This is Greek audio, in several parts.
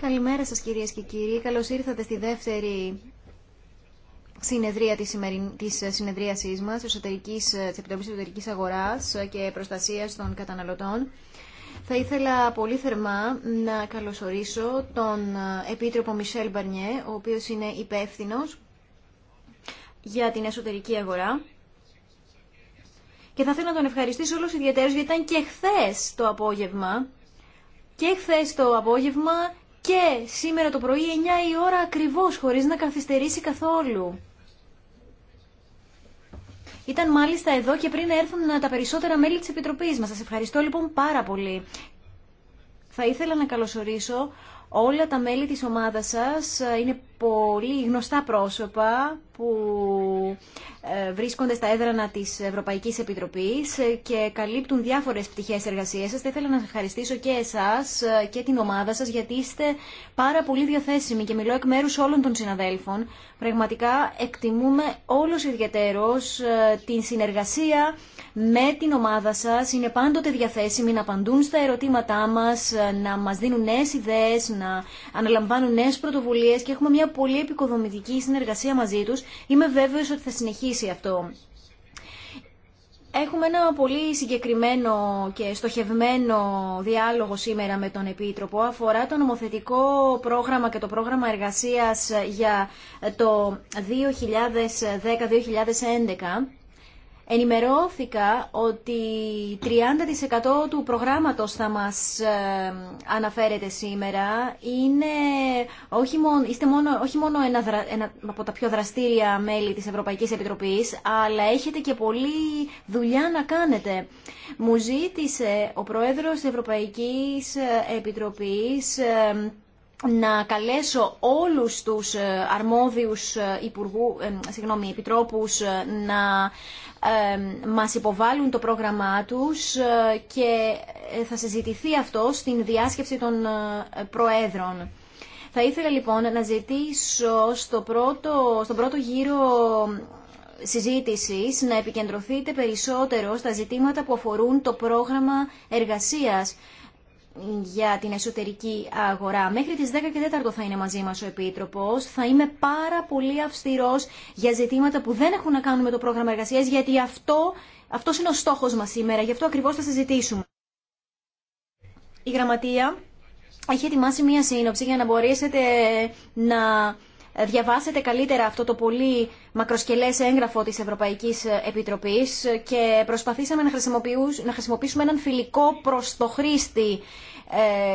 Καλημέρα σας κυρίες και κύριοι. Καλώς ήρθατε στη δεύτερη συνεδρία της, της συνεδρίασής μας εσωτερικής... της Επιτροπής Εσωτερικής Αγοράς και Προστασίας των Καταναλωτών. Θα ήθελα πολύ θερμά να καλωσορίσω τον Επίτροπο Μισελ Μπαρνιέ, ο οποίος είναι υπεύθυνο για την εσωτερική αγορά και θα θέλω να τον ευχαριστήσω όλους ιδιαίτερω γιατί ήταν και χθε το απόγευμα. Και χθε το απόγευμα και σήμερα το πρωί 9 η ώρα ακριβώς χωρίς να καθυστερήσει καθόλου. Ήταν μάλιστα εδώ και πριν έρθουν τα περισσότερα μέλη της Επιτροπής μας. Σας ευχαριστώ λοιπόν πάρα πολύ. Θα ήθελα να καλωσορίσω όλα τα μέλη της ομάδας σας. Είναι πολύ γνωστά πρόσωπα που ε, βρίσκονται στα έδρανα της Ευρωπαϊκής Επιτροπής ε, και καλύπτουν διάφορες πτυχές εργασίας σας. Θα ήθελα να σας ευχαριστήσω και εσάς ε, και την ομάδα σας γιατί είστε πάρα πολύ διαθέσιμοι και μιλώ εκ μέρους όλων των συναδέλφων. Πραγματικά εκτιμούμε όλος ιδιαίτερος την συνεργασία με την ομάδα σας. Είναι πάντοτε διαθέσιμοι να απαντούν στα ερωτήματά μας, να μας δίνουν νέες ιδέες, να αναλαμβάνουν νέες πρωτοβουλίες και έχουμε μια πολύ επικοδομητική συνεργασία μαζί τους. Είμαι βέβαιος ότι θα συνεχίσει αυτό. Έχουμε ένα πολύ συγκεκριμένο και στοχευμένο διάλογο σήμερα με τον Επίτροπο. Αφορά το νομοθετικό πρόγραμμα και το πρόγραμμα εργασίας για το 2010-2011 ενημερώθηκα ότι 30% του προγράμματος θα μας ε, αναφέρεται σήμερα. Είναι, όχι μόνο, είστε μόνο, όχι μόνο ένα, ένα από τα πιο δραστήρια μέλη της Ευρωπαϊκής Επιτροπής, αλλά έχετε και πολλή δουλειά να κάνετε. Μου ζήτησε ο Πρόεδρος της Ευρωπαϊκής ε, Επιτροπής ε, να καλέσω όλους τους ε, αρμόδιους ε, υπουργού, ε, συγγνώμη, επιτρόπους να μας υποβάλουν το πρόγραμμά τους και θα συζητηθεί αυτό στην διάσκεψη των προέδρων. Θα ήθελα λοιπόν να ζητήσω στο πρώτο, στον πρώτο γύρο συζήτησης να επικεντρωθείτε περισσότερο στα ζητήματα που αφορούν το πρόγραμμα εργασίας για την εσωτερική αγορά. Μέχρι τις 10 και 4 θα είναι μαζί μας ο Επίτροπος. Θα είμαι πάρα πολύ αυστηρός για ζητήματα που δεν έχουν να κάνουν με το πρόγραμμα εργασίας, γιατί αυτό, αυτός είναι ο στόχος μας σήμερα. Γι' αυτό ακριβώς θα συζητήσουμε. Η Γραμματεία έχει ετοιμάσει μία σύνοψη για να μπορέσετε να ε, διαβάσετε καλύτερα αυτό το πολύ μακροσκελές έγγραφο της Ευρωπαϊκής Επιτροπής και προσπαθήσαμε να, να χρησιμοποιήσουμε έναν φιλικό προς το χρήστη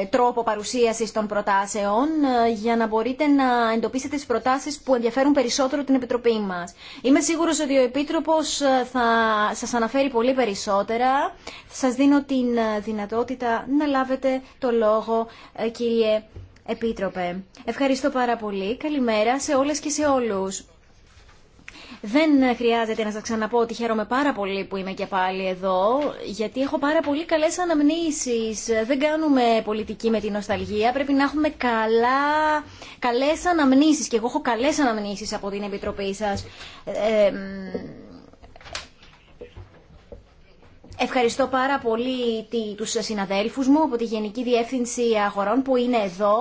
ε, τρόπο παρουσίασης των προτάσεων ε, για να μπορείτε να εντοπίσετε τις προτάσεις που ενδιαφέρουν περισσότερο την Επιτροπή μας. Είμαι σίγουρος ότι ο Επίτροπος θα σας αναφέρει πολύ περισσότερα. Σας δίνω την δυνατότητα να λάβετε το λόγο, κύριε Επίτροπε. Ευχαριστώ πάρα πολύ. Καλημέρα σε όλες και σε όλους. Δεν χρειάζεται να σας ξαναπώ ότι χαίρομαι πάρα πολύ που είμαι και πάλι εδώ, γιατί έχω πάρα πολύ καλές αναμνήσεις. Δεν κάνουμε πολιτική με την νοσταλγία, πρέπει να έχουμε καλά, καλές αναμνήσεις. Και εγώ έχω καλές αναμνήσεις από την Επιτροπή σας. Ε, Ευχαριστώ πάρα πολύ τους συναδέλφους μου από τη Γενική Διεύθυνση Αγορών που είναι εδώ.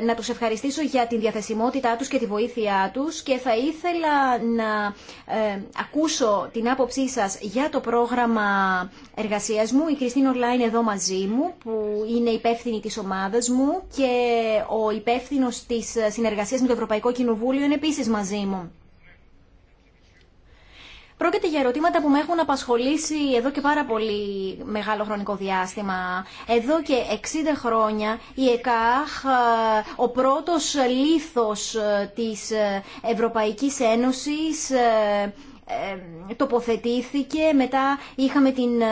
Ε, να τους ευχαριστήσω για την διαθεσιμότητά τους και τη βοήθειά τους και θα ήθελα να ε, ακούσω την άποψή σας για το πρόγραμμα εργασίας μου. Η Κριστίν Ορλά είναι εδώ μαζί μου που είναι υπεύθυνη της ομάδας μου και ο υπεύθυνο της συνεργασίας με το Ευρωπαϊκό Κοινοβούλιο είναι επίσης μαζί μου. Πρόκειται για ερωτήματα που με έχουν απασχολήσει εδώ και πάρα πολύ μεγάλο χρονικό διάστημα. Εδώ και 60 χρόνια η ΕΚΑΧ, ε, ο πρώτος λίθος ε, της ε, Ευρωπαϊκής Ένωσης, τοποθετήθηκε, μετά είχαμε την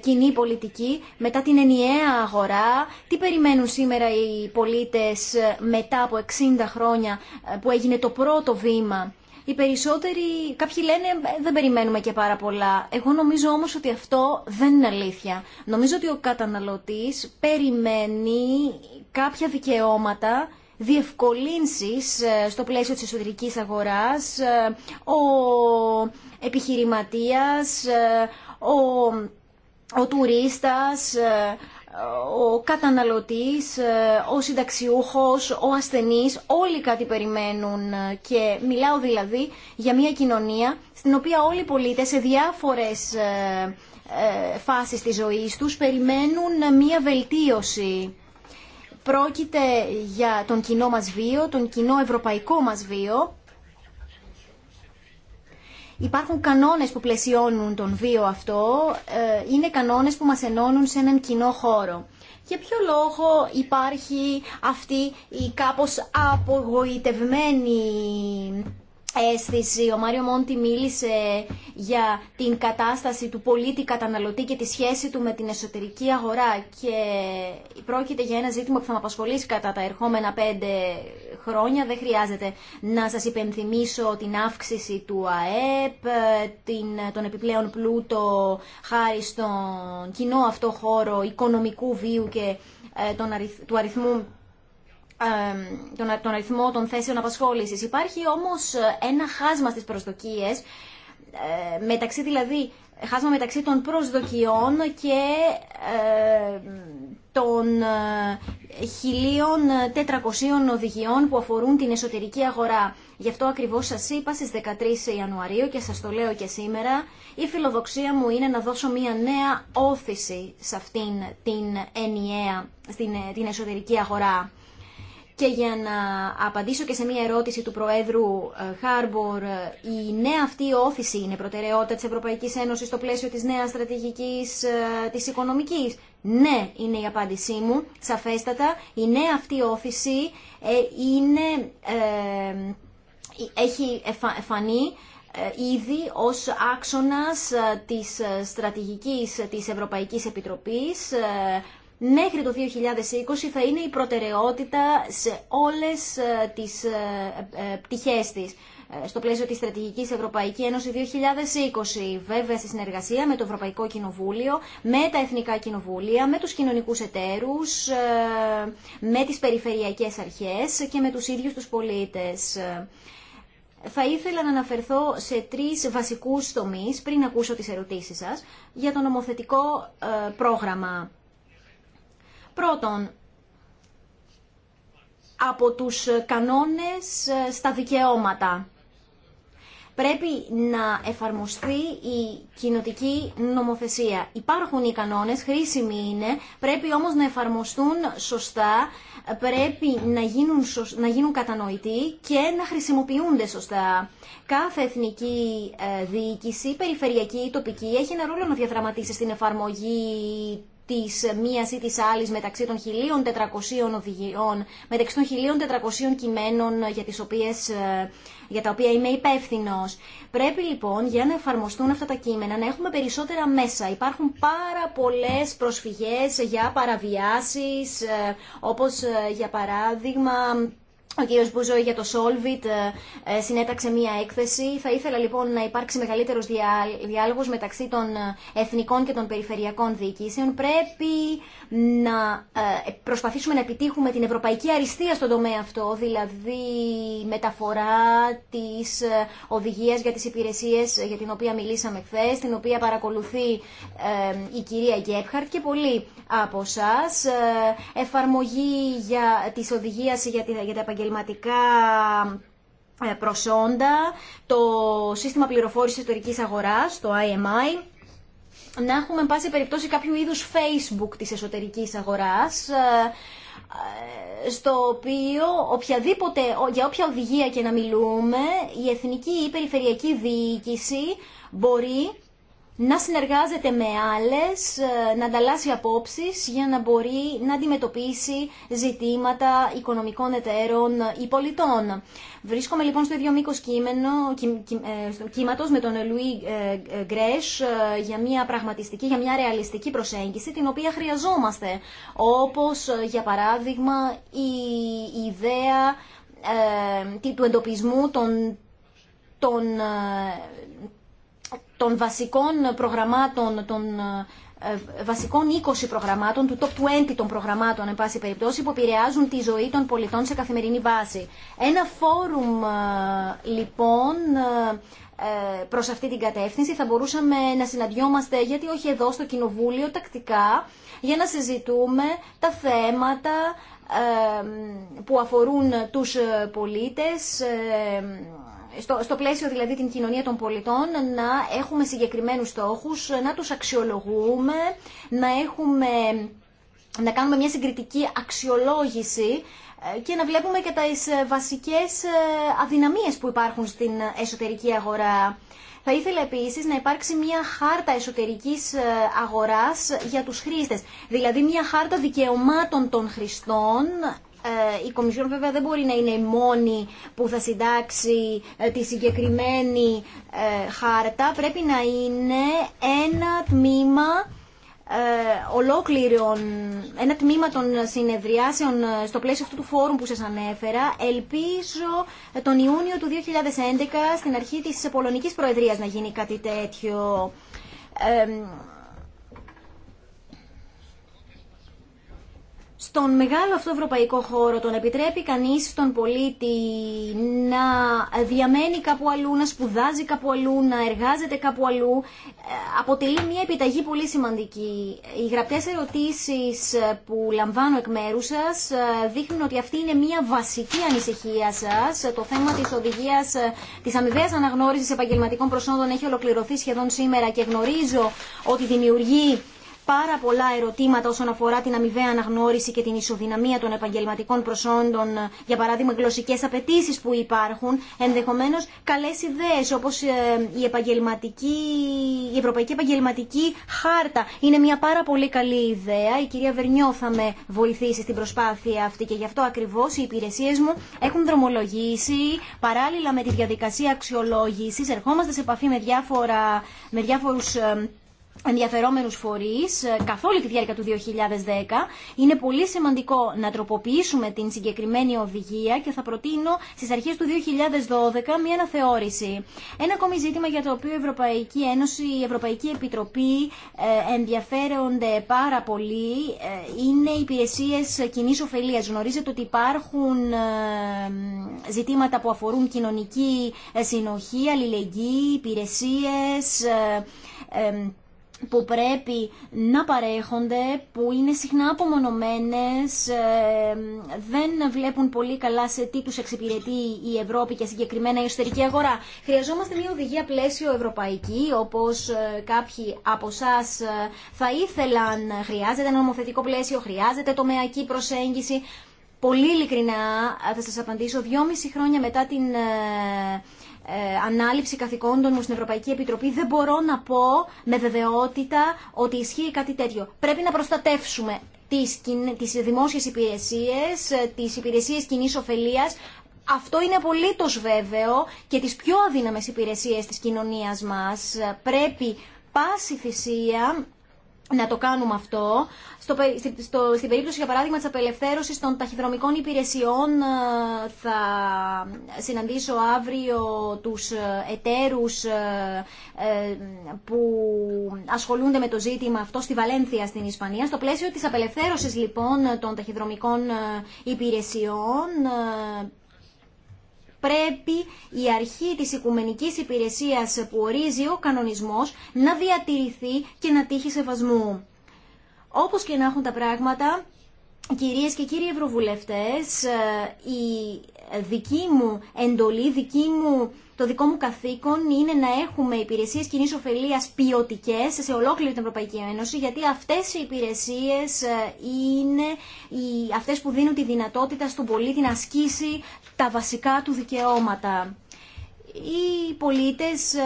κοινή πολιτική, μετά την ενιαία αγορά. Τι περιμένουν σήμερα οι πολίτες μετά από 60 χρόνια που έγινε το πρώτο βήμα οι περισσότεροι, κάποιοι λένε «Ε, δεν περιμένουμε και πάρα πολλά. Εγώ νομίζω όμως ότι αυτό δεν είναι αλήθεια. Νομίζω ότι ο καταναλωτής περιμένει κάποια δικαιώματα διευκολύνσεις ε, στο πλαίσιο της εσωτερικής αγοράς, ε, ο επιχειρηματίας, ο, ο τουρίστας, ο καταναλωτής, ε, ο συνταξιούχος, ο ασθενής, όλοι κάτι περιμένουν ε, και μιλάω δηλαδή για μια κοινωνία στην οποία όλοι οι πολίτες σε διάφορες ε, φάσεις της ζωής τους περιμένουν μια βελτίωση. Πρόκειται για τον κοινό μας βίο, τον κοινό ευρωπαϊκό μας βίο Υπάρχουν κανόνες που πλαισιώνουν τον βίο αυτό, ε, είναι κανόνες που μας ενώνουν σε έναν κοινό χώρο. Για ποιο λόγο υπάρχει αυτή η κάπως απογοητευμένη αίσθηση. Ε, ε, ο Μάριο Μόντι μίλησε για την κατάσταση του πολίτη καταναλωτή και τη σχέση του με την εσωτερική αγορά και πρόκειται για ένα ζήτημα που θα με απασχολήσει κατά τα ερχόμενα πέντε χρόνια. Δεν χρειάζεται να σας υπενθυμίσω την αύξηση του ΑΕΠ, ε, την, τον επιπλέον πλούτο χάρη στον κοινό αυτό χώρο οικονομικού βίου και του αριθμού τον αριθμό των θέσεων απασχόληση. Υπάρχει όμως ε, ένα χάσμα στις προσδοκίε, ε, μεταξύ δηλαδή χάσμα μεταξύ των προσδοκιών και των 1.400 ε, οδηγιών που αφορούν την εσωτερική αγορά. Γι' αυτό ακριβώς σας είπα στις 13 Ιανουαρίου και σας το λέω και σήμερα, η φιλοδοξία μου είναι να δώσω μια νέα όθηση σε αυτήν την ενιαία, στην, την εσωτερική αγορά. Και για να απαντήσω και σε μια ερώτηση του Προέδρου ε, Χάρμπορ, ε, η νέα αυτή όθηση είναι προτεραιότητα της Ευρωπαϊκής Ένωσης στο πλαίσιο της νέας στρατηγικής ε, της οικονομικής. Ναι, είναι η απάντησή μου, σαφέστατα. Η νέα αυτή όθηση είναι, έχει φανεί ήδη ως άξονας της στρατηγικής της Ευρωπαϊκής Επιτροπής μέχρι το 2020 θα είναι η προτεραιότητα σε όλες ε, τις ε, ε, πτυχές της στο πλαίσιο της Στρατηγικής Ευρωπαϊκή Ένωση 2020, βέβαια στη συνεργασία με το Ευρωπαϊκό Κοινοβούλιο, με τα Εθνικά Κοινοβούλια, με τους κοινωνικούς εταίρους, με τις περιφερειακές αρχές και με τους ίδιους τους πολίτες. Θα ήθελα να αναφερθώ σε τρεις βασικούς τομείς, πριν ακούσω τις ερωτήσεις σας, για το νομοθετικό πρόγραμμα. Πρώτον, από τους κανόνες ε, στα δικαιώματα. Πρέπει να εφαρμοστεί η κοινοτική νομοθεσία. Υπάρχουν οι κανόνες, χρήσιμοι είναι, πρέπει όμως να εφαρμοστούν σωστά, πρέπει να γίνουν, να γίνουν κατανοητοί και να χρησιμοποιούνται σωστά. Κάθε εθνική ε, διοίκηση, περιφερειακή ή τοπική, έχει ένα ρόλο να διαδραματίσει στην εφαρμογή Τη μία ή τη άλλη μεταξύ των 1.400 οδηγιών, μεταξύ των 1.400 κειμένων για, τις οποίες, ε, για τα οποία είμαι υπεύθυνο. Πρέπει λοιπόν για να εφαρμοστούν αυτά τα κείμενα να έχουμε περισσότερα μέσα. Υπάρχουν πάρα πολλές προσφυγέ για παραβιάσεις, ε, όπως ε, για παράδειγμα ο κ. Μπουζόη για το Solvit ε, ε, συνέταξε μία έκθεση. Θα ήθελα λοιπόν να υπάρξει μεγαλύτερος διάλογος μεταξύ των ε, εθνικών και των περιφερειακών διοικήσεων. Πρέπει να προσπαθήσουμε να επιτύχουμε την ευρωπαϊκή αριστεία στον τομέα αυτό, δηλαδή μεταφορά της οδηγίας για τις υπηρεσίες για την οποία μιλήσαμε χθε, την οποία παρακολουθεί η κυρία Γκέπχαρτ και πολλοί από εσά εφαρμογή για, της για τα επαγγελματικά επιχειρηματικά ε, προσόντα, το σύστημα πληροφόρησης εσωτερική αγοράς, το IMI, να έχουμε, εν πάση περιπτώσει, κάποιο είδους Facebook της εσωτερικής αγοράς, ε, ε, στο οποίο οποιαδήποτε, για όποια οδηγία και να μιλούμε, η εθνική ή η περιφερειακή διοίκηση μπορεί να συνεργάζεται με άλλες, ε, να ανταλλάσσει απόψεις για να μπορεί να αντιμετωπίσει ζητήματα οικονομικών εταίρων ε, ή πολιτών. Βρίσκομαι λοιπόν στο ίδιο μήκο κείμενο ε, κύματο με τον Λουί Γκρέσ για μια πραγματιστική, για μια ρεαλιστική προσέγγιση την οποία χρειαζόμαστε. Όπως για παράδειγμα η ιδέα του εντοπισμού των, των των βασικών προγραμμάτων, των ε, βασικών 20 προγραμμάτων, του top 20 των προγραμμάτων, εν πάση περιπτώσει, που επηρεάζουν τη ζωή των πολιτών σε καθημερινή βάση. Ένα φόρουμ, ε, λοιπόν, ε, προς αυτή την κατεύθυνση θα μπορούσαμε να συναντιόμαστε, γιατί όχι εδώ στο Κοινοβούλιο, τακτικά, για να συζητούμε τα θέματα που αφορούν τους πολίτες στο, στο πλαίσιο δηλαδή την κοινωνία των πολιτών να έχουμε συγκεκριμένους στόχους, να τους αξιολογούμε, να, έχουμε, να κάνουμε μια συγκριτική αξιολόγηση ε, και να βλέπουμε και τις ε, βασικές ε, αδυναμίες που υπάρχουν στην εσωτερική αγορά. Θα ήθελα επίσης να υπάρξει μια χάρτα εσωτερικής αγοράς για τους χρήστες, δηλαδή μια χάρτα δικαιωμάτων των χρηστών ε, η Κομισιόν βέβαια δεν μπορεί να είναι η μόνη που θα συντάξει ε, τη συγκεκριμένη ε, χάρτα. Πρέπει να είναι ένα τμήμα ολόκληρων, ένα τμήμα των συνεδριάσεων στο πλαίσιο αυτού του φόρουμ που σας ανέφερα. Ελπίζω τον Ιούνιο του 2011 στην αρχή της Πολωνικής Προεδρίας να γίνει κάτι τέτοιο. στον μεγάλο αυτό ευρωπαϊκό χώρο τον επιτρέπει κανείς στον πολίτη να διαμένει κάπου αλλού, να σπουδάζει κάπου αλλού, να εργάζεται κάπου αλλού, ε, αποτελεί μια επιταγή πολύ σημαντική. Οι γραπτές ερωτήσεις ε, που λαμβάνω εκ μέρου σας ε, δείχνουν ότι αυτή είναι μια βασική ανησυχία σας. Το θέμα της οδηγίας της αμοιβαίας αναγνώρισης επαγγελματικών προσόντων έχει ολοκληρωθεί σχεδόν σήμερα και γνωρίζω ότι δημιουργεί πάρα πολλά ερωτήματα όσον αφορά την αμοιβαία αναγνώριση και την ισοδυναμία των επαγγελματικών προσόντων, για παράδειγμα γλωσσικέ απαιτήσει που υπάρχουν, ενδεχομένω καλέ ιδέε όπω ε, η, η Ευρωπαϊκή Επαγγελματική Χάρτα. Είναι μια πάρα πολύ καλή ιδέα. Η κυρία Βερνιό θα με βοηθήσει στην προσπάθεια αυτή και γι' αυτό ακριβώ οι υπηρεσίε μου έχουν δρομολογήσει παράλληλα με τη διαδικασία αξιολόγηση. Ερχόμαστε σε επαφή με διάφορου ε, ενδιαφερόμενους φορείς ε, καθ' όλη τη διάρκεια του 2010. Είναι πολύ σημαντικό να τροποποιήσουμε την συγκεκριμένη οδηγία και θα προτείνω στις αρχές του 2012 μια αναθεώρηση. Ένα ακόμη ζήτημα για το οποίο η Ευρωπαϊκή Ένωση, η Ευρωπαϊκή Επιτροπή ε, ενδιαφέρονται πάρα πολύ ε, είναι οι υπηρεσίες κοινή ωφελίας. Γνωρίζετε ότι υπάρχουν ζητήματα που αφορούν κοινωνική συνοχή, αλληλεγγύη, υπηρεσίες, που πρέπει να παρέχονται, που είναι συχνά απομονωμένες, ε, δεν βλέπουν πολύ καλά σε τι τους εξυπηρετεί η Ευρώπη και συγκεκριμένα η εσωτερική αγορά. Χρειαζόμαστε μια οδηγία πλαίσιο ευρωπαϊκή, όπως ε, κάποιοι από εσά ε, θα ήθελαν. Χρειάζεται ένα νομοθετικό πλαίσιο, χρειάζεται τομεακή προσέγγιση. Πολύ ειλικρινά θα σας απαντήσω, δυόμιση χρόνια μετά την ε, ανάληψη καθηκόντων μου στην Ευρωπαϊκή Επιτροπή δεν μπορώ να πω με βεβαιότητα ότι ισχύει κάτι τέτοιο. Πρέπει να προστατεύσουμε τις, τις δημόσιες υπηρεσίες, ε, τις υπηρεσίες κοινή ωφελία. Αυτό είναι απολύτω βέβαιο και τις πιο αδύναμες υπηρεσίες της κοινωνίας μας ε, πρέπει πάση θυσία να το κάνουμε αυτό. Στο, στο, στην περίπτωση, για παράδειγμα, της απελευθέρωσης των ταχυδρομικών υπηρεσιών ε, θα συναντήσω αύριο τους ε, εταίρους ε, που ασχολούνται με το ζήτημα αυτό στη Βαλένθια, στην Ισπανία. Στο πλαίσιο της απελευθέρωσης, λοιπόν, των ταχυδρομικών υπηρεσιών πρέπει η αρχή της οικουμενικής υπηρεσίας που ορίζει ο κανονισμός να διατηρηθεί και να τύχει σεβασμού. Όπως και να έχουν τα πράγματα, κυρίες και κύριοι ευρωβουλευτές, ε, η δική μου εντολή, δική μου, το δικό μου καθήκον είναι να έχουμε υπηρεσίες κοινή ωφελία ποιοτικέ σε ολόκληρη την Ευρωπαϊκή Ένωση, γιατί αυτές οι υπηρεσίες ε, είναι οι, αυτές που δίνουν τη δυνατότητα στον πολίτη να ασκήσει τα βασικά του δικαιώματα. Οι πολίτες ε,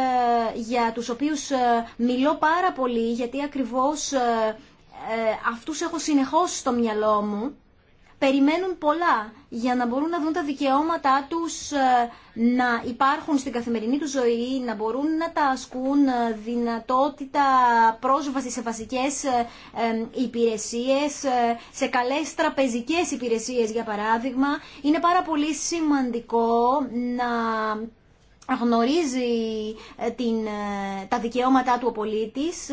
για τους οποίους ε, μιλώ πάρα πολύ γιατί ακριβώς ε, αυτούς έχω συνεχώς στο μυαλό μου περιμένουν πολλά για να μπορούν να δουν τα δικαιώματά τους ε, να υπάρχουν στην καθημερινή τους ζωή, να μπορούν να τα ασκούν, ε, δυνατότητα πρόσβαση σε βασικές ε, υπηρεσίες, σε καλές τραπεζικές υπηρεσίες για παράδειγμα. Είναι πάρα πολύ σημαντικό να γνωρίζει την, τα δικαιώματά του ο πολίτης,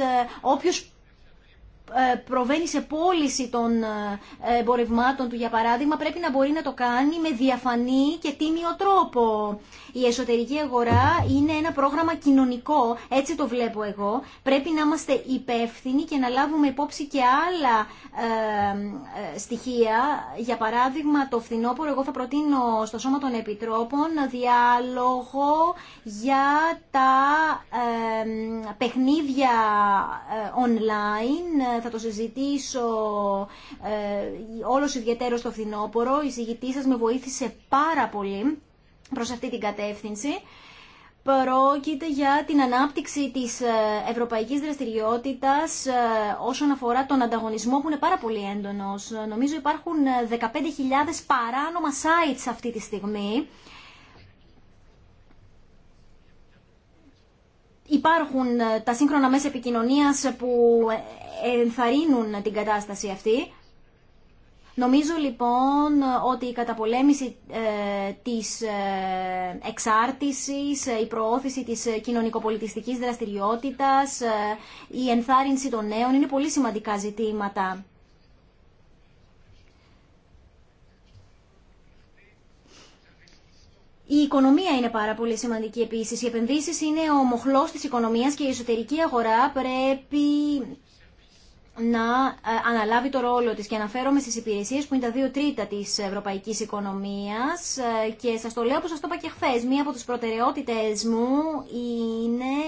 ε, προβαίνει σε πώληση των ε, εμπορευμάτων του, για παράδειγμα, πρέπει να μπορεί να το κάνει με διαφανή και τίμιο τρόπο. Η εσωτερική αγορά είναι ένα πρόγραμμα κοινωνικό, έτσι το βλέπω εγώ. Πρέπει να είμαστε υπεύθυνοι και να λάβουμε υπόψη και άλλα ε, στοιχεία. Για παράδειγμα, το φθινόπωρο, εγώ θα προτείνω στο Σώμα των Επιτρόπων διάλογο για τα παιχνίδια online θα το συζητήσω ε, όλος ιδιαίτερο το φθινόπωρο. Η συγητή σας με βοήθησε πάρα πολύ προς αυτή την κατεύθυνση. Πρόκειται για την ανάπτυξη της ε, ευρωπαϊκής δραστηριότητας ε, όσον αφορά τον ανταγωνισμό που είναι πάρα πολύ έντονος. Νομίζω υπάρχουν 15.000 ε, παράνομα sites αυτή τη στιγμή υπάρχουν ε, τα σύγχρονα μέσα επικοινωνίας που ενθαρρύνουν την κατάσταση αυτή. Νομίζω λοιπόν ότι η καταπολέμηση ε, της ε, εξάρτησης, η προώθηση της κοινωνικοπολιτιστικής δραστηριότητας, η ενθάρρυνση των νέων είναι πολύ σημαντικά ζητήματα. Η οικονομία είναι πάρα πολύ σημαντική επίση. Οι επενδύσει είναι ο μοχλό τη οικονομία και η εσωτερική αγορά πρέπει να ε, αναλάβει το ρόλο της και αναφέρομαι στις υπηρεσίες που είναι τα δύο τρίτα της ευρωπαϊκής οικονομίας ε, και σας το λέω όπω σας το είπα και χθε. Μία από τις προτεραιότητες μου είναι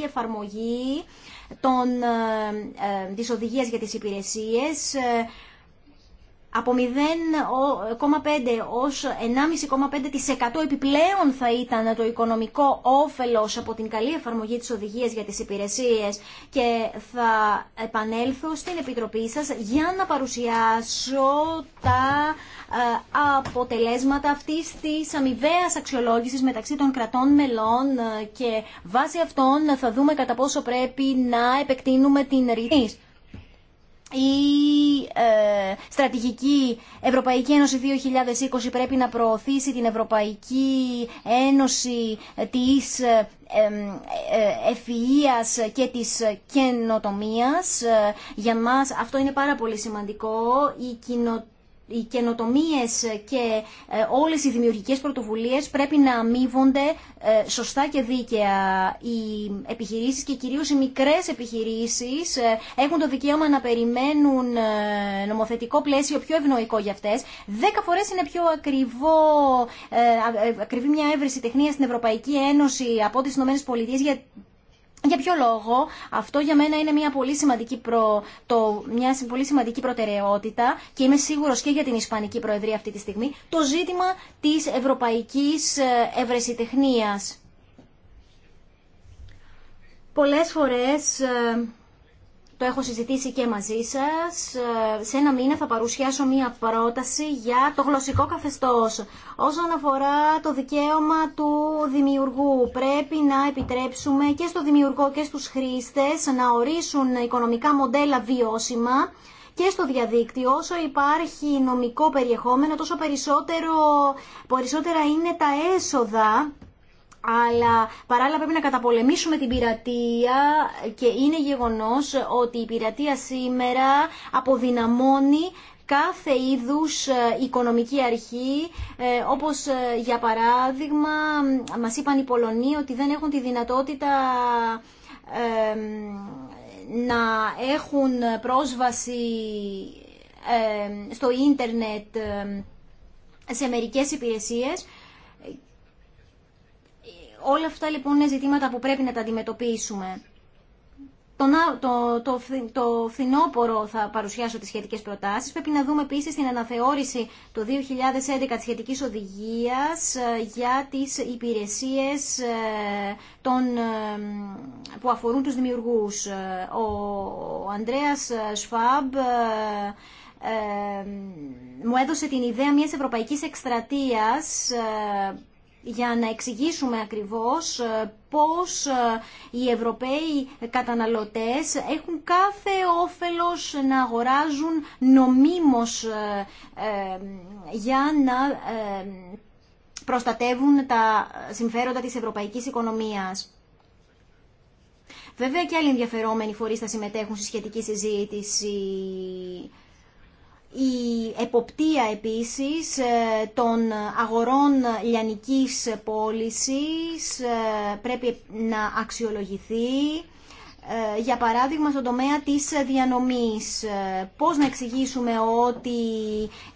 η εφαρμογή των, ε, ε για τις υπηρεσίες από 0,5 ως 1,5% επιπλέον θα ήταν το οικονομικό όφελος από την καλή εφαρμογή της οδηγίας για τις υπηρεσίες και θα επανέλθω στην Επιτροπή σας για να παρουσιάσω τα ε, αποτελέσματα αυτής της αμοιβαίας αξιολόγησης μεταξύ των κρατών μελών ε, και βάσει αυτών θα δούμε κατά πόσο πρέπει να επεκτείνουμε την ρητή η ε, στρατηγική Ευρωπαϊκή Ένωση 2020 πρέπει να προωθήσει την Ευρωπαϊκή Ένωση της ε, ε ευφυΐας και της καινοτομίας. Ε, για μας αυτό είναι πάρα πολύ σημαντικό. Η οι καινοτομίε και ε, όλες οι δημιουργικές πρωτοβουλίες πρέπει να αμείβονται ε, σωστά και δίκαια. Οι επιχειρήσεις και κυρίως οι μικρές επιχειρήσεις ε, έχουν το δικαίωμα να περιμένουν νομοθετικό πλαίσιο πιο ευνοϊκό για αυτές. Δέκα φορές είναι πιο ακριβό, ακριβή μια έβριση τεχνία στην Ευρωπαϊκή Ένωση από τις ΗΠΑ για για ποιο λόγο, αυτό για μένα είναι μια πολύ σημαντική, προ... το... μια πολύ σημαντική προτεραιότητα και είμαι σίγουρος και για την Ισπανική Προεδρία αυτή τη στιγμή, το ζήτημα της ευρωπαϊκής ε, ευρεσιτεχνίας. Πολλές φορές ε, το έχω συζητήσει και μαζί σας. Ε, σε ένα μήνα θα παρουσιάσω μία πρόταση για το γλωσσικό καθεστώς. Όσον αφορά το δικαίωμα του δημιουργού, πρέπει να επιτρέψουμε και στο δημιουργό και στους χρήστες να ορίσουν οικονομικά μοντέλα βιώσιμα και στο διαδίκτυο, όσο υπάρχει νομικό περιεχόμενο, τόσο περισσότερο, περισσότερα είναι τα έσοδα αλλά παράλληλα πρέπει να καταπολεμήσουμε την πειρατεία και είναι γεγονός ότι η πειρατεία σήμερα αποδυναμώνει κάθε είδους ε, οικονομική αρχή, ε, όπως ε, για παράδειγμα μας είπαν οι Πολωνοί ότι δεν έχουν τη δυνατότητα να έχουν πρόσβαση στο ίντερνετ σε μερικές υπηρεσίες Όλα αυτά λοιπόν είναι ζητήματα που πρέπει να τα αντιμετωπίσουμε. Το, το, το, το φθινόπωρο θα παρουσιάσω τις σχετικές προτάσεις. Πρέπει να δούμε επίσης την αναθεώρηση το 2011 της σχετικής οδηγίας ε, για τις υπηρεσίες ε, ε, που αφορούν τους δημιουργούς. Ο Ανδρέας Σφάμπ μου έδωσε την ιδέα μιας ευρωπαϊκής εκστρατείας για να εξηγήσουμε ακριβώς ε, πώς ε, οι Ευρωπαίοι καταναλωτές έχουν κάθε όφελος να αγοράζουν νομίμως ε, για να προστατεύουν τα συμφέροντα της ευρωπαϊκής οικονομίας. Βέβαια και άλλοι ενδιαφερόμενοι φορείς θα συμμετέχουν στη σχετική συζήτηση η εποπτεία επίσης ε, των αγορών λιανικής πώλησης ε, πρέπει να αξιολογηθεί ε, για παράδειγμα στον τομέα της διανομής. Πώς να εξηγήσουμε ότι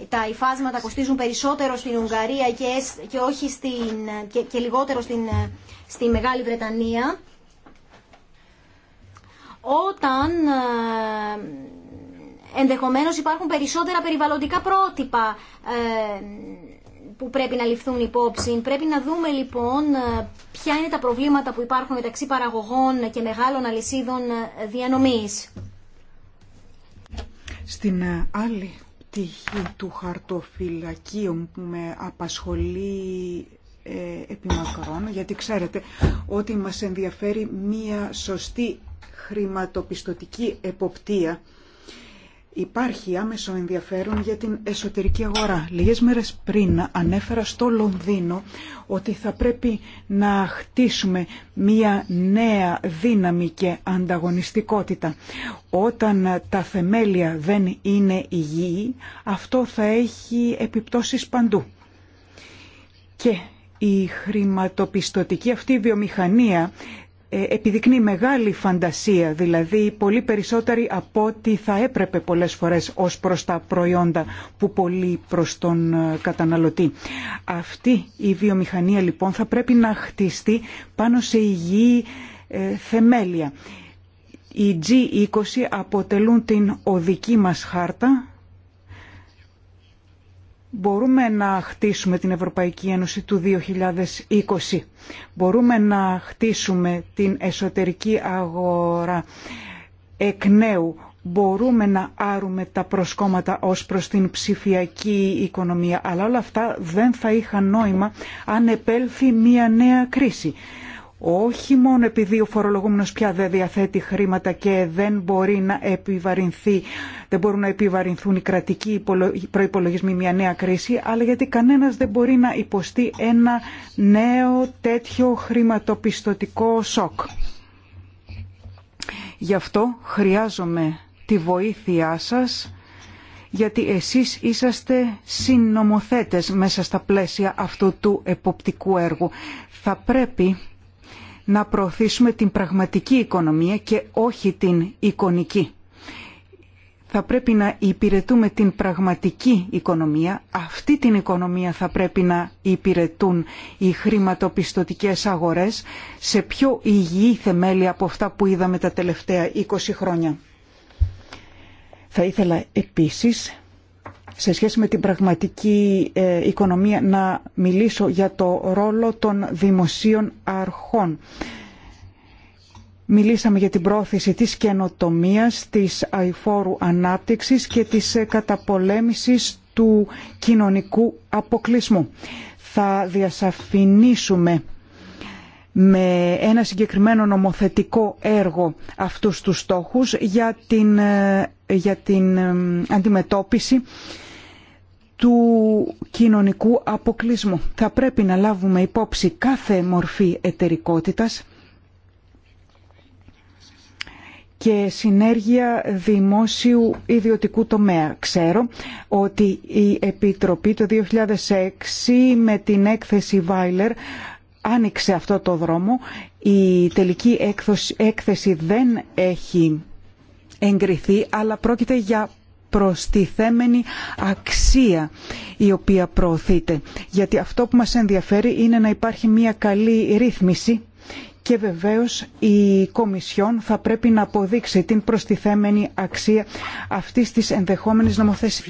τα υφάσματα κοστίζουν περισσότερο στην Ουγγαρία και, και, όχι στην, και, λιγότερο στην, στη Μεγάλη Βρετανία. Όταν ενδεχομένως υπάρχουν περισσότερα περιβαλλοντικά πρότυπα ε, που πρέπει να ληφθούν υπόψη. Πρέπει να δούμε λοιπόν ε, ποια είναι τα προβλήματα που υπάρχουν μεταξύ παραγωγών και μεγάλων αλυσίδων ε, διανομής. Στην άλλη πτυχή του χαρτοφυλακίου που με απασχολεί ε, μακρόν, γιατί ξέρετε ότι μας ενδιαφέρει μία σωστή χρηματοπιστωτική εποπτεία Υπάρχει άμεσο ενδιαφέρον για την εσωτερική αγορά. Λίγες μέρες πριν ανέφερα στο Λονδίνο ότι θα πρέπει να χτίσουμε μία νέα δύναμη και ανταγωνιστικότητα. Όταν τα θεμέλια δεν είναι υγιή, αυτό θα έχει επιπτώσεις παντού. Και η χρηματοπιστωτική αυτή βιομηχανία ε, επιδεικνύει μεγάλη φαντασία, δηλαδή πολύ περισσότερη από ό,τι θα έπρεπε πολλές φορές ως προς τα προϊόντα που πολύ προς τον ε, καταναλωτή. Αυτή η βιομηχανία λοιπόν θα πρέπει να χτιστεί πάνω σε υγιή ε, θεμέλια. Οι G20 αποτελούν την οδική μας χάρτα μπορούμε να χτίσουμε την Ευρωπαϊκή Ένωση του 2020. Μπορούμε να χτίσουμε την εσωτερική αγορά εκ νέου. Μπορούμε να άρουμε τα προσκόμματα ως προς την ψηφιακή οικονομία. Αλλά όλα αυτά δεν θα είχαν νόημα αν επέλθει μια νέα κρίση όχι μόνο επειδή ο φορολογούμενος πια δεν διαθέτει χρήματα και δεν, μπορεί να επιβαρυνθεί, δεν μπορούν να επιβαρυνθούν οι κρατικοί προϋπολογισμοί μια νέα κρίση, αλλά γιατί κανένας δεν μπορεί να υποστεί ένα νέο τέτοιο χρηματοπιστωτικό σοκ. Γι' αυτό χρειάζομαι τη βοήθειά σας γιατί εσείς είσαστε συνομοθέτες μέσα στα πλαίσια αυτού του εποπτικού έργου. Θα πρέπει να προωθήσουμε την πραγματική οικονομία και όχι την εικονική. Θα πρέπει να υπηρετούμε την πραγματική οικονομία. Αυτή την οικονομία θα πρέπει να υπηρετούν οι χρηματοπιστωτικές αγορές σε πιο υγιή θεμέλια από αυτά που είδαμε τα τελευταία 20 χρόνια. Θα ήθελα επίσης σε σχέση με την πραγματική ε, οικονομία να μιλήσω για το ρόλο των δημοσίων αρχών. Μιλήσαμε για την πρόθεση της καινοτομίας, της αηφόρου ανάπτυξης και της ε, καταπολέμησης του κοινωνικού αποκλεισμού. Θα διασαφηνίσουμε με ένα συγκεκριμένο νομοθετικό έργο αυτούς τους στόχους για την, ε, για την ε, αντιμετώπιση του κοινωνικού αποκλεισμού. Θα πρέπει να λάβουμε υπόψη κάθε μορφή εταιρικότητας και συνέργεια δημόσιου ιδιωτικού τομέα. Ξέρω ότι η Επιτροπή το 2006 με την έκθεση Βάιλερ άνοιξε αυτό το δρόμο. Η τελική έκθεση δεν έχει εγκριθεί, αλλά πρόκειται για προστιθέμενη αξία η οποία προωθείται. Γιατί αυτό που μας ενδιαφέρει είναι να υπάρχει μια καλή ρύθμιση και βεβαίως η Κομισιόν θα πρέπει να αποδείξει την προστιθέμενη αξία αυτής της ενδεχόμενης νομοθεσίας.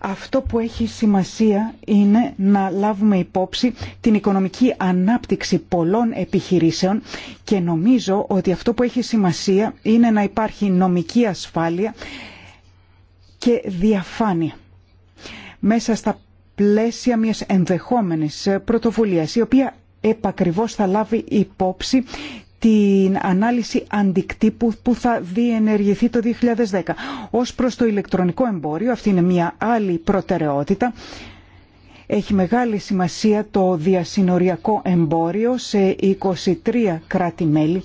Αυτό που έχει σημασία είναι να λάβουμε υπόψη την οικονομική ανάπτυξη πολλών επιχειρήσεων και νομίζω ότι αυτό που έχει σημασία είναι να υπάρχει νομική ασφάλεια και διαφάνεια μέσα στα πλαίσια μιας ενδεχόμενης πρωτοβουλίας η οποία επακριβώς θα λάβει υπόψη την ανάλυση αντικτύπου που θα διενεργηθεί το 2010. Ως προς το ηλεκτρονικό εμπόριο, αυτή είναι μια άλλη προτεραιότητα, έχει μεγάλη σημασία το διασυνοριακό εμπόριο σε 23 κράτη-μέλη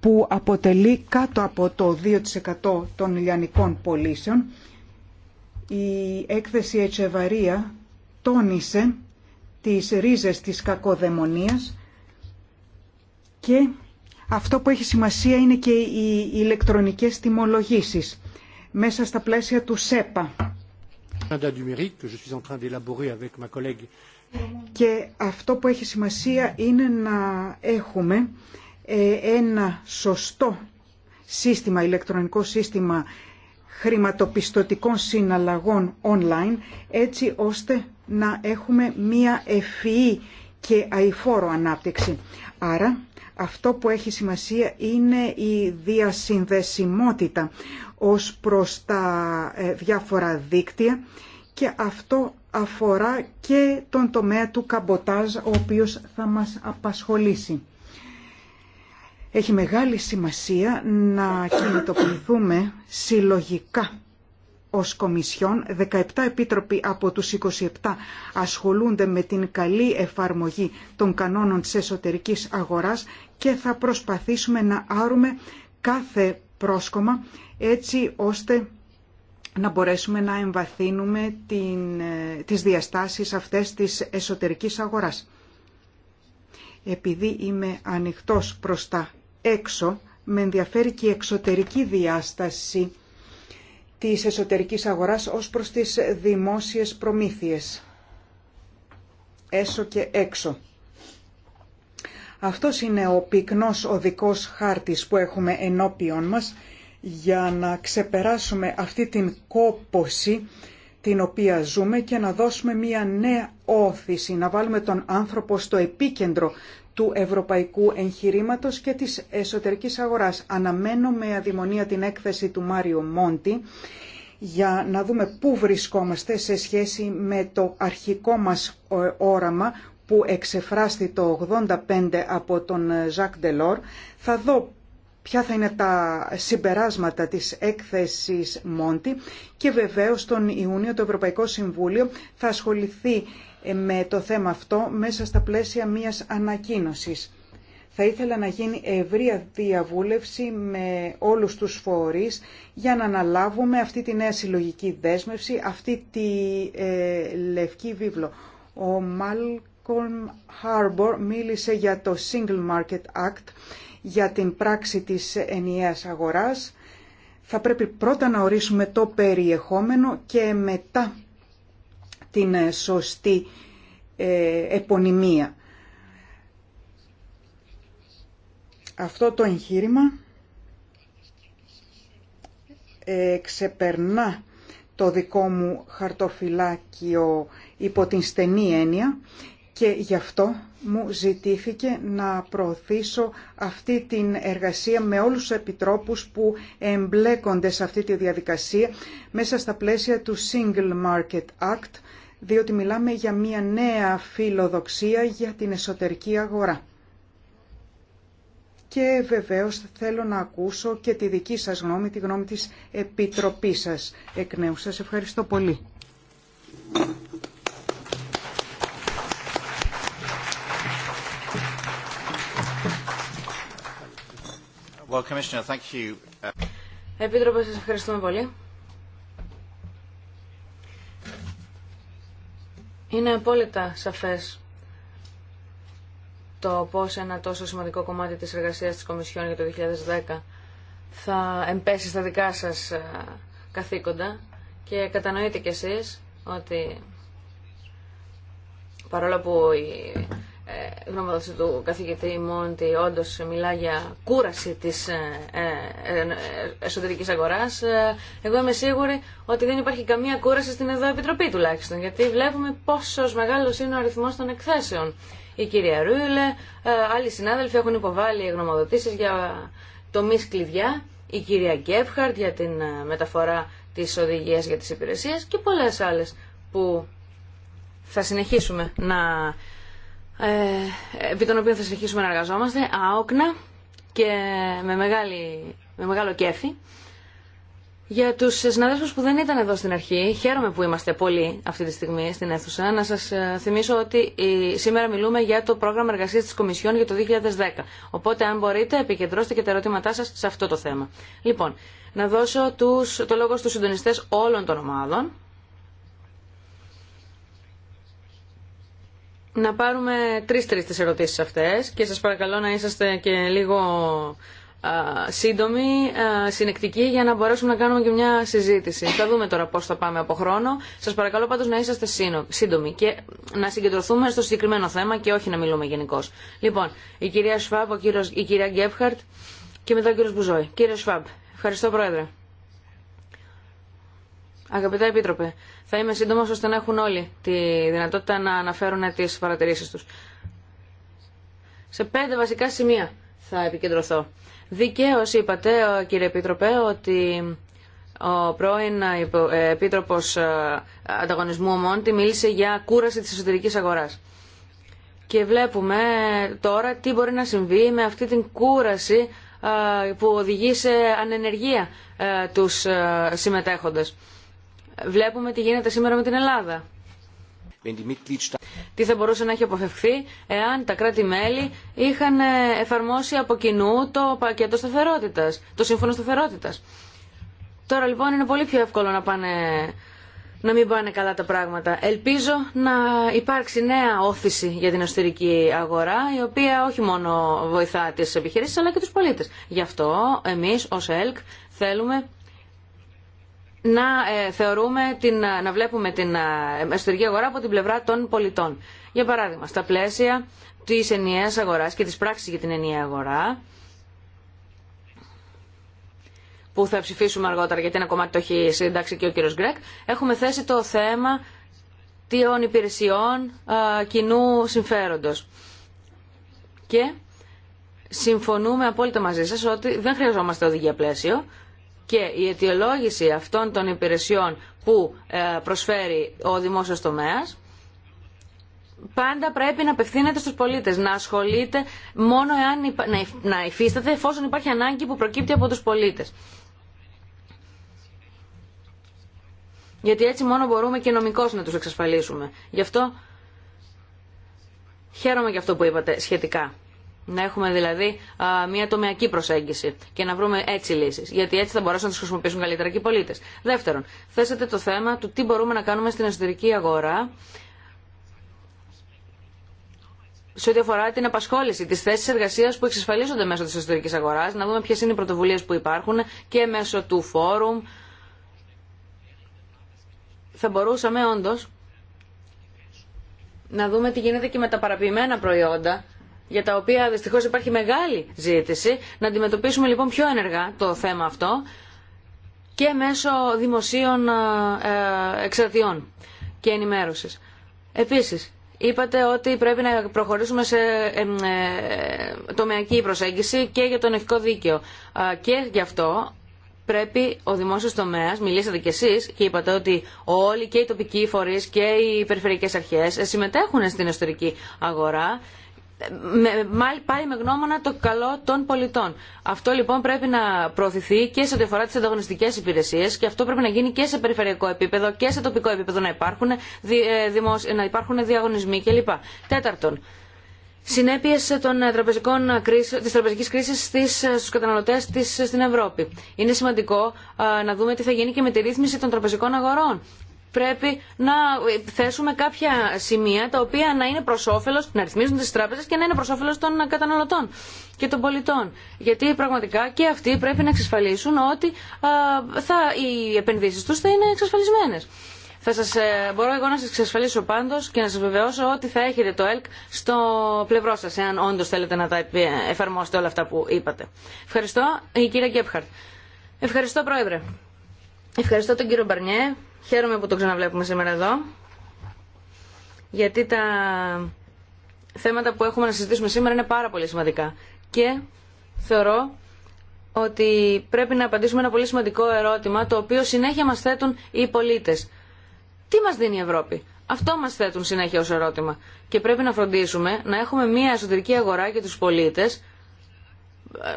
που αποτελεί κάτω από το 2% των λιανικών πωλήσεων. Η έκθεση Ετσεβαρία τόνισε τις ρίζες της κακοδαιμονίας και αυτό που έχει σημασία είναι και οι ηλεκτρονικές τιμολογήσεις μέσα στα πλαίσια του ΣΕΠΑ. Και αυτό που έχει σημασία είναι να έχουμε ε, ένα σωστό σύστημα, ηλεκτρονικό σύστημα χρηματοπιστωτικών συναλλαγών online, έτσι ώστε να έχουμε μία ευφυή και αηφόρο ανάπτυξη. Άρα αυτό που έχει σημασία είναι η διασυνδεσιμότητα ως προς τα ε, διάφορα δίκτυα και αυτό αφορά και τον τομέα του καμποτάζ ο οποίος θα μας απασχολήσει. Έχει μεγάλη σημασία να κινητοποιηθούμε συλλογικά ως Κομισιόν, 17 επίτροποι από τους 27 ασχολούνται με την καλή εφαρμογή των κανόνων της εσωτερικής αγοράς και θα προσπαθήσουμε να άρουμε κάθε πρόσκομα έτσι ώστε να μπορέσουμε να εμβαθύνουμε την, ε, τις διαστάσεις αυτές της εσωτερικής αγοράς. Επειδή είμαι ανοιχτός προς τα έξω, με ενδιαφέρει και η εξωτερική διάσταση της εσωτερικής αγοράς ως προς τις δημόσιες προμήθειες, έσω και έξω. Αυτός είναι ο πυκνός οδικός χάρτης που έχουμε ενώπιον μας για να ξεπεράσουμε αυτή την κόποση την οποία ζούμε και να δώσουμε μία νέα όθηση, να βάλουμε τον άνθρωπο στο επίκεντρο του ευρωπαϊκού εγχειρήματο και της εσωτερικής αγοράς. Αναμένω με αδημονία την έκθεση του Μάριο Μόντι για να δούμε πού βρισκόμαστε σε σχέση με το αρχικό μας ε, όραμα που εξεφράστη το 85 από τον Ζακ ε, Ντελόρ. Θα δω ποια θα είναι τα συμπεράσματα της έκθεσης Μόντι και βεβαίως τον Ιούνιο το Ευρωπαϊκό Συμβούλιο θα ασχοληθεί με το θέμα αυτό μέσα στα πλαίσια μιας ανακοίνωσης. Θα ήθελα να γίνει ευρία διαβούλευση με όλους τους φορείς για να αναλάβουμε αυτή τη νέα συλλογική δέσμευση, αυτή τη ε, λευκή βίβλο. Ο Malcolm Harbour μίλησε για το Single Market Act, για την πράξη της ενιαίας αγοράς. Θα πρέπει πρώτα να ορίσουμε το περιεχόμενο και μετά την ε, σωστή ε, επωνυμία. Αυτό το εγχείρημα ε, ξεπερνά το δικό μου χαρτοφυλάκιο υπό την στενή έννοια και γι' αυτό μου ζητήθηκε να προωθήσω αυτή την εργασία με όλους τους επιτρόπους που εμπλέκονται σε αυτή τη διαδικασία μέσα στα πλαίσια του Single Market Act διότι μιλάμε για μια νέα φιλοδοξία για την εσωτερική αγορά. Και βεβαίως θέλω να ακούσω και τη δική σας γνώμη, τη γνώμη της Επιτροπής σας εκ νέου. Σας ευχαριστώ πολύ. Well, σας ευχαριστούμε πολύ. Είναι απόλυτα σαφές το πώς ένα τόσο σημαντικό κομμάτι της εργασίας της Κομισιόν για το 2010 θα εμπέσει στα δικά σας ε, καθήκοντα και κατανοείτε κι εσείς ότι παρόλο που η ε, γνωμοδότηση του καθηγητή Μόντι όντω μιλά για κούραση της ε, ε, εσωτερικής αγοράς. Εγώ είμαι σίγουρη ότι δεν υπάρχει καμία κούραση στην εδώ Επιτροπή τουλάχιστον, γιατί βλέπουμε πόσος μεγάλος είναι ο αριθμός των εκθέσεων. Η κυρία Ρούιλε, άλλοι συνάδελφοι έχουν υποβάλει γνωμοδοτήσεις για το κλειδιά, η κυρία Γκέφχαρτ για την μεταφορά της οδηγίας για τις υπηρεσίες και πολλές άλλες που θα συνεχίσουμε να ε, επί των οποίων θα συνεχίσουμε να εργαζόμαστε άοκνα και με, μεγάλη, με μεγάλο κέφι. Για του συναδέλφου που δεν ήταν εδώ στην αρχή, χαίρομαι που είμαστε πολλοί αυτή τη στιγμή στην αίθουσα. Να σα ε, θυμίσω ότι ε, σήμερα μιλούμε για το πρόγραμμα εργασία τη Κομισιόν για το 2010. Οπότε, αν μπορείτε, επικεντρώστε και τα ερωτήματά σα σε αυτό το θέμα. Λοιπόν, να δώσω το λόγο στου συντονιστέ όλων των ομάδων να πάρουμε τρεις-τρεις τις ερωτήσεις αυτές και σας παρακαλώ να είσαστε και λίγο σύντομοι, συνεκτικοί για να μπορέσουμε να κάνουμε και μια συζήτηση. Θα δούμε τώρα πώς θα πάμε από χρόνο. Σας παρακαλώ πάντως να είσαστε σύντομοι και να συγκεντρωθούμε στο συγκεκριμένο θέμα και όχι να μιλούμε γενικώ. Λοιπόν, η κυρία Σφάμπ, ο κύριος, η κυρία Γκέφχαρτ και μετά ο κύριος Μπουζόη. Κύριε Σφάμπ, ευχαριστώ Πρόεδρε. Αγαπητά Επίτροπε, θα είμαι σύντομο ώστε να έχουν όλοι τη δυνατότητα να αναφέρουν τις παρατηρήσει τους. Σε πέντε βασικά σημεία θα επικεντρωθώ. Δικαίως είπατε, κύριε Επίτροπε, ότι ο πρώην ε, ε, Επίτροπος ε, Ανταγωνισμού Ομόντι μίλησε για κούραση της εσωτερική αγορά. Και βλέπουμε τώρα τι μπορεί να συμβεί με αυτή την κούραση που οδηγεί σε ανενεργία τους συμμετέχοντες. Βλέπουμε τι γίνεται σήμερα με την Ελλάδα. Τι θα μπορούσε να έχει αποφευχθεί εάν τα κράτη-μέλη είχαν ε, εφαρμόσει από κοινού το πακέτο σταθερότητας, το σύμφωνο σταθερότητα. Τώρα λοιπόν είναι πολύ πιο εύκολο να μην πάνε καλά τα πράγματα. Ελπίζω να υπάρξει νέα όθηση για την εσωτερική αγορά, η οποία όχι μόνο βοηθά τις επιχειρήσεις, αλλά και τους πολίτες. Γι' αυτό εμείς ως ΕΛΚ θέλουμε να ε, θεωρούμε την, ε, να βλέπουμε την ε, εσωτερική αγορά από την πλευρά των πολιτών. Για παράδειγμα, στα πλαίσια τη ενιαία αγορά και τη πράξη για την ενιαία αγορά, που θα ψηφίσουμε αργότερα γιατί ένα κομμάτι το έχει συντάξει και ο κύριος Γκρέκ, έχουμε θέσει το θέμα των υπηρεσιών κοινού συμφέροντος. Και συμφωνούμε απόλυτα μαζί σας ότι δεν χρειαζόμαστε οδηγία πλαίσιο, και η αιτιολόγηση αυτών των υπηρεσιών που ε, προσφέρει ο δημόσιος τομέας πάντα πρέπει να απευθύνεται στους πολίτες, να ασχολείται μόνο εάν, να υφίσταται εφόσον υπάρχει ανάγκη που προκύπτει από τους πολίτες. Γιατί έτσι μόνο μπορούμε και νομικώς να τους εξασφαλίσουμε. Γι' αυτό χαίρομαι για αυτό που είπατε σχετικά. Να έχουμε δηλαδή μια τομεακή προσέγγιση και να βρούμε έτσι λύσει. Γιατί έτσι θα μπορέσουν να τι χρησιμοποιήσουν καλύτερα και οι πολίτε. Δεύτερον, θέσατε το θέμα του τι μπορούμε να κάνουμε στην εσωτερική αγορά σε ό,τι αφορά την απασχόληση, τι θέσει εργασία που εξασφαλίζονται μέσω τη εσωτερική αγορά, να δούμε ποιε είναι οι πρωτοβουλίε που υπάρχουν και μέσω του φόρουμ. Θα μπορούσαμε όντω να δούμε τι γίνεται και με τα παραποιημένα προϊόντα για τα οποία δυστυχώ υπάρχει μεγάλη ζήτηση, να αντιμετωπίσουμε λοιπόν πιο ενεργά το θέμα αυτό και μέσω δημοσίων ε, εξαρτιών και ενημέρωση. Επίσης, είπατε ότι πρέπει να προχωρήσουμε σε ε, ε, τομεακή προσέγγιση και για το νοχικό δίκαιο. Και γι' αυτό πρέπει ο δημόσιο τομέα, μιλήσατε κι εσεί και είπατε ότι όλοι και οι τοπικοί φορεί και οι περιφερειακέ αρχέ συμμετέχουν στην εσωτερική αγορά πάει με γνώμονα το καλό των πολιτών. Αυτό λοιπόν πρέπει να προωθηθεί και σε ό,τι αφορά τι ανταγωνιστικέ υπηρεσίε και αυτό πρέπει να γίνει και σε περιφερειακό επίπεδο και σε τοπικό επίπεδο να υπάρχουν, ε, να υπάρχουν διαγωνισμοί κλπ. Τέταρτον, συνέπειε τη τραπεζική κρίση στου καταναλωτέ στην Ευρώπη. Είναι σημαντικό ε, να δούμε τι θα γίνει και με τη ρύθμιση των τραπεζικών αγορών πρέπει να θέσουμε κάποια σημεία τα οποία να είναι προ όφελο, να ρυθμίζουν τι τράπεζε και να είναι προ όφελο των καταναλωτών και των πολιτών. Γιατί πραγματικά και αυτοί πρέπει να εξασφαλίσουν ότι α, θα, οι επενδύσει του θα είναι εξασφαλισμένε. Θα σας, ε, μπορώ εγώ να σας εξασφαλίσω πάντως και να σας βεβαιώσω ότι θα έχετε το ΕΛΚ στο πλευρό σας, εάν όντως θέλετε να τα εφαρμόσετε όλα αυτά που είπατε. Ευχαριστώ, η κυρία Γκέπχαρτ. Ευχαριστώ, Πρόεδρε. Ευχαριστώ τον κύριο Μπαρνιέ Χαίρομαι που το ξαναβλέπουμε σήμερα εδώ, γιατί τα θέματα που έχουμε να συζητήσουμε σήμερα είναι πάρα πολύ σημαντικά. Και θεωρώ ότι πρέπει να απαντήσουμε ένα πολύ σημαντικό ερώτημα, το οποίο συνέχεια μας θέτουν οι πολίτες. Τι μας δίνει η Ευρώπη. Αυτό μας θέτουν συνέχεια ως ερώτημα. Και πρέπει να φροντίσουμε να έχουμε μια εσωτερική αγορά για τους πολίτες,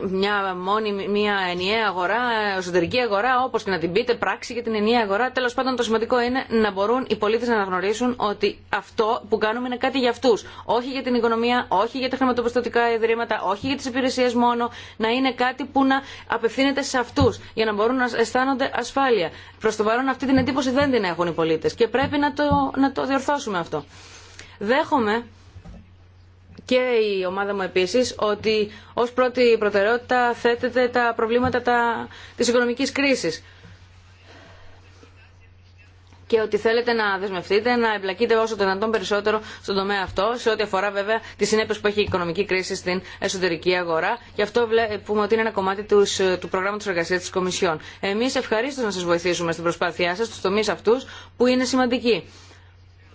μια, μόνη, μια ενιαία αγορά, εσωτερική αγορά, όπω και να την πείτε, πράξη για την ενιαία αγορά. Τέλο πάντων το σημαντικό είναι να μπορούν οι πολίτε να αναγνωρίσουν ότι αυτό που κάνουμε είναι κάτι για αυτού. Όχι για την οικονομία, όχι για τα χρηματοπιστωτικά ιδρύματα, όχι για τι υπηρεσίε μόνο. Να είναι κάτι που να απευθύνεται σε αυτού για να μπορούν να αισθάνονται ασφάλεια. Προ το παρόν αυτή την εντύπωση δεν την έχουν οι πολίτε. και πρέπει να το, να το διορθώσουμε αυτό. Δέχομαι και η ομάδα μου επίσης ότι ως πρώτη προτεραιότητα θέτεται τα προβλήματα τη της οικονομικής κρίσης και ότι θέλετε να δεσμευτείτε, να εμπλακείτε όσο το δυνατόν περισσότερο στον τομέα αυτό, σε ό,τι αφορά βέβαια τι συνέπειε που έχει η οικονομική κρίση στην εσωτερική αγορά. Γι' αυτό βλέπουμε ότι είναι ένα κομμάτι του του προγράμματο εργασία τη Κομισιόν. Εμεί ευχαρίστω να σα βοηθήσουμε στην προσπάθειά σα στου τομεί αυτού που είναι σημαντικοί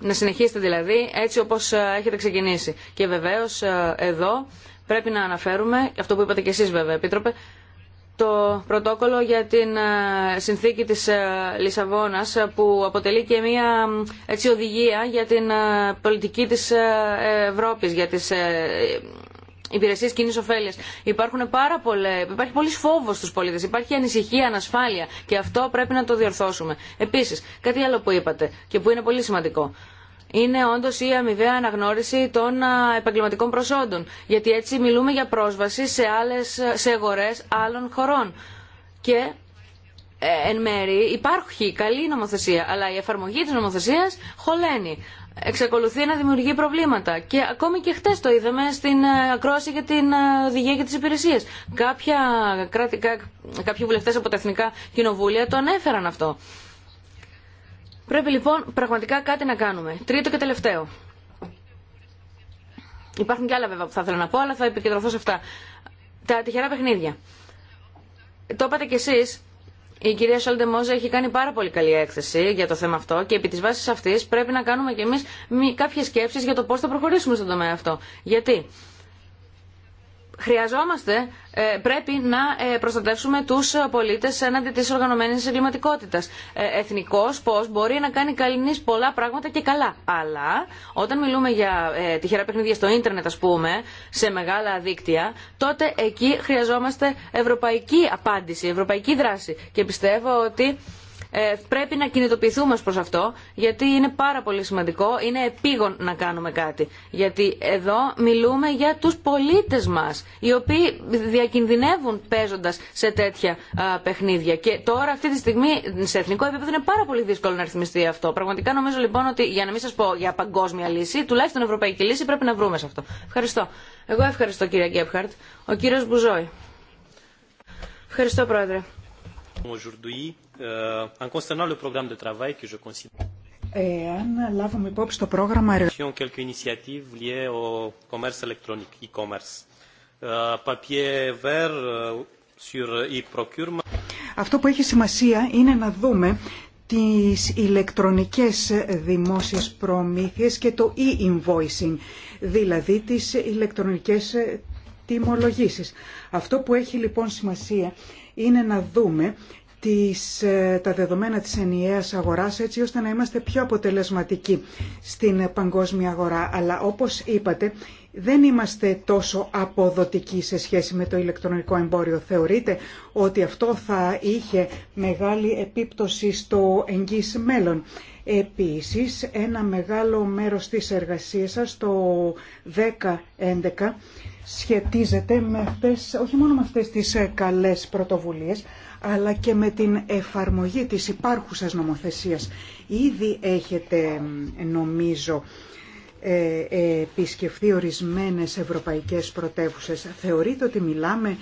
να συνεχίσετε δηλαδή έτσι όπως ε, έχετε ξεκινήσει. Και βεβαίως ε, εδώ πρέπει να αναφέρουμε, αυτό που είπατε και εσείς βέβαια Επίτροπε, το πρωτόκολλο για την ε, συνθήκη της Λισαβόνας που αποτελεί και μια έτσι, οδηγία για την πολιτική της Ευρώπης, για τις υπηρεσίε κοινή ωφέλεια. Υπάρχει πολλή φόβο στου πολίτε, υπάρχει ανησυχία, ανασφάλεια και αυτό πρέπει να το διορθώσουμε. Επίση, κάτι άλλο που είπατε και που είναι πολύ σημαντικό είναι όντω η αμοιβαία αναγνώριση των επαγγελματικών προσόντων. Γιατί έτσι μιλούμε για πρόσβαση σε, άλλες, σε αγορές άλλων χωρών. Και ε, εν μέρη υπάρχει καλή νομοθεσία, αλλά η εφαρμογή της νομοθεσίας χωλαίνει. Εξακολουθεί να δημιουργεί προβλήματα. Και ακόμη και χτες το είδαμε στην ε, ακρόαση για την ε, οδηγία και τις υπηρεσίες. κάποιοι βουλευτές από τα Εθνικά Κοινοβούλια το ανέφεραν αυτό. Πρέπει λοιπόν πραγματικά κάτι να κάνουμε. Τρίτο και τελευταίο. Υπάρχουν και άλλα βέβαια που θα ήθελα να πω, αλλά θα επικεντρωθώ σε αυτά. Τα τυχερά παιχνίδια. Το είπατε κι εσείς, η κυρία Σόλτε Μόζε έχει κάνει πάρα πολύ καλή έκθεση για το θέμα αυτό και επί τη βάση αυτή πρέπει να κάνουμε κι εμεί κάποιε σκέψει για το πώ θα προχωρήσουμε στον τομέα αυτό. Γιατί χρειαζόμαστε, ε, πρέπει να ε, προστατεύσουμε τους πολίτες έναντι της οργανωμένης εγκληματικότητας. Ε, εθνικός πώς μπορεί να κάνει καλυνής πολλά πράγματα και καλά. Αλλά όταν μιλούμε για τυχερά παιχνίδια στο ίντερνετ ας πούμε, σε μεγάλα δίκτυα, τότε εκεί χρειαζόμαστε ευρωπαϊκή απάντηση, ευρωπαϊκή δράση. Και πιστεύω ότι ε, πρέπει να κινητοποιηθούμε προς αυτό, γιατί είναι πάρα πολύ σημαντικό, είναι επίγον να κάνουμε κάτι. Γιατί εδώ μιλούμε για τους πολίτες μας, οι οποίοι διακινδυνεύουν παίζοντας σε τέτοια παιχνίδια. Και τώρα αυτή τη στιγμή σε εθνικό επίπεδο είναι πάρα πολύ δύσκολο να ρυθμιστεί αυτό. Πραγματικά νομίζω λοιπόν ότι για να μην σας πω για παγκόσμια λύση, τουλάχιστον ευρωπαϊκή λύση πρέπει να βρούμε σε αυτό. Ευχαριστώ. Εγώ ευχαριστώ κύριε Γκέπχαρτ. Ο κύριος Μπουζόη. Ευχαριστώ πρόεδρε. Euh, en concernant le programme de travail que je considère. Εάν λάβουμε υπόψη το πρόγραμμα εργασιών, quelques initiatives liées au commerce électronique, e-commerce. Euh, papier vert euh, sur e-procurement. Αυτό που έχει σημασία είναι να δούμε τις ηλεκτρονικές δημόσιες προμήθειες και το e-invoicing, δηλαδή τις ηλεκτρονικές τιμολογήσεις. Αυτό που έχει λοιπόν σημασία είναι να δούμε τις, ε, τα δεδομένα της ενιαίας αγοράς έτσι ώστε να είμαστε πιο αποτελεσματικοί στην παγκόσμια αγορά. Αλλά όπως είπατε δεν είμαστε τόσο αποδοτικοί σε σχέση με το ηλεκτρονικό εμπόριο. Θεωρείτε ότι αυτό θα είχε μεγάλη επίπτωση στο εγγύς μέλλον. Επίσης, ένα μεγάλο μέρος της εργασίας σας, το 10-11, σχετίζεται με αυτές, όχι μόνο με αυτές τις ε, καλές πρωτοβουλίες, αλλά και με την εφαρμογή της υπάρχουσας νομοθεσίας. Ήδη έχετε, νομίζω, ε, επισκεφθεί ορισμένες ευρωπαϊκές πρωτεύουσες. Θεωρείτε ότι μιλάμε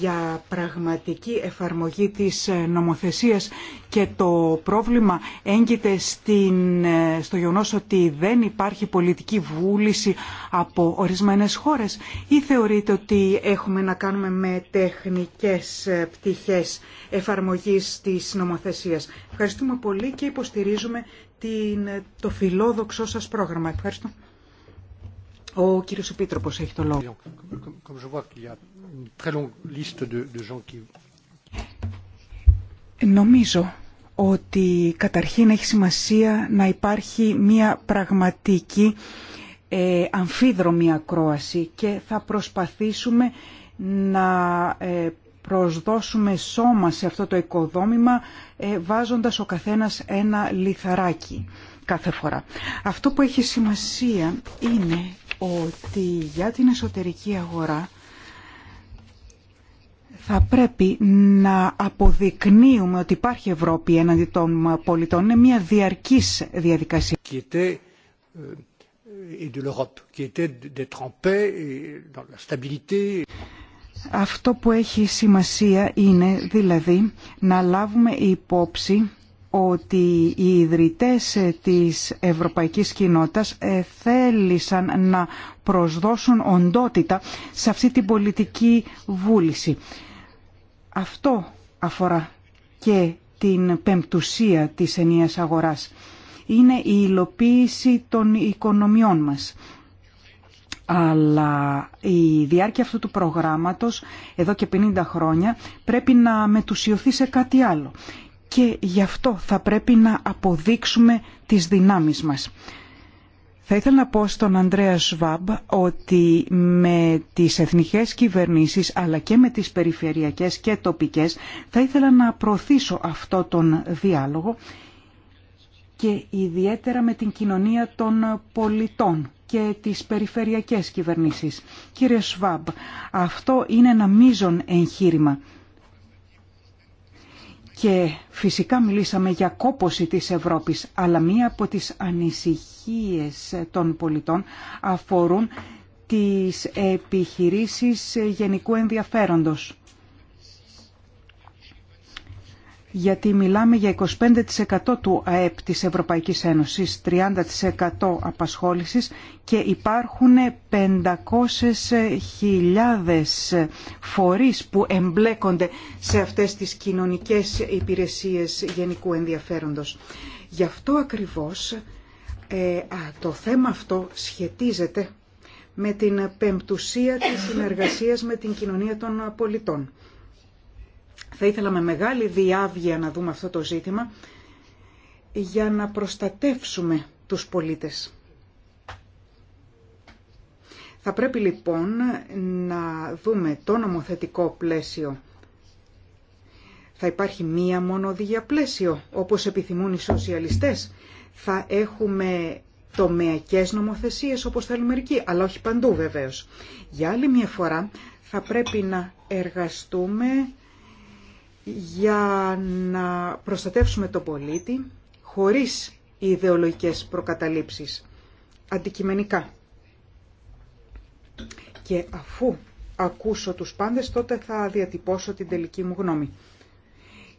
για πραγματική εφαρμογή της ε, νομοθεσίας και το πρόβλημα έγκυται στην, ε, στο γεγονός ότι δεν υπάρχει πολιτική βούληση από ορισμένες χώρες ή θεωρείτε ότι έχουμε να κάνουμε με τεχνικές πτυχές εφαρμογής της νομοθεσίας. Ευχαριστούμε πολύ και υποστηρίζουμε την, το φιλόδοξό σας πρόγραμμα. Ευχαριστώ. Ο κύριος Επίτροπος έχει το λόγο. Νομίζω ότι καταρχήν έχει σημασία να υπάρχει μια πραγματική ε, αμφίδρομη ακρόαση και θα προσπαθήσουμε να ε, προσδώσουμε σώμα σε αυτό το οικοδόμημα ε, βάζοντας ο καθένας ένα λιθαράκι κάθε φορά. Αυτό που έχει σημασία είναι ότι για την εσωτερική αγορά θα πρέπει να αποδεικνύουμε ότι υπάρχει Ευρώπη έναντι των πολιτών. Είναι μια διαρκής διαδικασία. Αυτό που έχει σημασία είναι δηλαδή να λάβουμε υπόψη ότι οι ιδρυτές της Ευρωπαϊκής Κοινότητας ε, θέλησαν να προσδώσουν οντότητα σε αυτή την πολιτική βούληση. Αυτό αφορά και την πεμπτουσία της ενίας αγοράς. Είναι η υλοποίηση των οικονομιών μας αλλά η διάρκεια αυτού του προγράμματος εδώ και 50 χρόνια πρέπει να μετουσιωθεί σε κάτι άλλο και γι' αυτό θα πρέπει να αποδείξουμε τις δυνάμεις μας. Θα ήθελα να πω στον Ανδρέα Σβάμπ ότι με τις εθνικές κυβερνήσεις αλλά και με τις περιφερειακές και τοπικές θα ήθελα να προωθήσω αυτό τον διάλογο και ιδιαίτερα με την κοινωνία των πολιτών και τις περιφερειακές κυβερνήσεις. Κύριε Σβάμπ, αυτό είναι ένα μείζον εγχείρημα. Και φυσικά μιλήσαμε για κόποση της Ευρώπης, αλλά μία από τις ανησυχίες των πολιτών αφορούν τις επιχειρήσεις γενικού ενδιαφέροντος. γιατί μιλάμε για 25% του ΑΕΠ της Ευρωπαϊκής Ένωσης, 30% απασχόλησης και υπάρχουν 500.000 φορείς που εμπλέκονται σε αυτές τις κοινωνικές υπηρεσίες γενικού ενδιαφέροντος. Γι' αυτό ακριβώς ε, το θέμα αυτό σχετίζεται με την πεμπτουσία της συνεργασίας με την κοινωνία των πολιτών. Θα ήθελα με μεγάλη διάβγεια να δούμε αυτό το ζήτημα για να προστατεύσουμε τους πολίτες. Θα πρέπει λοιπόν να δούμε το νομοθετικό πλαίσιο. Θα υπάρχει μία μόνο διαπλαίσιο, όπως επιθυμούν οι σοσιαλιστές. Θα έχουμε τομεακές νομοθεσίες όπως θέλουν μερικοί, αλλά όχι παντού βεβαίως. Για άλλη μια μονο πλαισιο οπως επιθυμουν οι σοσιαλιστες θα πρέπει να εργαστούμε για να προστατεύσουμε τον πολίτη χωρίς ιδεολογικές προκαταλήψεις, αντικειμενικά. Και αφού ακούσω τους πάντες, τότε θα διατυπώσω την τελική μου γνώμη.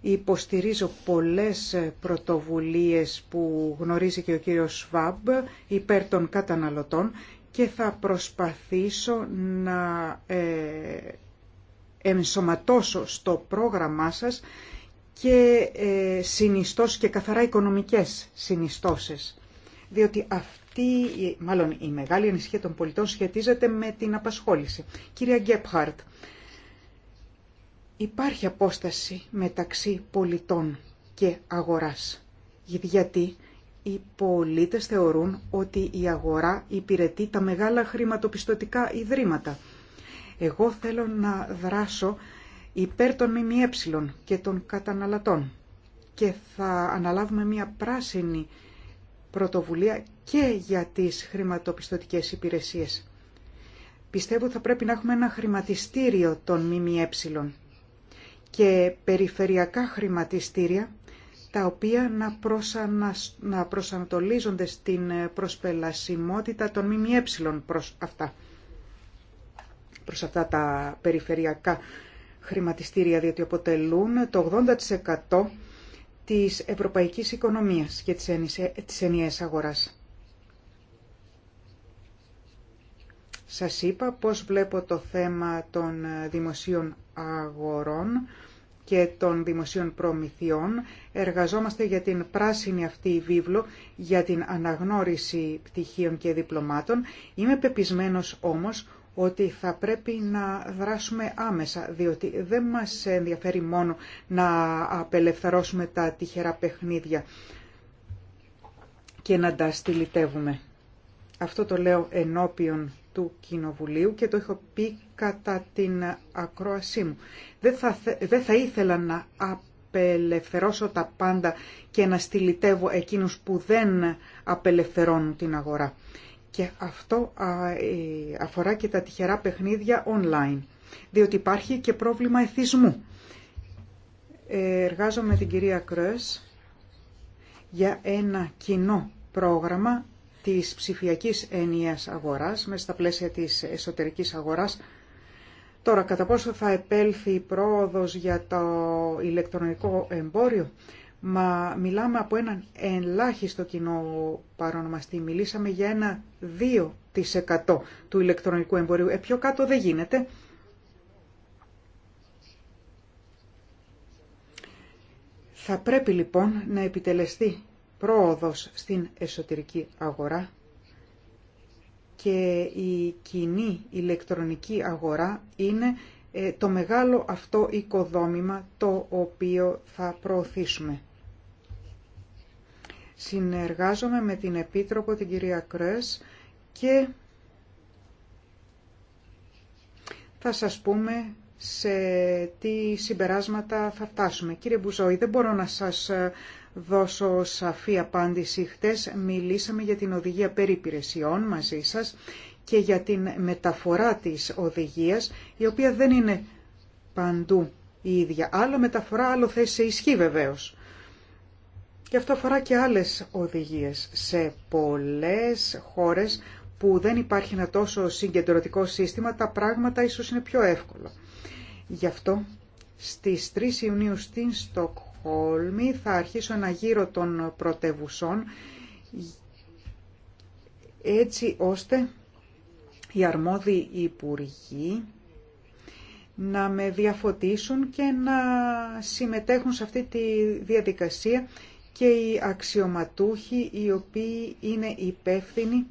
Υποστηρίζω πολλές πρωτοβουλίες που γνωρίζει και ο κύριος Σβάμπ υπέρ των καταναλωτών και θα προσπαθήσω να ε, ενσωματώσω στο πρόγραμμά σας και ε, και καθαρά οικονομικές συνιστώσεις. Διότι αυτή, μάλλον η μεγάλη ανησυχία των πολιτών σχετίζεται με την απασχόληση. Κυρία Γκέπχαρτ, υπάρχει απόσταση μεταξύ πολιτών και αγοράς. Γιατί οι πολίτες θεωρούν ότι η αγορά υπηρετεί τα μεγάλα χρηματοπιστωτικά ιδρύματα – εγώ θέλω να δράσω υπέρ των ΜΜΕ και των καταναλατών και θα αναλάβουμε μια πράσινη πρωτοβουλία και για τις χρηματοπιστωτικές υπηρεσίες. Πιστεύω ότι θα πρέπει να έχουμε ένα χρηματιστήριο των ΜΜΕ και περιφερειακά χρηματιστήρια τα οποία να, να προσανατολίζονται στην προσπελασιμότητα των ΜΜΕ προς αυτά προς αυτά τα περιφερειακά χρηματιστήρια, διότι αποτελούν το 80% της ευρωπαϊκής οικονομίας και της ενιαίας αγοράς. Σας είπα πώς βλέπω το θέμα των δημοσίων αγορών και των δημοσίων προμηθειών. Εργαζόμαστε για την πράσινη αυτή βίβλο, για την αναγνώριση πτυχίων και διπλωμάτων. Είμαι πεπισμένος όμως ότι θα πρέπει να δράσουμε άμεσα, διότι δεν μας ενδιαφέρει μόνο να απελευθερώσουμε τα τυχερά παιχνίδια και να τα στυλιτεύουμε. Αυτό το λέω ενώπιον του Κοινοβουλίου και το έχω πει κατά την ακρόασή μου. Δεν θα, ήθελα να απελευθερώσω τα πάντα και να στυλιτεύω εκείνους που δεν απελευθερώνουν την αγορά. Και αυτό αφορά και τα τυχερά παιχνίδια online, διότι υπάρχει και πρόβλημα εθισμού. Ε, εργάζομαι με την κυρία Κρές για ένα κοινό πρόγραμμα της ψηφιακής ενιαίας αγοράς, μέσα στα πλαίσια της εσωτερικής αγοράς. Τώρα, κατά πόσο θα επέλθει η πρόοδος για το ηλεκτρονικό εμπόριο, Μα μιλάμε από έναν ελάχιστο κοινό παρονομαστή. Μιλήσαμε για ένα 2% του ηλεκτρονικού εμπορίου. Ε, πιο κάτω δεν γίνεται. Θα πρέπει λοιπόν να επιτελεστεί πρόοδος στην εσωτερική αγορά και η κοινή ηλεκτρονική αγορά είναι ε, το μεγάλο αυτό οικοδόμημα το οποίο θα προωθήσουμε. Συνεργάζομαι με την Επίτροπο, την κυρία Κρές, και θα σας πούμε σε τι συμπεράσματα θα φτάσουμε. Κύριε Μπουζόη, δεν μπορώ να σας ε, δώσω σαφή απάντηση. Χτες μιλήσαμε για την οδηγία περί μαζί σας και για την μεταφορά της οδηγίας, η οποία δεν είναι παντού η ίδια. Άλλο μεταφορά, άλλο θέση σε ισχύ βεβαίως. Και αυτό αφορά και άλλες οδηγίες. Σε πολλές χώρες που δεν υπάρχει ένα τόσο συγκεντρωτικό σύστημα, τα πράγματα ίσως είναι πιο εύκολα. Γι' αυτό στις 3 Ιουνίου στην Στοκχόλμη θα αρχίσω ένα γύρο των πρωτεύουσών έτσι ώστε οι αρμόδιοι υπουργοί να με διαφωτίσουν και να συμμετέχουν σε αυτή τη διαδικασία και οι αξιωματούχοι οι οποίοι είναι υπεύθυνοι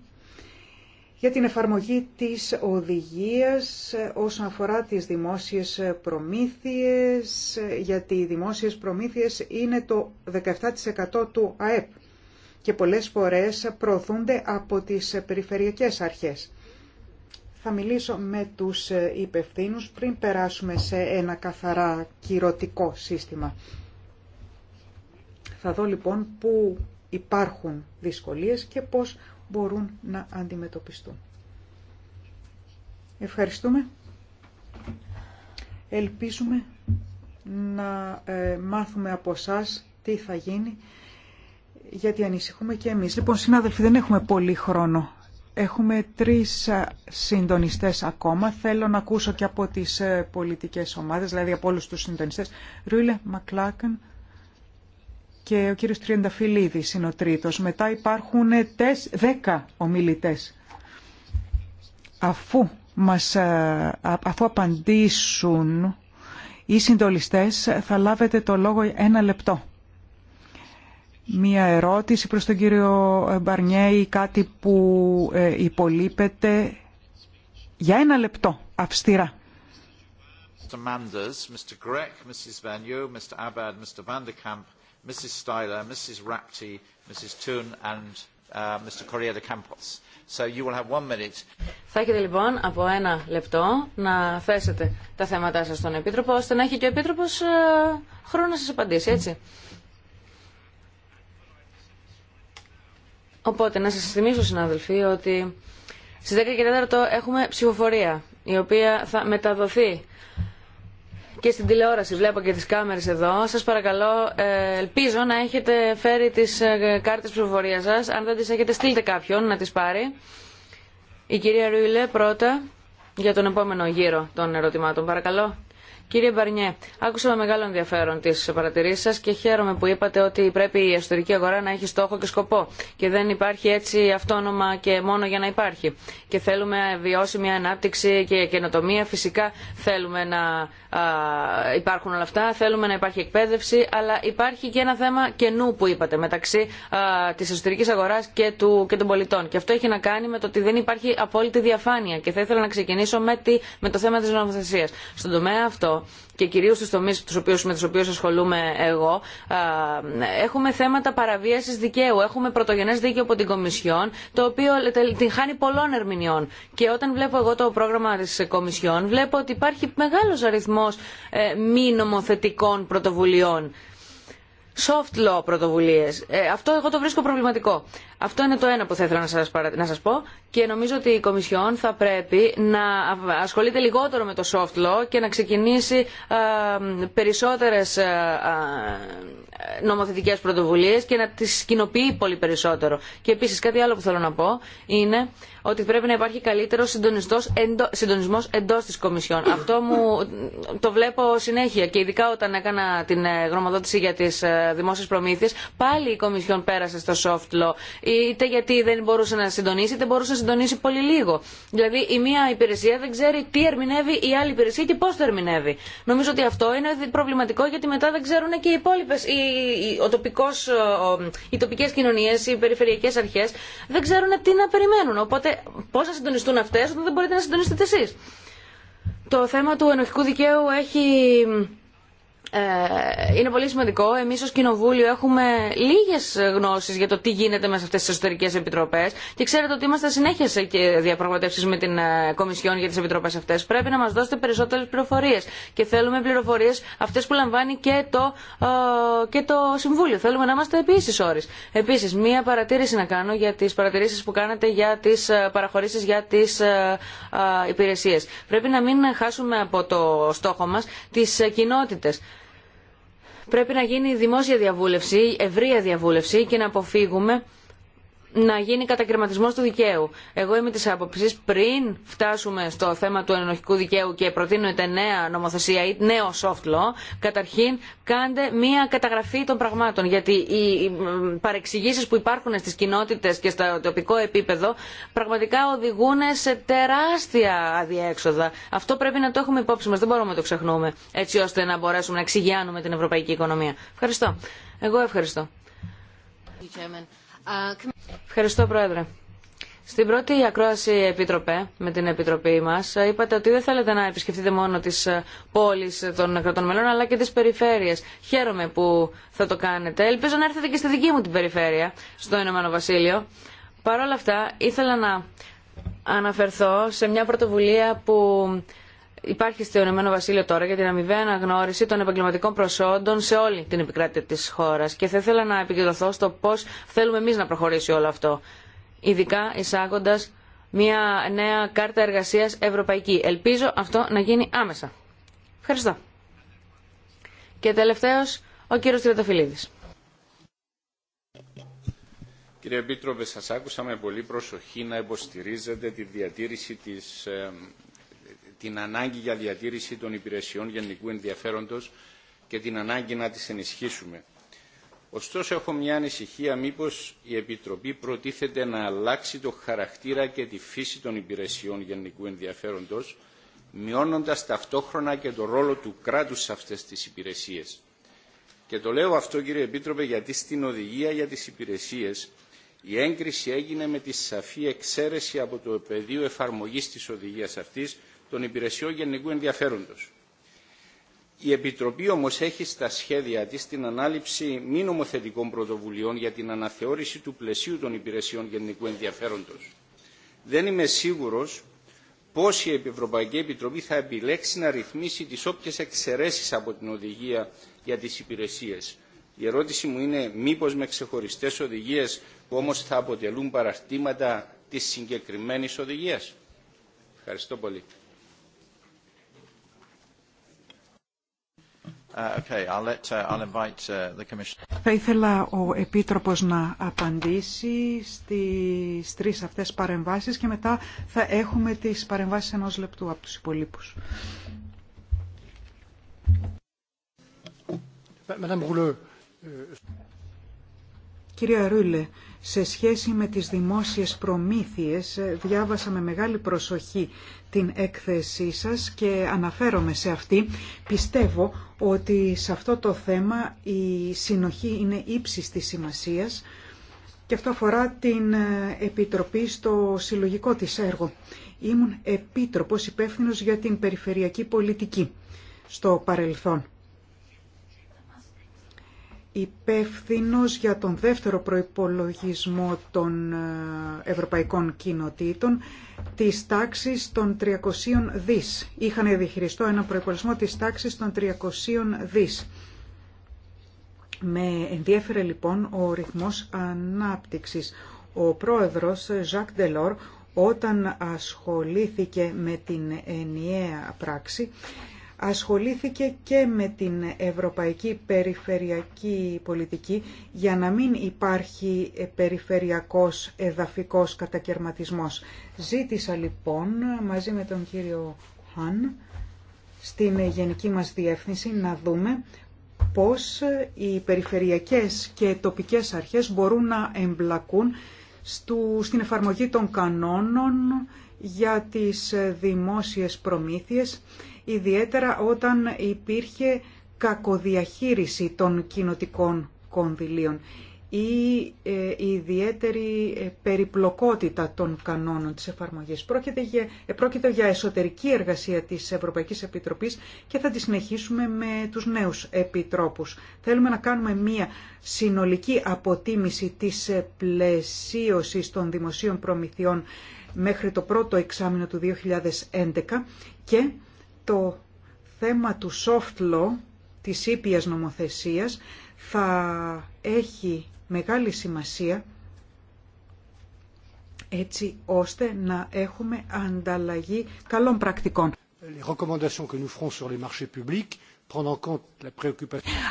για την εφαρμογή της οδηγίας όσον αφορά τις δημόσιες προμήθειες, γιατί οι δημόσιες προμήθειες είναι το 17% του ΑΕΠ και πολλές φορές προωθούνται από τις περιφερειακές αρχές. Θα μιλήσω με τους υπευθύνους πριν περάσουμε σε ένα καθαρά κυρωτικό σύστημα. Θα δω λοιπόν πού υπάρχουν δυσκολίες και πώς μπορούν να αντιμετωπιστούν. Ευχαριστούμε. Ελπίζουμε να ε, μάθουμε από εσά τι θα γίνει, γιατί ανησυχούμε και εμείς. Λοιπόν, συνάδελφοι, δεν έχουμε πολύ χρόνο. Έχουμε τρεις ε, συντονιστές ακόμα. Θέλω να ακούσω και από τις ε, πολιτικές ομάδες, δηλαδή από όλους τους συντονιστές. Μακλάκεν, και ο κύριος Τριανταφυλλίδης είναι ο τρίτος. Μετά υπάρχουν τες, δέκα ομιλητές. Αφού, μας, ε, αφού απαντήσουν οι συντολιστές θα λάβετε το λόγο ένα λεπτό. Μία ερώτηση προς τον κύριο Μπαρνιέ ή κάτι που ε, υπολείπεται για ένα λεπτό, αυστηρά. Mr. Manders, Mr. Mrs. Mr. Abad, Mr. Θα έχετε λοιπόν από ένα λεπτό να θέσετε τα θέματά σας στον Επίτροπο, ώστε να έχει και ο Επίτροπος ε, χρόνο να σας απαντήσει, έτσι. Οπότε, να σας θυμίσω, συνάδελφοι, ότι στις 10 και 4 έχουμε ψηφοφορία, η οποία θα μεταδοθεί και στην τηλεόραση βλέπω και τις κάμερες εδώ. Σας παρακαλώ, ε, ελπίζω να έχετε φέρει τις ε, κάρτες ψηφοφορίας σας. Αν δεν τις έχετε, στείλτε κάποιον να τις πάρει. Η κυρία Ρουιλέ πρώτα για τον επόμενο γύρο των ερωτημάτων. Παρακαλώ. Κύριε Μπαρνιέ, άκουσα με μεγάλο ενδιαφέρον τι παρατηρήσει σα και χαίρομαι που είπατε ότι πρέπει η εσωτερική αγορά να έχει στόχο και σκοπό και δεν υπάρχει έτσι αυτόνομα και μόνο για να υπάρχει. Και θέλουμε βιώσιμη ανάπτυξη και καινοτομία. Φυσικά θέλουμε να υπάρχουν όλα αυτά, θέλουμε να υπάρχει εκπαίδευση, αλλά υπάρχει και ένα θέμα καινού που είπατε μεταξύ τη εσωτερική αγορά και, και των πολιτών. Και αυτό έχει να κάνει με το ότι δεν υπάρχει απόλυτη διαφάνεια. Και θα ήθελα να ξεκινήσω με, με το θέμα τη νομοθεσία. Στον τομέα αυτό και κυρίως στους τομείς τους οποίους, με τους οποίους ασχολούμαι εγώ έχουμε θέματα παραβίασης δικαίου, έχουμε πρωτογενές δίκαιο από την Κομισιόν το οποίο την χάνει πολλών ερμηνεών και όταν βλέπω εγώ το πρόγραμμα της Κομισιόν βλέπω ότι υπάρχει μεγάλος αριθμός ε, μη νομοθετικών πρωτοβουλειών soft law πρωτοβουλίε. Ε, αυτό εγώ το βρίσκω προβληματικό. Αυτό είναι το ένα που θα ήθελα να σας, να σας πω και νομίζω ότι η Κομισιόν θα πρέπει να ασχολείται λιγότερο με το soft law και να ξεκινήσει ε, περισσότερες ε, ε, νομοθετικές πρωτοβουλίες και να τις κοινοποιεί πολύ περισσότερο. Και επίσης κάτι άλλο που θέλω να πω είναι ότι πρέπει να υπάρχει καλύτερο εντο, συντονισμός εντός της Κομισιόν. Αυτό μου το βλέπω συνέχεια και ειδικά όταν έκανα την γνωμοδότηση για τις δημόσιες προμήθειες πάλι η Κομισιόν πέρασε στο soft law είτε γιατί δεν μπορούσε να συντονίσει, είτε μπορούσε να συντονίσει πολύ λίγο. Δηλαδή η μία υπηρεσία δεν ξέρει τι ερμηνεύει η άλλη υπηρεσία και πώ το ερμηνεύει. Νομίζω ότι αυτό είναι προβληματικό γιατί μετά δεν ξέρουν και οι υπόλοιπε, οι τοπικέ κοινωνίε, οι περιφερειακέ αρχέ δεν ξέρουν τι να περιμένουν. Οπότε πώ θα συντονιστούν αυτέ όταν δεν μπορείτε να συντονίσετε εσεί. Το θέμα του ενοχικού δικαίου έχει ε, είναι πολύ σημαντικό. Εμεί ω Κοινοβούλιο έχουμε λίγε γνώσει για το τι γίνεται μέσα σε αυτές τις εσωτερικέ επιτροπές και ξέρετε ότι είμαστε συνέχεια σε διαπραγματεύσει με την ε, Κομισιόν για τι επιτροπέ αυτέ. Πρέπει να μα δώσετε περισσότερε πληροφορίε. και θέλουμε πληροφορίε αυτέ που λαμβάνει και το, ε, και το Συμβούλιο. Θέλουμε να είμαστε επίση όρει. Επίση, μία παρατήρηση να κάνω για τι παρατηρήσεις που κάνατε για τις παραχωρήσει για τις υπηρεσίε. Πρέπει να μην χάσουμε από το στόχο μας τις κοινότητε. Πρέπει να γίνει δημόσια διαβούλευση, ευρεία διαβούλευση και να αποφύγουμε να γίνει κατακαιρματισμό του δικαίου. Εγώ είμαι τη άποψη πριν φτάσουμε στο θέμα του ενοχικού δικαίου και προτείνεται νέα νομοθεσία ή νέο soft law, καταρχήν κάντε μία καταγραφή των πραγμάτων. Γιατί οι παρεξηγήσει που υπάρχουν στι κοινότητε και στο τοπικό επίπεδο πραγματικά οδηγούν σε τεράστια αδιέξοδα. Αυτό πρέπει να το έχουμε υπόψη μα, δεν μπορούμε να το ξεχνούμε, έτσι ώστε να μπορέσουμε να εξηγιάνουμε την ευρωπαϊκή οικονομία. Ευχαριστώ. Εγώ ευχαριστώ. Ευχαριστώ, Πρόεδρε. Στην πρώτη ακρόαση, Επίτροπε, με την Επιτροπή μας, είπατε ότι δεν θέλετε να επισκεφτείτε μόνο τις ε, πόλεις των κρατών μελών, αλλά και τις περιφέρειες. Χαίρομαι που θα το κάνετε. Ελπίζω να έρθετε και στη δική μου την περιφέρεια, στο Ηνωμένο Βασίλειο. Παρ' όλα αυτά, ήθελα να αναφερθώ σε μια πρωτοβουλία που υπάρχει στο Ηνωμένο Βασίλειο τώρα για την αμοιβαία αναγνώριση των επαγγελματικών προσόντων σε όλη την επικράτεια της χώρας και θα ήθελα να επικεντρωθώ στο πώς θέλουμε εμείς να προχωρήσει όλο αυτό, ειδικά εισάγοντα μια νέα κάρτα εργασίας ευρωπαϊκή. Ελπίζω αυτό να γίνει άμεσα. Ευχαριστώ. Και τελευταίος, ο κύριος Τριανταφυλλίδης. Κύριε Επίτροπε, σας άκουσα με πολύ προσοχή να υποστηρίζετε τη διατήρηση της ε, την ανάγκη για διατήρηση των υπηρεσιών γενικού ενδιαφέροντος και την ανάγκη να τις ενισχύσουμε. Ωστόσο έχω μια ανησυχία μήπως η Επιτροπή προτίθεται να αλλάξει το χαρακτήρα και τη φύση των υπηρεσιών γενικού ενδιαφέροντος, μειώνοντας ταυτόχρονα και το ρόλο του κράτους σε αυτές τις υπηρεσίες. Και το λέω αυτό κύριε Επίτροπε γιατί στην οδηγία για τις υπηρεσίες η έγκριση έγινε με τη σαφή εξαίρεση από το πεδίο εφαρμογής τη οδηγίας αυτή, των υπηρεσιών γενικού ενδιαφέροντος. Η Επιτροπή όμως έχει στα σχέδια της την ανάληψη μη νομοθετικών πρωτοβουλειών για την αναθεώρηση του πλαισίου των υπηρεσιών γενικού ενδιαφέροντος. Δεν είμαι σίγουρος πώς η Ευρωπαϊκή Επιτροπή θα επιλέξει να ρυθμίσει τις όποιε εξαιρέσει από την οδηγία για τις υπηρεσίες. Η ερώτηση μου είναι μήπως με ξεχωριστές οδηγίες που όμως θα αποτελούν παραρτήματα της συγκεκριμένης οδηγίας. Ευχαριστώ πολύ. Θα ήθελα ο Επίτροπος να απαντήσει στις τρεις αυτές παρεμβάσεις και μετά θα έχουμε τις παρεμβάσεις ενός λεπτού από τους υπολείπους. Euh, Κυρία Ρούλε, σε σχέση με τις δημόσιες προμήθειες ε, διάβασα με μεγάλη προσοχή την έκθεσή σας και αναφέρομαι σε αυτή. Πιστεύω ότι σε αυτό το θέμα η συνοχή είναι ύψης της σημασίας και αυτό αφορά την ε, Επιτροπή στο συλλογικό της έργο. Ήμουν επίτροπος υπεύθυνο για την περιφερειακή πολιτική στο παρελθόν υπεύθυνο για τον δεύτερο προϋπολογισμό των ε, ευρωπαϊκών κοινοτήτων της τάξης των 300 δις. Είχαν διαχειριστώ ένα προϋπολογισμό της τάξης των 300 δις. Με ενδιέφερε λοιπόν ο ρυθμός ανάπτυξης. Ο πρόεδρος Ζακ Ντελόρ όταν ασχολήθηκε με την ενιαία πράξη ασχολήθηκε και με την ευρωπαϊκή περιφερειακή πολιτική για να μην υπάρχει περιφερειακός εδαφικός κατακαιρματισμός. Ζήτησα λοιπόν μαζί με τον κύριο Χαν στην γενική μας διεύθυνση να δούμε πώς οι περιφερειακές και τοπικές αρχές μπορούν να εμπλακούν στην εφαρμογή των κανόνων για τις δημόσιες προμήθειες ιδιαίτερα όταν υπήρχε κακοδιαχείριση των κοινοτικών κονδυλίων ή η ε, ιδιαίτερη ε, περιπλοκότητα των κανόνων της εφαρμογής. Πρόκειται για, ε, πρόκειται για εσωτερική εργασία της Ευρωπαϊκής Επιτροπής και θα τη συνεχίσουμε με τους νέους επιτρόπους. Θέλουμε να κάνουμε μία συνολική αποτίμηση της πλαισίωσης των δημοσίων προμηθειών μέχρι το πρώτο εξάμεινο του 2011 και το θέμα του soft law, της ήπιας νομοθεσίας, θα έχει μεγάλη σημασία έτσι ώστε να έχουμε ανταλλαγή καλών πρακτικών.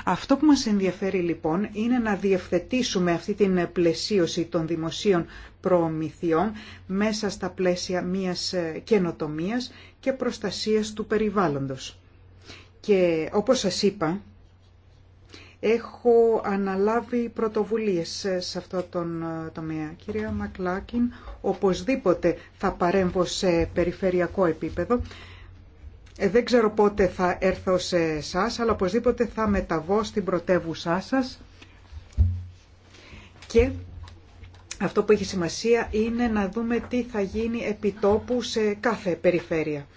Αυτό που μας ενδιαφέρει λοιπόν είναι να διευθετήσουμε αυτή την πλαισίωση των δημοσίων προμηθειών μέσα στα πλαίσια μιας ε, καινοτομίας και προστασίας του περιβάλλοντος. Και όπως σας είπα, έχω αναλάβει πρωτοβουλίες ε, σε αυτό τον ε, τομέα. Κυρία Μακλάκιν, οπωσδήποτε θα παρέμβω σε περιφερειακό επίπεδο ε, δεν ξέρω πότε θα έρθω σε εσά, αλλά οπωσδήποτε θα μεταβώ στην πρωτεύουσά σας και αυτό που έχει σημασία είναι να δούμε τι θα γίνει επιτόπου σε κάθε περιφέρεια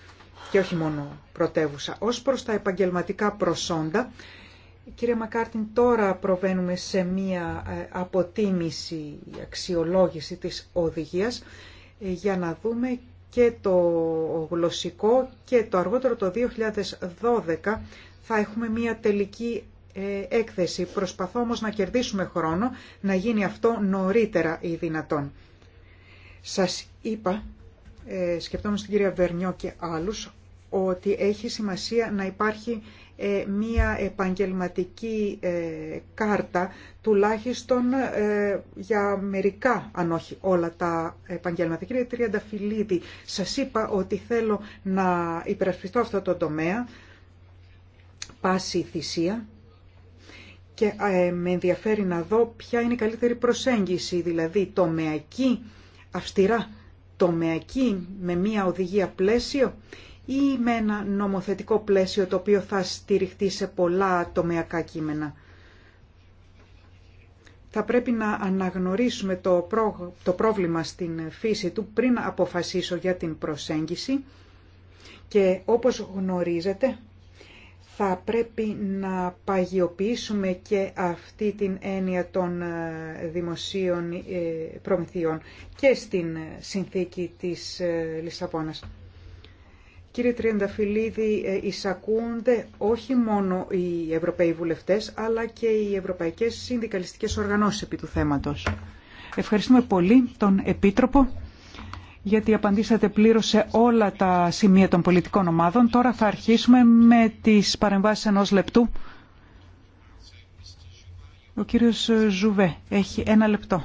και όχι μόνο πρωτεύουσα. Ως προς τα επαγγελματικά προσόντα, κύριε Μακάρτιν, τώρα προβαίνουμε σε μία ε, αποτίμηση, αξιολόγηση της οδηγίας ε, για να δούμε και το γλωσσικό και το αργότερο το 2012 θα έχουμε μια τελική ε, έκθεση. Προσπαθώ όμως να κερδίσουμε χρόνο, να γίνει αυτό νωρίτερα ή δυνατόν. Σας είπα, ε, σκεφτόμαστε την κυρία Βερνιό και άλλους, ότι έχει σημασία να υπάρχει ε, μία επαγγελματική ε, κάρτα τουλάχιστον ε, για μερικά, αν όχι όλα τα επαγγέλματα. Κύριε Τριανταφυλλίδη, σας είπα ότι θέλω να υπερασπιστώ αυτό το τομέα, πάση θυσία, και με ενδιαφέρει να δω ποια είναι η καλύτερη προσέγγιση, δηλαδή τομεακή, αυστηρά τομεακή με μία οδηγία πλαίσιο ή με ένα νομοθετικό πλαίσιο το οποίο θα στηριχτεί σε πολλά τομεακά κείμενα. Θα πρέπει να αναγνωρίσουμε το, το πρόβλημα στην φύση του πριν αποφασίσω για την προσέγγιση και όπως γνωρίζετε θα πρέπει να παγιοποιήσουμε και αυτή την έννοια των ε, δημοσίων ε, προμηθειών και στην ε, συνθήκη της Λισαβόνας. Κύριε Τριανταφυλλίδη, ε, εισακούνται όχι μόνο οι Ευρωπαίοι βουλευτές, αλλά και οι Ευρωπαϊκές Συνδικαλιστικές Οργανώσεις επί του θέματος. Ευχαριστούμε πολύ τον Επίτροπο γιατί απαντήσατε πλήρως σε όλα τα σημεία των πολιτικών ομάδων. Τώρα θα αρχίσουμε με τις παρεμβάσεις ενός λεπτού. Ο κύριος Ζουβέ έχει ένα λεπτό.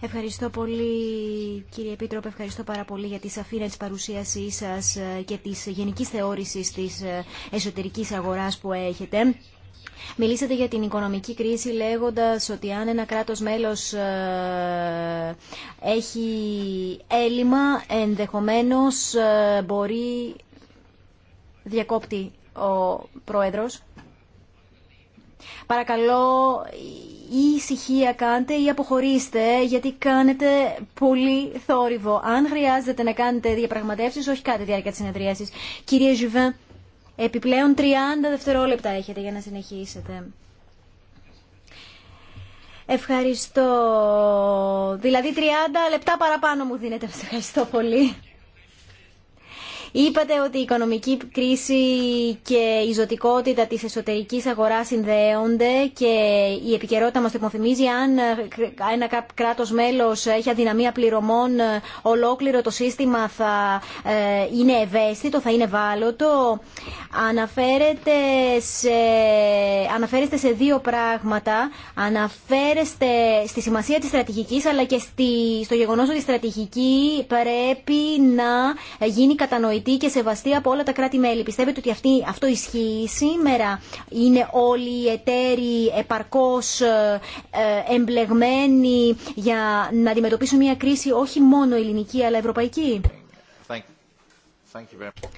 Ευχαριστώ πολύ κύριε Επίτροπε, ευχαριστώ πάρα πολύ για τη σαφήνα τη παρουσίασής σας ε, και της γενικής θεώρησης της ε, εσωτερικής αγοράς που έχετε. Μιλήσατε για την οικονομική κρίση λέγοντας ότι αν ένα κράτος μέλος ε, έχει έλλειμμα ενδεχομένως μπορεί διακόπτη ο πρόεδρος. Παρακαλώ ή ησυχία κάντε ή αποχωρήστε γιατί κάνετε πολύ θόρυβο. Αν χρειάζεται να κάνετε διαπραγματεύσεις, όχι κάτι διάρκεια τη συνεδρίαση. Κύριε Ζουβέν, επιπλέον 30 δευτερόλεπτα έχετε για να συνεχίσετε. Ευχαριστώ. Δηλαδή 30 λεπτά παραπάνω μου δίνετε. ευχαριστώ πολύ. Είπατε ότι η οικονομική κρίση και η ζωτικότητα της εσωτερικής αγοράς συνδέονται και η επικαιρότητα μας το αν ε, ένα κράτος μέλος έχει αδυναμία πληρωμών ε, ολόκληρο το σύστημα θα ε, είναι ευαίσθητο, θα είναι βάλωτο. Αναφέρετε σε, αναφέρεστε σε δύο πράγματα. Αναφέρεστε στη σημασία της στρατηγικής αλλά και στη, στο γεγονός ότι η στρατηγική πρέπει να γίνει κατανοητή και σεβαστή από όλα τα κράτη-μέλη. Πιστεύετε ότι αυτή, αυτό ισχύει σήμερα. Είναι όλοι οι εταίροι επαρκώς ε, εμπλεγμένοι για να αντιμετωπίσουν μια κρίση όχι μόνο ελληνική αλλά ευρωπαϊκή. Thank you. Thank you very much.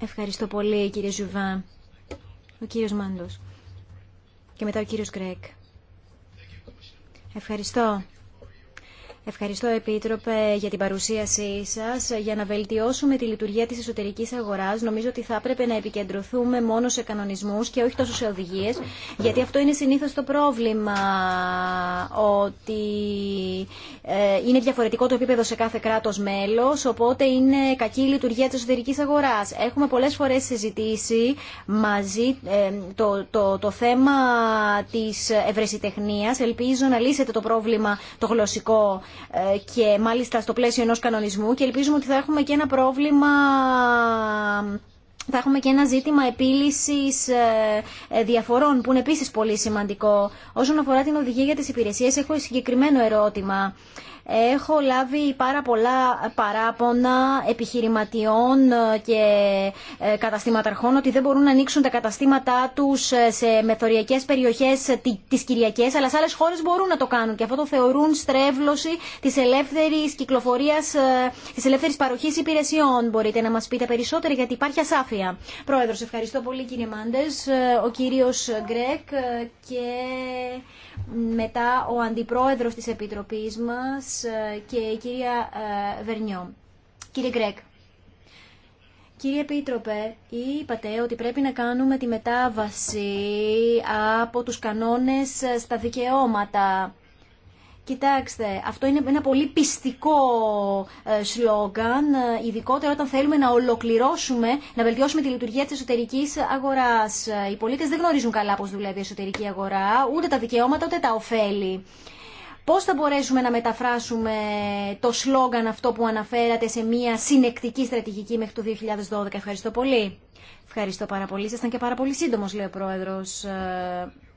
Ευχαριστώ πολύ κύριε Ζουβά. Ο κύριος Μάντος. Και μετά ο κύριος Γκρέκ. Ευχαριστώ. Ευχαριστώ, Επίτροπε, για την παρουσίασή σα. Για να βελτιώσουμε τη λειτουργία τη εσωτερική αγορά, νομίζω ότι θα έπρεπε να επικεντρωθούμε μόνο σε κανονισμού και όχι τόσο σε οδηγίες, γιατί αυτό είναι συνήθω το πρόβλημα, ότι ε, είναι διαφορετικό το επίπεδο σε κάθε κράτο μέλο, οπότε είναι κακή η λειτουργία τη εσωτερική αγορά. Έχουμε πολλέ φορέ συζητήσει μαζί ε, το, το, το θέμα τη ευρεσιτεχνία. Ελπίζω να λύσετε το πρόβλημα το γλωσσικό ε, και μάλιστα στο πλαίσιο ενός κανονισμού και ελπίζουμε ότι θα έχουμε και ένα πρόβλημα θα έχουμε και ένα ζήτημα επίλυσης ε, ε, διαφορών που είναι επίσης πολύ σημαντικό. Όσον αφορά την οδηγία για τις υπηρεσίες έχω συγκεκριμένο ερώτημα. Έχω λάβει πάρα πολλά παράπονα επιχειρηματιών ε, και ε, καταστηματαρχών ότι δεν μπορούν να ανοίξουν τα καταστήματά τους ε, σε μεθοριακές περιοχές τις Κυριακές, αλλά σε άλλες χώρες μπορούν να το κάνουν και αυτό το θεωρούν στρέβλωση της ελεύθερης κυκλοφορίας, της ελεύθερης παροχής υπηρεσιών. Μπορείτε να μας πείτε περισσότερα γιατί υπάρχει ασάφεια. Πρόεδρος, ευχαριστώ πολύ κύριε Μάντες, ο κύριος Γκρέκ και μετά ο αντιπρόεδρος της Επιτροπής μας ε, και η κυρία ε, Βερνιό. Κύριε Γκρέκ. Κύριε Επίτροπε, είπατε ότι πρέπει να κάνουμε τη μετάβαση από τους κανόνες στα δικαιώματα. Κοιτάξτε, αυτό είναι ένα πολύ πιστικό ε, σλόγγαν, ε, ειδικότερα όταν θέλουμε να ολοκληρώσουμε, να βελτιώσουμε τη λειτουργία τη εσωτερική αγορά. Ε, οι πολίτε δεν γνωρίζουν καλά πώ δουλεύει η εσωτερική αγορά, ούτε τα δικαιώματα, ούτε τα ωφέλη. Πώ θα μπορέσουμε να μεταφράσουμε το σλόγγαν αυτό που αναφέρατε σε μια συνεκτική στρατηγική μέχρι το 2012. Ευχαριστώ πολύ. Ευχαριστώ πάρα πολύ. Ήσασταν και πάρα πολύ σύντομο, λέει ο πρόεδρο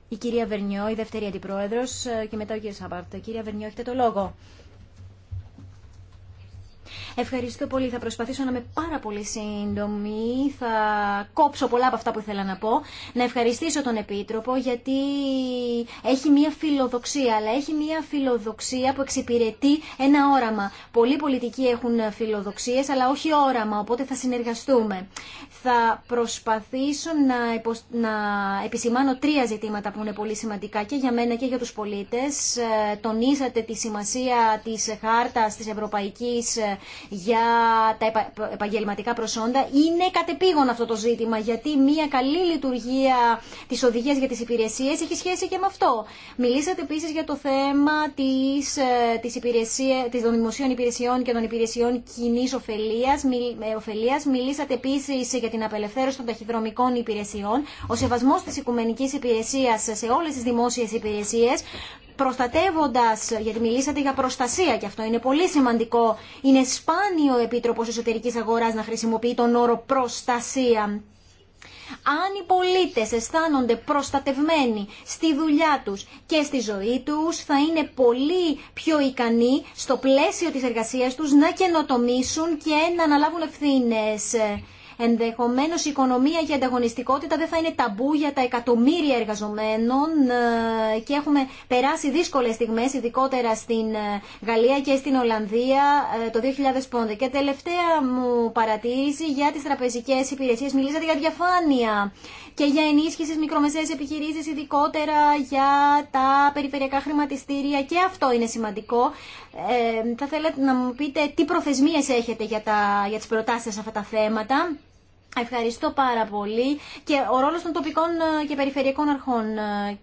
η κυρία Βερνιό, η δεύτερη αντιπρόεδρο, ε, και μετά ο κύριο Σαμπάρτο. Κυρία Βερνιό, έχετε το λόγο. Ευχαριστώ πολύ. Θα προσπαθήσω να είμαι πάρα πολύ σύντομη. Θα κόψω πολλά από αυτά που ήθελα να πω. Να ευχαριστήσω τον Επίτροπο γιατί έχει μία φιλοδοξία, αλλά έχει μία φιλοδοξία που εξυπηρετεί ένα όραμα. Πολλοί πολιτικοί έχουν φιλοδοξίες, αλλά όχι όραμα, οπότε θα συνεργαστούμε θα προσπαθήσω να, να επισημάνω τρία ζητήματα που είναι πολύ σημαντικά και για μένα και για τους πολίτες. Ε, τονίσατε τη σημασία της χάρτας της Ευρωπαϊκής ε, για τα επαγγελματικά προσόντα. Είναι κατεπήγον αυτό το ζήτημα γιατί μια καλή λειτουργία της οδηγίας για τις υπηρεσίες έχει σχέση και με αυτό. Μιλήσατε επίσης για το θέμα της, ε, της, των δημοσίων υπηρεσιών και των υπηρεσιών κοινή ωφελίας. Μιλήσατε επίσης για για την απελευθέρωση των ταχυδρομικών υπηρεσιών, ο σεβασμό τη Οικουμενική υπηρεσία σε όλε τι δημόσιε υπηρεσίε, προστατεύοντα, γιατί μιλήσατε για προστασία και αυτό είναι πολύ σημαντικό, είναι σπάνιο ο Επίτροπο Εσωτερική Αγορά να χρησιμοποιεί τον όρο προστασία. Αν οι πολίτες αισθάνονται προστατευμένοι στη δουλειά τους και στη ζωή τους, θα είναι πολύ πιο ικανοί στο πλαίσιο της εργασίας τους να καινοτομήσουν και να αναλάβουν ευθύνες. Ενδεχομένω, η οικονομία και η ανταγωνιστικότητα δεν θα είναι ταμπού για τα εκατομμύρια εργαζομένων ε, και έχουμε περάσει δύσκολε στιγμές, ειδικότερα στην ε, Γαλλία και στην Ολλανδία ε, το 2005. Και τελευταία μου παρατήρηση για τι τραπεζικέ υπηρεσίε, Μιλήσατε για διαφάνεια και για ενίσχυση στι μικρομεσαίες επιχειρήσεις, ειδικότερα για τα περιφερειακά χρηματιστήρια και αυτό είναι σημαντικό. Ε, θα θέλατε να μου πείτε τι προθεσμίες έχετε για, τα, για τις προτάσεις σε αυτά τα θέματα. Ευχαριστώ πάρα πολύ και ο ρόλος των τοπικών ε, και περιφερειακών αρχών ε,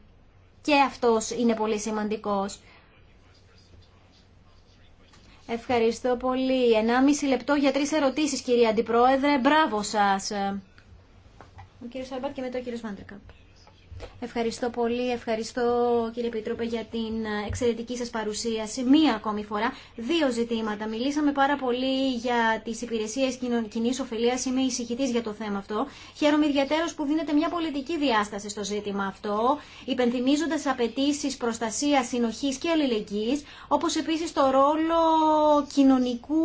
και αυτός είναι πολύ σημαντικός. Ευχαριστώ πολύ. μισή λεπτό για τρεις ερωτήσεις, κυρία Αντιπρόεδρε. Μπράβο σας. Ο κύριος και μετά ο κύριος Ευχαριστώ πολύ, ευχαριστώ κύριε Πίτροπε για την εξαιρετική σας παρουσίαση. Μία ακόμη φορά, δύο ζητήματα. Μιλήσαμε πάρα πολύ για τις υπηρεσίες κοινή ωφελίας, είμαι ησυχητής για το θέμα αυτό. Χαίρομαι ιδιαίτερως που δίνεται μια πολιτική διάσταση στο ζήτημα αυτό, υπενθυμίζοντας απαιτήσει προστασία συνοχής και αλληλεγγύης, όπως επίσης το ρόλο κοινωνικού,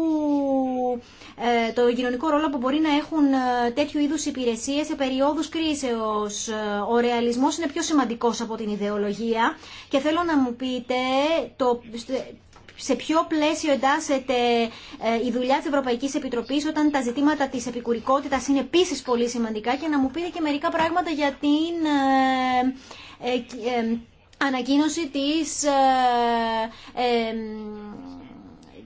ε, το κοινωνικό ρόλο που μπορεί να έχουν ε, τέτοιου είδους υπηρεσίες σε περιόδους κρίσεως, ε, ο πολιτισμό είναι πιο σημαντικό από την ιδεολογία και θέλω να μου πείτε το, σε ποιο πλαίσιο εντάσσεται ε, η δουλειά της Ευρωπαϊκής Επιτροπής όταν τα ζητήματα της επικουρικότητα είναι επίση πολύ σημαντικά και να μου πείτε και μερικά πράγματα για την ε, ε, ανακοίνωση της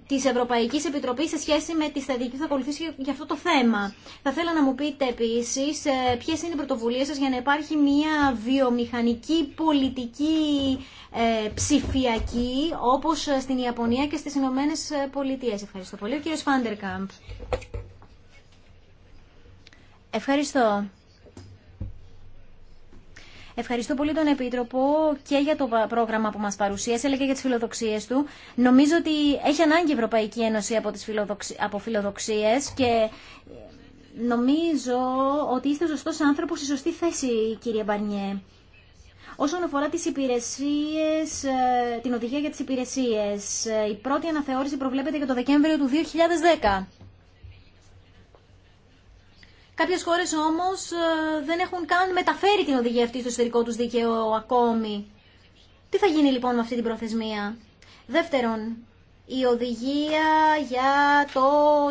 της Ευρωπαϊκής Επιτροπής σε σχέση με τη στρατηγική που θα ακολουθήσει για αυτό το θέμα. Θα θέλω να μου πείτε επίσης ε, ποιες είναι οι πρωτοβουλίες σας για να υπάρχει μια βιομηχανική πολιτική ε, ψηφιακή όπως ε, στην Ιαπωνία και στις Ηνωμένε Πολιτείες. Ευχαριστώ πολύ. Ο κύριος Φάντερκαμπ. Ευχαριστώ. Ευχαριστώ πολύ τον Επίτροπο και για το πρόγραμμα που μας παρουσίασε, αλλά και για τις φιλοδοξίε του. Νομίζω ότι έχει ανάγκη η Ευρωπαϊκή Ένωση από, τις φιλοδοξίες και ε, νομίζω ότι είστε ο σωστό άνθρωπος στη σωστή θέση, κύριε Μπαρνιέ. Όσον αφορά τις υπηρεσίες, ε, την οδηγία για τις υπηρεσίες, ε, η πρώτη αναθεώρηση προβλέπεται για το Δεκέμβριο του 2010. Κάποιες χώρες όμως ε, δεν έχουν καν μεταφέρει την οδηγία αυτή στο εσωτερικό τους δίκαιο ακόμη. Τι θα γίνει λοιπόν με αυτή την προθεσμία. Δεύτερον, η οδηγία για, το,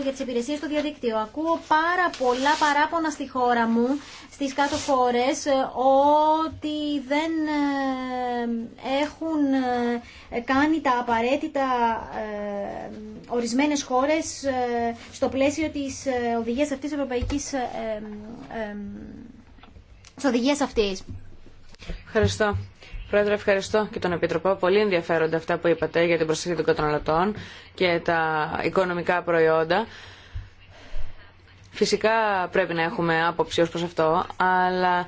για τις υπηρεσίες στο διαδίκτυο. Ακούω πάρα πολλά παράπονα στη χώρα μου, στις κάτω χώρες, ότι δεν ε, έχουν ε, κάνει τα απαραίτητα ε, ορισμένες χώρες στο πλαίσιο της οδηγίας αυτής ευρωπαϊκής της οδηγίας αυτής. Ευχαριστώ. Πρόεδρε, ευχαριστώ και τον Επιτροπό. Πολύ ενδιαφέρονται αυτά που είπατε για την προστασία των καταναλωτών και τα οικονομικά προϊόντα. Φυσικά πρέπει να έχουμε άποψη ως προς αυτό, αλλά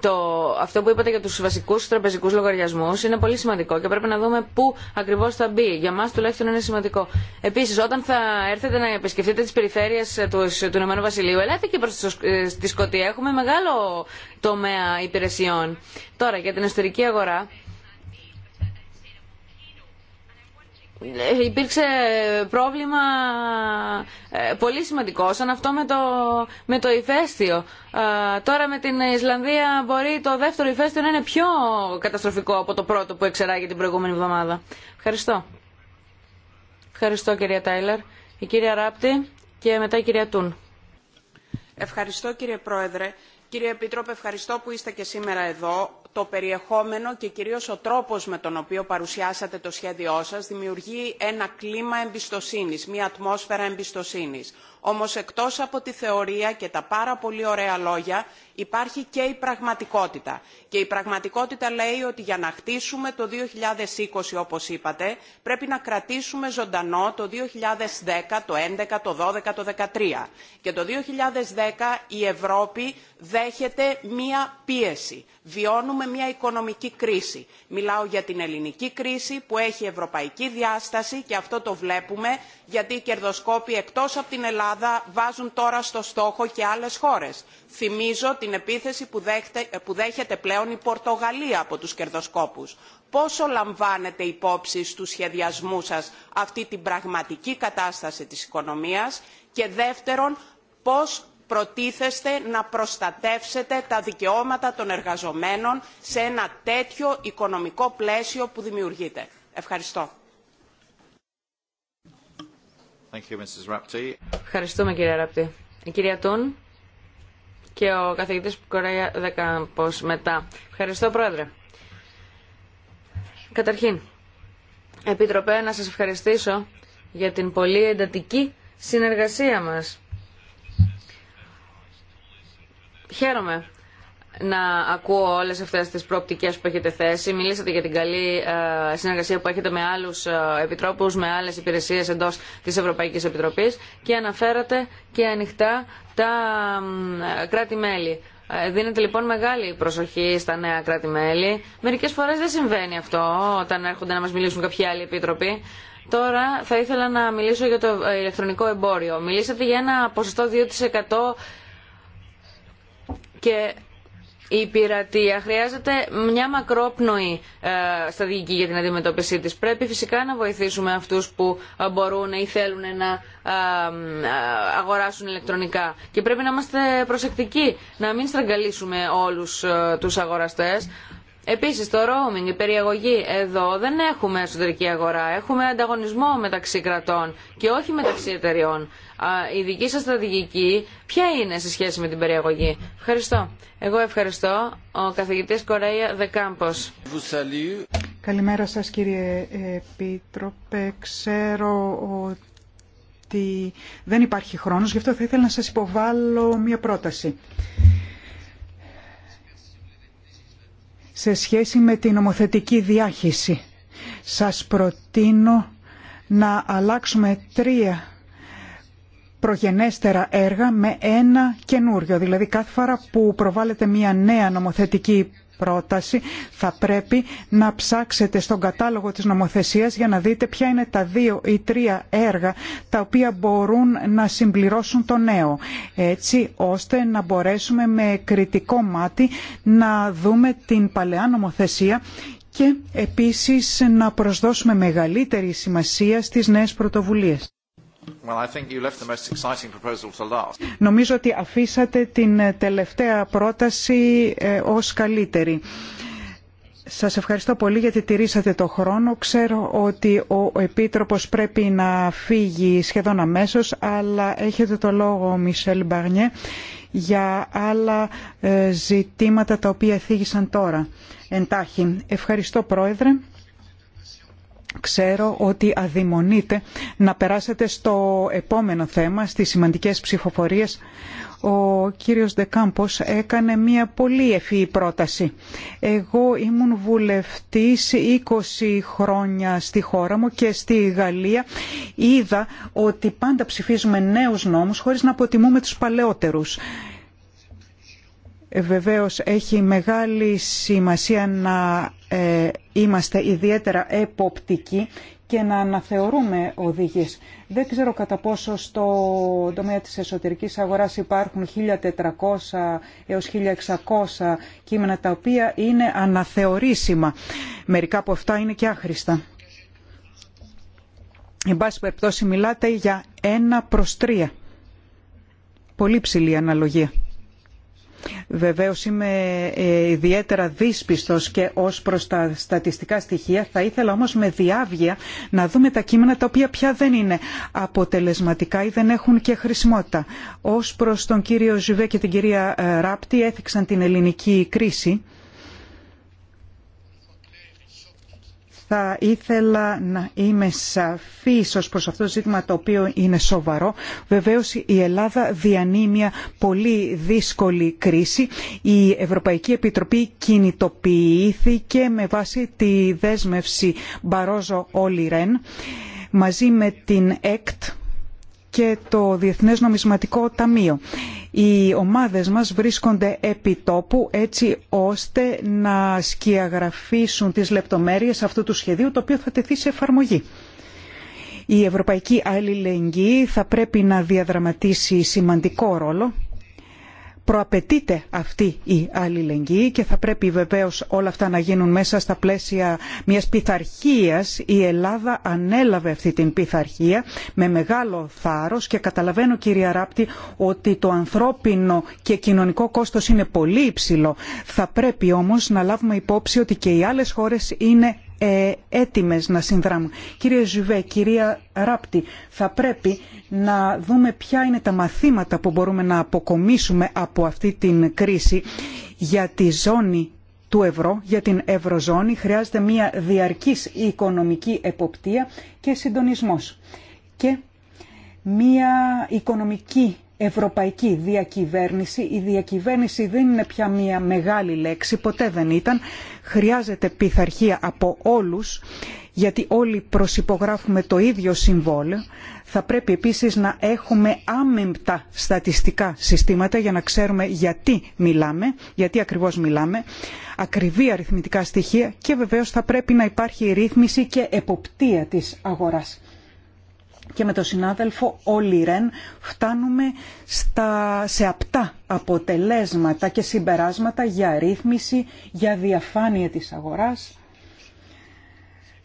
το, αυτό που είπατε για τους βασικούς τραπεζικούς λογαριασμούς είναι πολύ σημαντικό και πρέπει να δούμε πού ακριβώς θα μπει. Για μας τουλάχιστον είναι σημαντικό. Επίσης, όταν θα έρθετε να επισκεφτείτε τις περιφέρειες του, του Ηνωμένου Βασιλείου, ελάτε και προς τη Σκωτία. Έχουμε μεγάλο τομέα υπηρεσιών. Τώρα, για την εσωτερική αγορά, Ε, υπήρξε πρόβλημα ε, πολύ σημαντικό σαν αυτό με το, με το ηφαίστειο. Ε, τώρα με την Ισλανδία μπορεί το δεύτερο ηφαίστειο να είναι πιο καταστροφικό από το πρώτο που εξεράγει την προηγούμενη εβδομάδα. Ευχαριστώ. Ευχαριστώ κυρία Τάιλερ. Η κυρία Ράπτη και μετά η κυρία Τούν. Ευχαριστώ κύριε Πρόεδρε. Κύριε Επίτροπε, ευχαριστώ που είστε και σήμερα εδώ το περιεχόμενο και κυρίως ο τρόπος με τον οποίο παρουσιάσατε το σχέδιό σας δημιουργεί ένα κλίμα εμπιστοσύνης, μια ατμόσφαιρα εμπιστοσύνης όμως εκτός από τη θεωρία και τα πάρα πολύ ωραία λόγια υπάρχει και η πραγματικότητα και η πραγματικότητα λέει ότι για να χτίσουμε το 2020 όπως είπατε πρέπει να κρατήσουμε ζωντανό το 2010, το 2011, το 2012, το 2013 και το 2010 η Ευρώπη δέχεται μία πίεση. Βιώνουμε μία οικονομική κρίση. Μιλάω για την ελληνική κρίση που έχει ευρωπαϊκή διάσταση και αυτό το βλέπουμε γιατί οι κερδοσκόποι εκτός από την Ελλάδα βάζουν τώρα στο στόχο και άλλες χώρες. Θυμίζω την επίθεση που, δέχτε, που δέχεται πλέον η Πορτογαλία από τους κερδοσκόπους. Πόσο λαμβάνετε υπόψη στους σχεδιασμούς σας αυτή την πραγματική κατάσταση της οικονομίας και δεύτερον πώς προτίθεστε να προστατεύσετε τα δικαιώματα των εργαζομένων σε ένα τέτοιο οικονομικό πλαίσιο που δημιουργείται. Ευχαριστώ. Ευχαριστούμε κυρία Ραπτή. Η κυρία Τούν και ο καθηγητής Κορέα Δεκαμπός μετά. Ευχαριστώ πρόεδρε. Καταρχήν, Επιτροπέ, να σας ευχαριστήσω για την πολύ εντατική συνεργασία μας. Χαίρομαι να ακούω όλες αυτές τις προοπτικές που έχετε θέσει. Μιλήσατε για την καλή ε, συνεργασία που έχετε με άλλους ε, επιτρόπους, με άλλες υπηρεσίες εντός της Ευρωπαϊκής Επιτροπής και αναφέρατε και ανοιχτά τα κράτη-μέλη. Ε, δίνετε λοιπόν μεγάλη προσοχή στα νέα κράτη-μέλη. Μερικές φορές δεν συμβαίνει αυτό όταν έρχονται να μας μιλήσουν κάποιοι άλλοι επίτροποι. Τώρα θα ήθελα να μιλήσω για το ηλεκτρονικό εμπόριο. Μιλήσατε για ένα ποσοστό 2% και η πειρατεία χρειάζεται μια μακρόπνοη ε, στρατηγική για την αντιμετώπιση της. Πρέπει φυσικά να βοηθήσουμε αυτούς που ε, μπορούν ή θέλουν να ε, αγοράσουν ηλεκτρονικά. Και πρέπει να είμαστε προσεκτικοί, να μην στραγγαλίσουμε όλους τους αγοραστές Επίσης το roaming, η περιαγωγή εδώ δεν έχουμε εσωτερική αγορά, έχουμε ανταγωνισμό μεταξύ κρατών και όχι μεταξύ εταιριών. Η δική σας στρατηγική ποια είναι σε σχέση με την περιαγωγή. Ευχαριστώ. Εγώ ευχαριστώ. Ο καθηγητής Κορέια Δεκάμπος. Καλημέρα σας κύριε Επίτροπε. Ξέρω ότι δεν υπάρχει χρόνος, γι' αυτό θα ήθελα να σας υποβάλω μια πρόταση. σε σχέση με την νομοθετική διάχυση. Σας προτείνω να αλλάξουμε τρία προγενέστερα έργα με ένα καινούριο. Δηλαδή κάθε φορά που προβάλλεται μια νέα νομοθετική πρόταση θα πρέπει να ψάξετε στον κατάλογο της νομοθεσίας για να δείτε ποια είναι τα δύο ή τρία έργα τα οποία μπορούν να συμπληρώσουν το νέο έτσι ώστε να μπορέσουμε με κριτικό μάτι να δούμε την παλαιά νομοθεσία και επίσης να προσδώσουμε μεγαλύτερη σημασία στις νέες πρωτοβουλίες. Νομίζω ότι αφήσατε την τελευταία πρόταση ε, ως καλύτερη. Σας ευχαριστώ πολύ γιατί τηρήσατε το χρόνο. Ξέρω ότι ο Επίτροπος πρέπει να φύγει σχεδόν αμέσως, αλλά έχετε το λόγο, Μισελ Μπαρνιέ, για άλλα ε, ζητήματα τα οποία θίγησαν τώρα. Εντάχει. Ευχαριστώ, Πρόεδρε. Ξέρω ότι αδειμονείτε να περάσετε στο επόμενο θέμα, στις σημαντικές ψηφοφορίες. Ο κύριος Δεκάμπος έκανε μια πολύ ευφυή πρόταση. Εγώ ήμουν βουλευτής 20 χρόνια στη χώρα μου και στη Γαλλία είδα ότι πάντα ψηφίζουμε νέους νόμους χωρίς να αποτιμούμε τους παλαιότερους ε, βεβαίως έχει μεγάλη σημασία να ε, είμαστε ιδιαίτερα εποπτικοί και να αναθεωρούμε οδηγίες. Δεν ξέρω κατά πόσο στο τομέα της εσωτερικής αγοράς υπάρχουν 1.400 έως 1.600 κείμενα τα οποία είναι αναθεωρήσιμα. Μερικά από αυτά είναι και άχρηστα. Εν πάση περιπτώσει μιλάτε για ένα προς τρία. Πολύ ψηλή αναλογία. Βεβαίω είμαι ε, ιδιαίτερα δύσπιστο και ως προ τα στατιστικά στοιχεία. Θα ήθελα όμως με διάβγεια να δούμε τα κείμενα τα οποία πια δεν είναι αποτελεσματικά ή δεν έχουν και χρησιμότητα. Ως προ τον κύριο Ζουβέ και την κυρία ε, Ράπτη έθιξαν την ελληνική κρίση Θα ήθελα να είμαι σαφής ως προς αυτό το ζήτημα το οποίο είναι σοβαρό. Βεβαίως η Ελλάδα διανύει μια πολύ δύσκολη κρίση. Η Ευρωπαϊκή Επιτροπή κινητοποιήθηκε με βάση τη δέσμευση Μπαρόζο ολιρέν, Ρεν μαζί με την ΕΚΤ και το Διεθνές Νομισματικό Ταμείο οι ομάδες μας βρίσκονται επί τόπου έτσι ώστε να σκιαγραφίσουν τις λεπτομέρειες αυτού του σχεδίου το οποίο θα τεθεί σε εφαρμογή. Η ευρωπαϊκή αλληλεγγύη θα πρέπει να διαδραματίσει σημαντικό ρόλο προαπαιτείται αυτή η αλληλεγγύη και θα πρέπει βεβαίως όλα αυτά να γίνουν μέσα στα πλαίσια μιας πειθαρχία. Η Ελλάδα ανέλαβε αυτή την πειθαρχία με μεγάλο θάρρος και καταλαβαίνω κυρία Ράπτη ότι το ανθρώπινο και κοινωνικό κόστος είναι πολύ υψηλό. Θα πρέπει όμως να λάβουμε υπόψη ότι και οι άλλες χώρες είναι ε, έτοιμες να συνδράμουν. Κύριε Ζουβέ, κυρία Ράπτη, θα πρέπει να δούμε ποια είναι τα μαθήματα που μπορούμε να αποκομίσουμε από αυτή την κρίση για τη ζώνη του ευρώ για την ευρωζώνη χρειάζεται μια διαρκής οικονομική εποπτεία και συντονισμός και μια οικονομική ευρωπαϊκή διακυβέρνηση. Η διακυβέρνηση δεν είναι πια μια μεγάλη λέξη, ποτέ δεν ήταν. Χρειάζεται πειθαρχία από όλους, γιατί όλοι προσυπογράφουμε το ίδιο συμβόλαιο. Θα πρέπει επίσης να έχουμε άμεμπτα στατιστικά συστήματα για να ξέρουμε γιατί μιλάμε, γιατί ακριβώς μιλάμε, ακριβή αριθμητικά στοιχεία και βεβαίως θα πρέπει να υπάρχει ρύθμιση και εποπτεία της αγοράς και με τον συνάδελφο ΡΕΝ φτάνουμε στα, σε απτά αποτελέσματα και συμπεράσματα για ρύθμιση, για διαφάνεια της αγοράς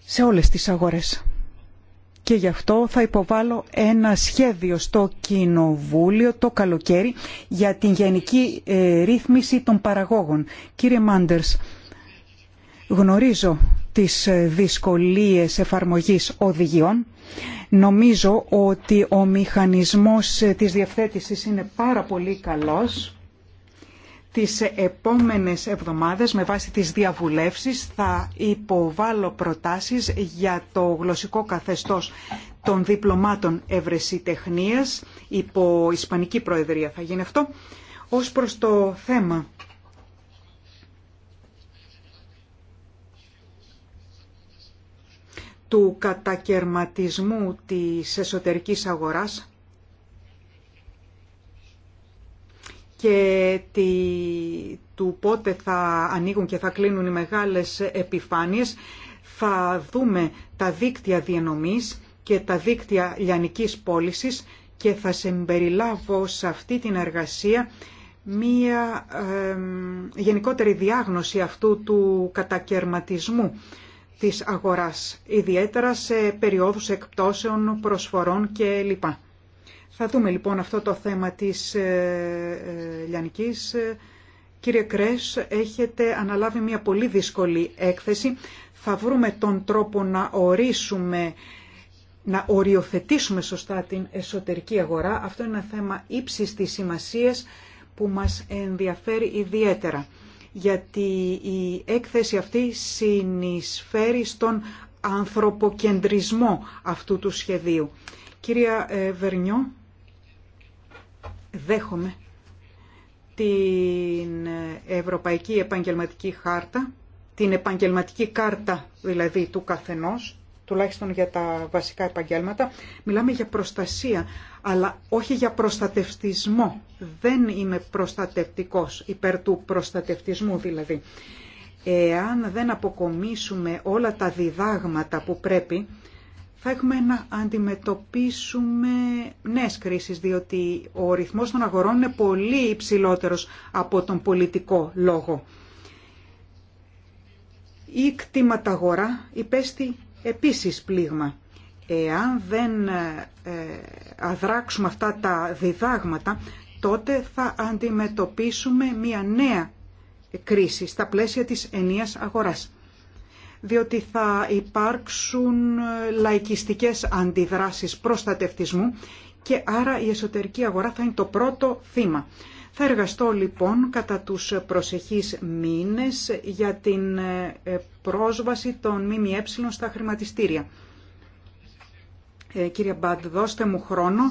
σε όλες τις αγορές. Και γι' αυτό θα υποβάλω ένα σχέδιο στο Κοινοβούλιο το καλοκαίρι για την γενική ε, ρύθμιση των παραγόγων. Κύριε Μάντερς, γνωρίζω τις ε, δυσκολίες εφαρμογής οδηγιών. Νομίζω ότι ο μηχανισμός ε, της διευθέτησης είναι πάρα πολύ καλός. Τις ε, επόμενες εβδομάδες, με βάση τις διαβουλεύσεις, θα υποβάλω προτάσεις για το γλωσσικό καθεστώς των διπλωμάτων ευρεσιτεχνίας. Υπό Ισπανική Προεδρία θα γίνει αυτό. Ως προς το θέμα του κατακαιρματισμού της εσωτερικής αγοράς και του πότε θα ανοίγουν και θα κλείνουν οι μεγάλες επιφάνειες, θα δούμε τα δίκτυα διανομής και τα δίκτυα λιανικής πώλησης και θα συμπεριλάβω σε αυτή την εργασία μία γενικότερη διάγνωση αυτού του κατακαιρματισμού της αγοράς, ιδιαίτερα σε περιόδους εκπτώσεων, προσφορών κλπ. Θα δούμε λοιπόν αυτό το θέμα της ε, ε, Λιανικής. Κύριε Κρές, έχετε αναλάβει μια πολύ δύσκολη έκθεση. Θα βρούμε τον τρόπο να ορίσουμε, να οριοθετήσουμε σωστά την εσωτερική αγορά. Αυτό είναι ένα θέμα ύψης της σημασίας που μας ενδιαφέρει ιδιαίτερα γιατί η έκθεση αυτή συνεισφέρει στον ανθρωποκεντρισμό αυτού του σχεδίου. Κυρία ε, Βερνιό, δέχομαι την Ευρωπαϊκή Επαγγελματική Χάρτα, την επαγγελματική κάρτα δηλαδή του καθενός τουλάχιστον για τα βασικά επαγγέλματα, μιλάμε για προστασία, αλλά όχι για προστατευτισμό. Δεν είμαι προστατευτικός, υπέρ του προστατευτισμού δηλαδή. Εάν δεν αποκομίσουμε όλα τα διδάγματα που πρέπει, θα έχουμε να αντιμετωπίσουμε νέες κρίσεις, διότι ο ρυθμός των αγορών είναι πολύ υψηλότερος από τον πολιτικό λόγο. Η αγορά υπέστη επίσης πλήγμα. Εάν δεν ε, αδράξουμε αυτά τα διδάγματα, τότε θα αντιμετωπίσουμε μια νέα κρίση στα πλαίσια της ενίας αγοράς. Διότι θα υπάρξουν ε, λαϊκιστικές αντιδράσεις προστατευτισμού και άρα η εσωτερική αγορά θα είναι το πρώτο θύμα. Θα εργαστώ λοιπόν κατά τους προσεχείς μήνες για την ε, πρόσβαση των ΜΜΕ στα χρηματιστήρια. Ε, κύριε Μπάντ, δώστε μου χρόνο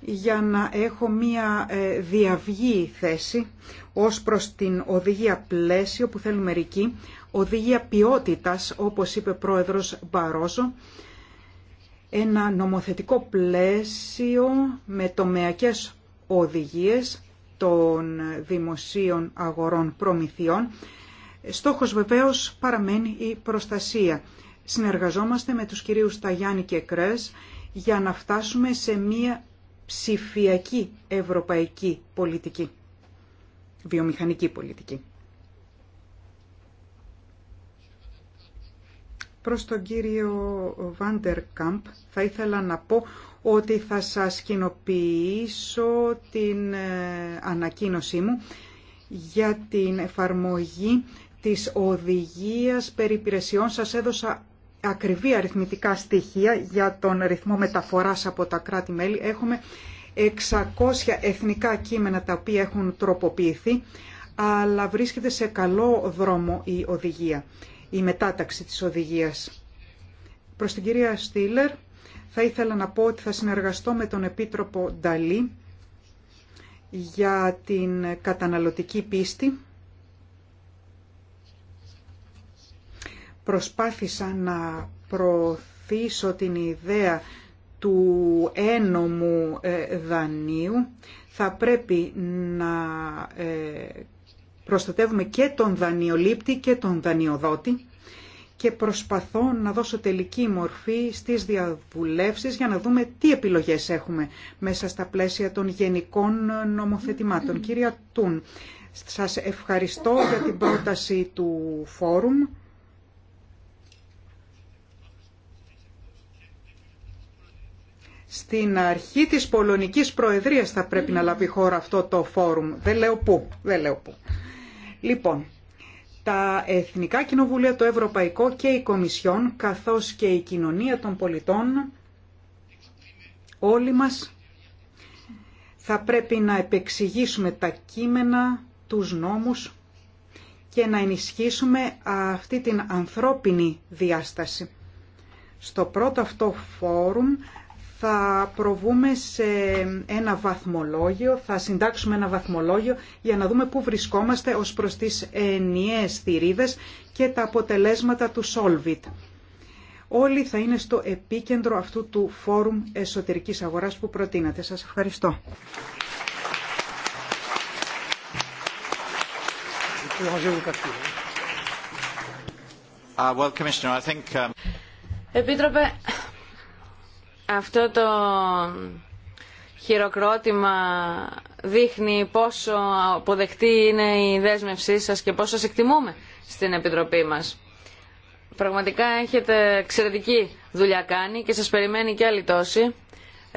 για να έχω μία ε, διαυγή θέση ως προς την οδηγία πλαίσιο που θέλουν μερικοί, οδηγία ποιότητας, όπως είπε πρόεδρος Μπαρόζο, ένα νομοθετικό πλαίσιο με τομεακές οδηγίες των δημοσίων αγορών προμηθειών. Στόχος βεβαίως παραμένει η προστασία. Συνεργαζόμαστε με τους κυρίους Ταγιάννη και Κρές για να φτάσουμε σε μία ψηφιακή ευρωπαϊκή πολιτική, βιομηχανική πολιτική. Προς τον κύριο Βάντερ Κάμπ θα ήθελα να πω ότι θα σας κοινοποιήσω την ε, ανακοίνωσή μου για την εφαρμογή της οδηγίας περιπηρεσιών. Σας έδωσα ακριβή αριθμητικά στοιχεία για τον ρυθμό μεταφοράς από τα κράτη-μέλη. Έχουμε 600 εθνικά κείμενα τα οποία έχουν τροποποιηθεί, αλλά βρίσκεται σε καλό δρόμο η οδηγία, η μετάταξη της οδηγίας. Προς την κυρία Στήλερ, θα ήθελα να πω ότι θα συνεργαστώ με τον Επίτροπο Νταλή για την καταναλωτική πίστη. Προσπάθησα να προωθήσω την ιδέα του ένομου ε, δανείου. Θα πρέπει να ε, προστατεύουμε και τον δανειολήπτη και τον δανειοδότη και προσπαθώ να δώσω τελική μορφή στις διαβουλεύσεις για να δούμε τι επιλογές έχουμε μέσα στα πλαίσια των γενικών νομοθετημάτων. Mm-hmm. Κυρία Τούν, σας ευχαριστώ για την πρόταση του φόρουμ. Στην αρχή της Πολωνικής Προεδρίας θα πρέπει να λάβει χώρα αυτό το φόρουμ. Δεν λέω πού, δεν λέω πού. Λοιπόν, τα Εθνικά Κοινοβούλια, το Ευρωπαϊκό και η Κομισιόν, καθώς και η κοινωνία των πολιτών, όλοι μας θα πρέπει να επεξηγήσουμε τα κείμενα, τους νόμους και να ενισχύσουμε αυτή την ανθρώπινη διάσταση. Στο πρώτο αυτό φόρουμ θα προβούμε σε ένα βαθμολόγιο, θα συντάξουμε ένα βαθμολόγιο για να δούμε πού βρισκόμαστε ως προς τις ενιαίες θηρίδες και τα αποτελέσματα του Solvit. Όλοι θα είναι στο επίκεντρο αυτού του φόρουμ εσωτερικής αγοράς που προτείνατε. Σας ευχαριστώ. Uh, um, Επίτροπε, αυτό το χειροκρότημα δείχνει πόσο αποδεκτή είναι η δέσμευσή σας και πόσο σας εκτιμούμε στην Επιτροπή μας. Πραγματικά έχετε εξαιρετική δουλειά κάνει και σας περιμένει και άλλη τόση.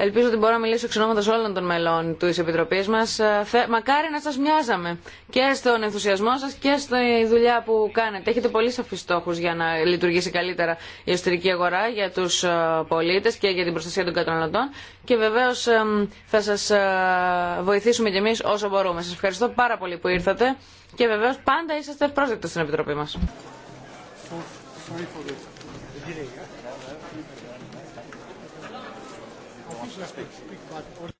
Ελπίζω ότι μπορώ να μιλήσω ονόματο όλων των μελών τη Επιτροπής μας. Ε, μακάρι να σα μοιάζαμε και στον ενθουσιασμό σα και στη δουλειά που κάνετε. Έχετε πολύ σαφεί στόχου για να λειτουργήσει καλύτερα η εσωτερική αγορά για του ε, πολίτε και για την προστασία των καταναλωτών και βεβαίω ε, θα σα βοηθήσουμε κι εμεί όσο μπορούμε. Σα ευχαριστώ πάρα πολύ που ήρθατε και βεβαίω πάντα είσαστε ευπρόσδεκτοι στην Επιτροπή μας. speak,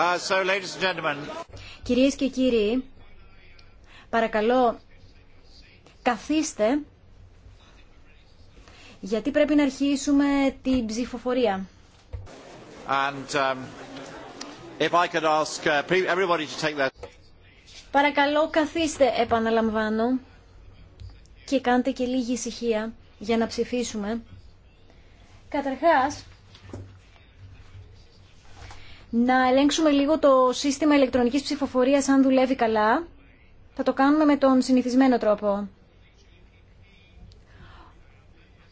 Uh, Κυρίες και κύριοι, παρακαλώ καθίστε γιατί πρέπει να αρχίσουμε την ψηφοφορία. Παρακαλώ καθίστε, επαναλαμβάνω, και κάντε και λίγη ησυχία για να ψηφίσουμε. Καταρχάς, να ελέγξουμε λίγο το σύστημα ηλεκτρονικής ψηφοφορίας αν δουλεύει καλά. Θα το κάνουμε με τον συνηθισμένο τρόπο.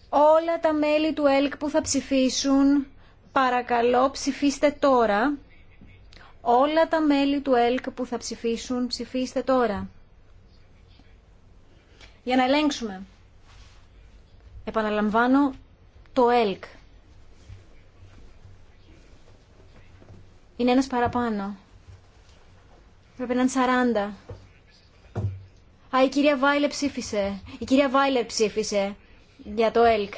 Όλα τα μέλη του ΕΛΚ που θα ψηφίσουν, παρακαλώ ψηφίστε τώρα. Όλα τα μέλη του ΕΛΚ που θα ψηφίσουν, ψηφίστε τώρα. Για να ελέγξουμε. Επαναλαμβάνω, το ΕΛΚ. Είναι ένας παραπάνω. Πρέπει να είναι 40. Α, η κυρία Βάιλερ ψήφισε. Η κυρία Βάιλερ ψήφισε για το ΕΛΚ.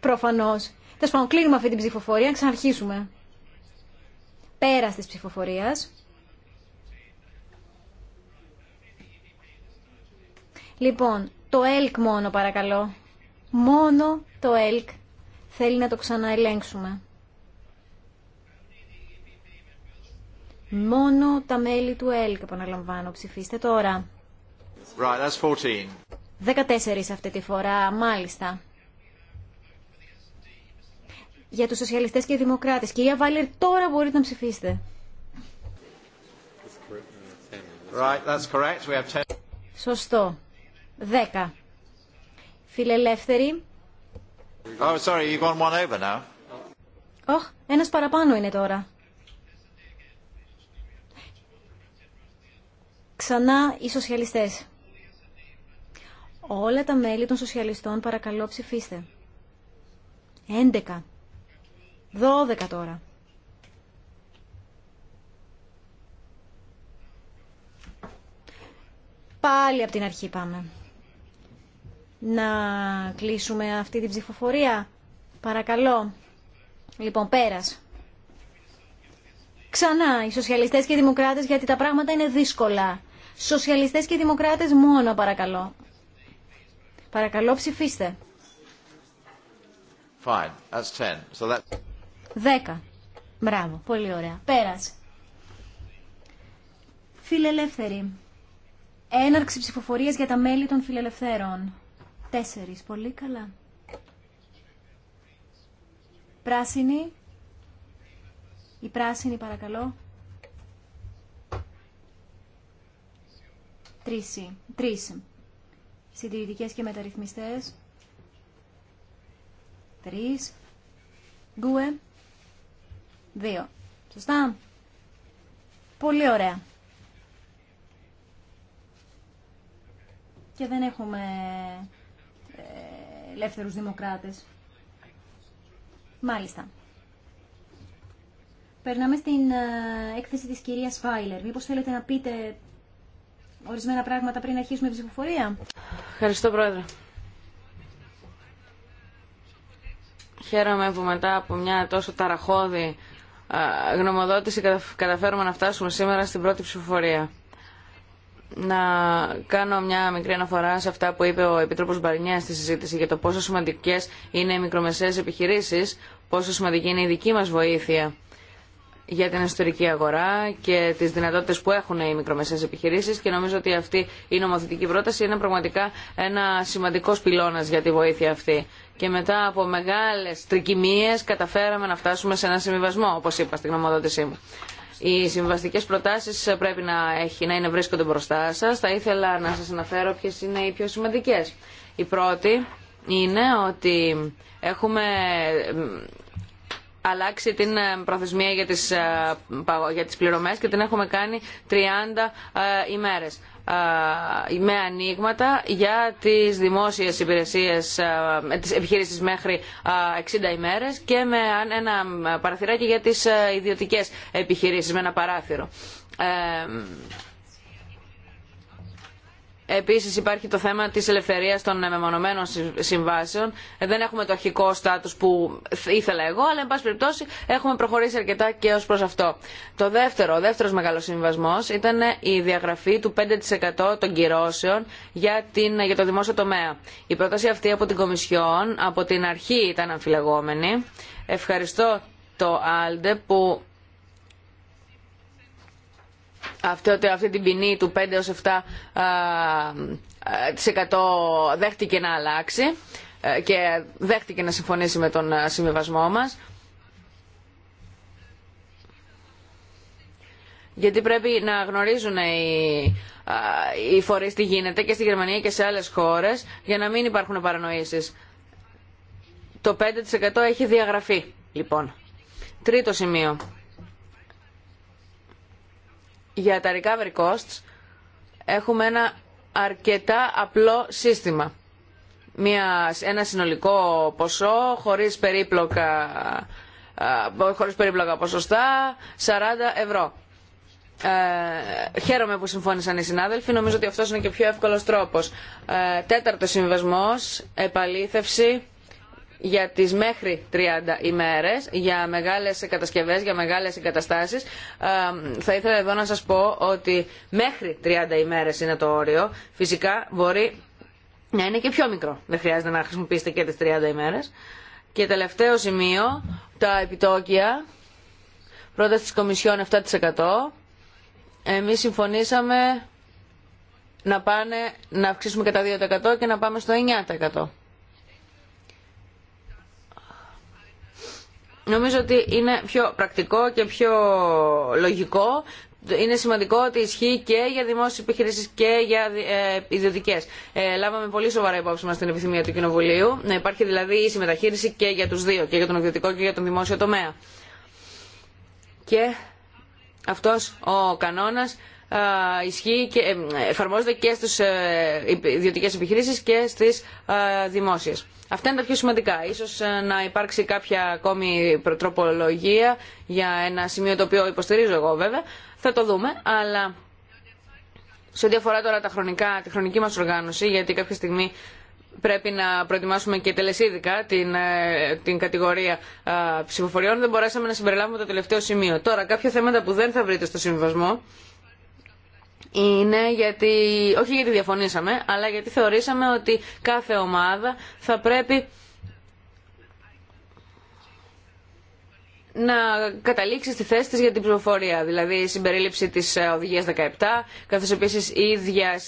Προφανώς. Τέλο πάντων, κλείνουμε αυτή την ψηφοφορία, να ξαναρχίσουμε. Πέρα της ψηφοφορία. Λοιπόν, το ΕΛΚ μόνο παρακαλώ. Μόνο το ΕΛΚ θέλει να το ξαναελέγξουμε. Μόνο τα μέλη του ΕΛΚ, επαναλαμβάνω, ψηφίστε τώρα. Right, that's 14. 14 αυτή τη φορά, μάλιστα. Για τους σοσιαλιστές και δημοκράτες. Κυρία Βάλερ, τώρα μπορείτε να ψηφίσετε. Right, that's correct. We have Σωστό. 10. Φιλελεύθεροι. Oh, sorry, you've gone one over now. Oh, ένας παραπάνω είναι τώρα. Ξανά οι σοσιαλιστές. Όλα τα μέλη των σοσιαλιστών παρακαλώ ψηφίστε. 11. 12 τώρα. Πάλι από την αρχή πάμε. Να κλείσουμε αυτή την ψηφοφορία. Παρακαλώ. Λοιπόν, πέρας ξανά οι σοσιαλιστές και οι δημοκράτες γιατί τα πράγματα είναι δύσκολα. Σοσιαλιστές και δημοκράτες μόνο παρακαλώ. Παρακαλώ ψηφίστε. Fine. So that's... Μπράβο. Πολύ ωραία. Πέρασε. Φιλελεύθεροι. Έναρξη ψηφοφορίας για τα μέλη των φιλελευθέρων. Τέσσερις. Πολύ καλά. πράσινη η πράσινη παρακαλώ. Τρίση. τρίση, Συντηρητικές και μεταρρυθμιστές. Τρεις. Γκουε. Δύο. Σωστά. Πολύ ωραία. Και δεν έχουμε ε, ελεύθερους δημοκράτες. Μάλιστα. Περνάμε στην ε, έκθεση της κυρίας Φάιλερ. Μήπως θέλετε να πείτε ορισμένα πράγματα πριν αρχίσουμε την ψηφοφορία. Ευχαριστώ Πρόεδρε. Χαίρομαι που μετά από μια τόσο ταραχώδη ε, γνωμοδότηση καταφέρουμε να φτάσουμε σήμερα στην πρώτη ψηφοφορία. Να κάνω μια μικρή αναφορά σε αυτά που είπε ο Επίτροπος Μπαρνιά στη συζήτηση για το πόσο σημαντικές είναι οι μικρομεσαίες επιχειρήσεις, πόσο σημαντική είναι η δική μας βοήθεια για την εσωτερική αγορά και τις δυνατότητες που έχουν οι μικρομεσαίες επιχειρήσεις και νομίζω ότι αυτή η νομοθετική πρόταση είναι πραγματικά ένα σημαντικός πυλώνας για τη βοήθεια αυτή. Και μετά από μεγάλες τρικυμίες καταφέραμε να φτάσουμε σε ένα συμβιβασμό, όπως είπα στην γνωμοδότησή μου. Οι συμβαστικέ προτάσει πρέπει να, έχει, να είναι βρίσκονται μπροστά σα. Θα ήθελα να σα αναφέρω ποιε είναι οι πιο σημαντικέ. Η πρώτη είναι ότι έχουμε αλλάξει την ε, προθεσμία για τις, ε, για πληρωμές και την έχουμε κάνει 30 ε, ημέρες με ανοίγματα για τις δημόσιες υπηρεσίες τις επιχείρησεις μέχρι 60 ημέρες και με ένα παραθυράκι για τις ιδιωτικές επιχειρήσεις με ένα παράθυρο. Επίσης υπάρχει το θέμα της ελευθερίας των μεμονωμένων συμβάσεων. Ε, δεν έχουμε το αρχικό στάτους που ήθελα εγώ, αλλά εν πάση περιπτώσει έχουμε προχωρήσει αρκετά και ως προς αυτό. Το δεύτερο, ο δεύτερος μεγάλος συμβασμός ήταν η διαγραφή του 5% των κυρώσεων για, την, για το δημόσιο τομέα. Η πρόταση αυτή από την Κομισιόν από την αρχή ήταν αμφιλεγόμενη. Ευχαριστώ το Άλντε που αυτό, αυτή την ποινή του 5 7% δέχτηκε να αλλάξει ε, και δέχτηκε να συμφωνήσει με τον ε, συμβιβασμό μας. Γιατί πρέπει να γνωρίζουν οι, οι φορείς τι γίνεται και στη Γερμανία και σε άλλες χώρες για να μην υπάρχουν παρανοήσεις. Το 5% έχει διαγραφεί, λοιπόν. Τρίτο σημείο για τα recovery costs έχουμε ένα αρκετά απλό σύστημα. Μια, ένα συνολικό ποσό χωρίς περίπλοκα, χωρίς περίπλοκα ποσοστά 40 ευρώ. Ε, χαίρομαι που συμφώνησαν οι συνάδελφοι. Νομίζω ότι αυτός είναι και πιο εύκολος τρόπος. Ε, τέταρτο επαλήθευση για τις μέχρι 30 ημέρες για μεγάλες κατασκευές, για μεγάλες εγκαταστάσεις. Ε, θα ήθελα εδώ να σας πω ότι μέχρι 30 ημέρες είναι το όριο. Φυσικά μπορεί να είναι και πιο μικρό. Δεν χρειάζεται να χρησιμοποιήσετε και τις 30 ημέρες. Και τελευταίο σημείο, τα επιτόκια. πρώτα στις Κομισιόν 7%. Εμείς συμφωνήσαμε να πάνε να αυξήσουμε κατά 2% και να πάμε στο 9%. Νομίζω ότι είναι πιο πρακτικό και πιο λογικό. Είναι σημαντικό ότι ισχύει και για δημόσιε επιχειρήσει και για ε, ιδιωτικέ. Ε, λάβαμε πολύ σοβαρά υπόψη μα την επιθυμία του Κοινοβουλίου να υπάρχει δηλαδή η συμμεταχείριση και για του δύο, και για τον ιδιωτικό και για τον δημόσιο τομέα. Και αυτό ο κανόνα ισχύει και ε, εφαρμόζεται και στις ε, ιδιωτικές επιχειρήσεις και στις δημόσιες. Αυτά είναι τα πιο σημαντικά. Ίσως ε, να υπάρξει κάποια ακόμη τροπολογία για ένα σημείο το οποίο υποστηρίζω εγώ βέβαια. Θα το δούμε, αλλά σε ό,τι αφορά τώρα τα χρονικά, τη χρονική μας οργάνωση, γιατί κάποια στιγμή πρέπει να προετοιμάσουμε και τελεσίδικα την, την κατηγορία α, ψηφοφοριών, δεν μπορέσαμε να συμπεριλάβουμε το τελευταίο σημείο. Τώρα, κάποια θέματα που δεν θα βρείτε στο συμβασμό είναι γιατί, όχι γιατί διαφωνήσαμε, αλλά γιατί θεωρήσαμε ότι κάθε ομάδα θα πρέπει να καταλήξει στη θέση της για την πληροφορία, δηλαδή η συμπερίληψη της οδηγίας 17, καθώς επίσης η ίδια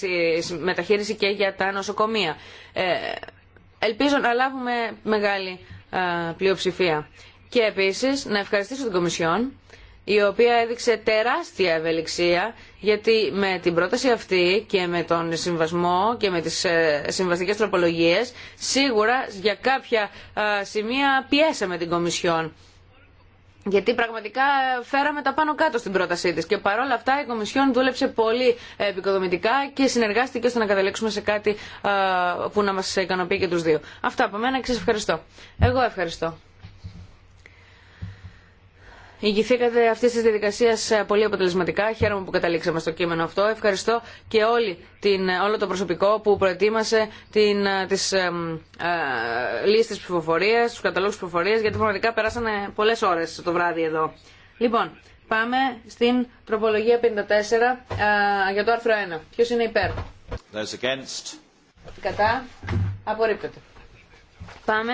μεταχείριση και για τα νοσοκομεία. Ε, ελπίζω να λάβουμε μεγάλη ε, πλειοψηφία. Και επίσης να ευχαριστήσω την Κομισιόν η οποία έδειξε τεράστια ευελιξία γιατί με την πρόταση αυτή και με τον συμβασμό και με τις ε, συμβαστικές τροπολογίες σίγουρα για κάποια ε, σημεία πιέσαμε την Κομισιόν. Γιατί πραγματικά φέραμε τα πάνω κάτω στην πρότασή της και παρόλα αυτά η Κομισιόν δούλεψε πολύ επικοδομητικά και συνεργάστηκε ώστε να καταλήξουμε σε κάτι ε, που να μας ικανοποιεί και τους δύο. Αυτά από μένα και σας ευχαριστώ. Εγώ ευχαριστώ ηγηθήκατε αυτή τη διαδικασία ε, πολύ αποτελεσματικά. Χαίρομαι που καταλήξαμε στο κείμενο αυτό. Ευχαριστώ και όλη την, ε, όλο το προσωπικό που προετοίμασε τι ε, τις ε, ε, λίστες ψηφοφορίας, τους καταλόγους γιατί πραγματικά περάσανε πολλέ ώρε το βράδυ εδώ. Λοιπόν, πάμε στην τροπολογία 54 ε, για το άρθρο 1. Ποιο είναι υπέρ? Κατά. Απορρίπτεται. Πάμε.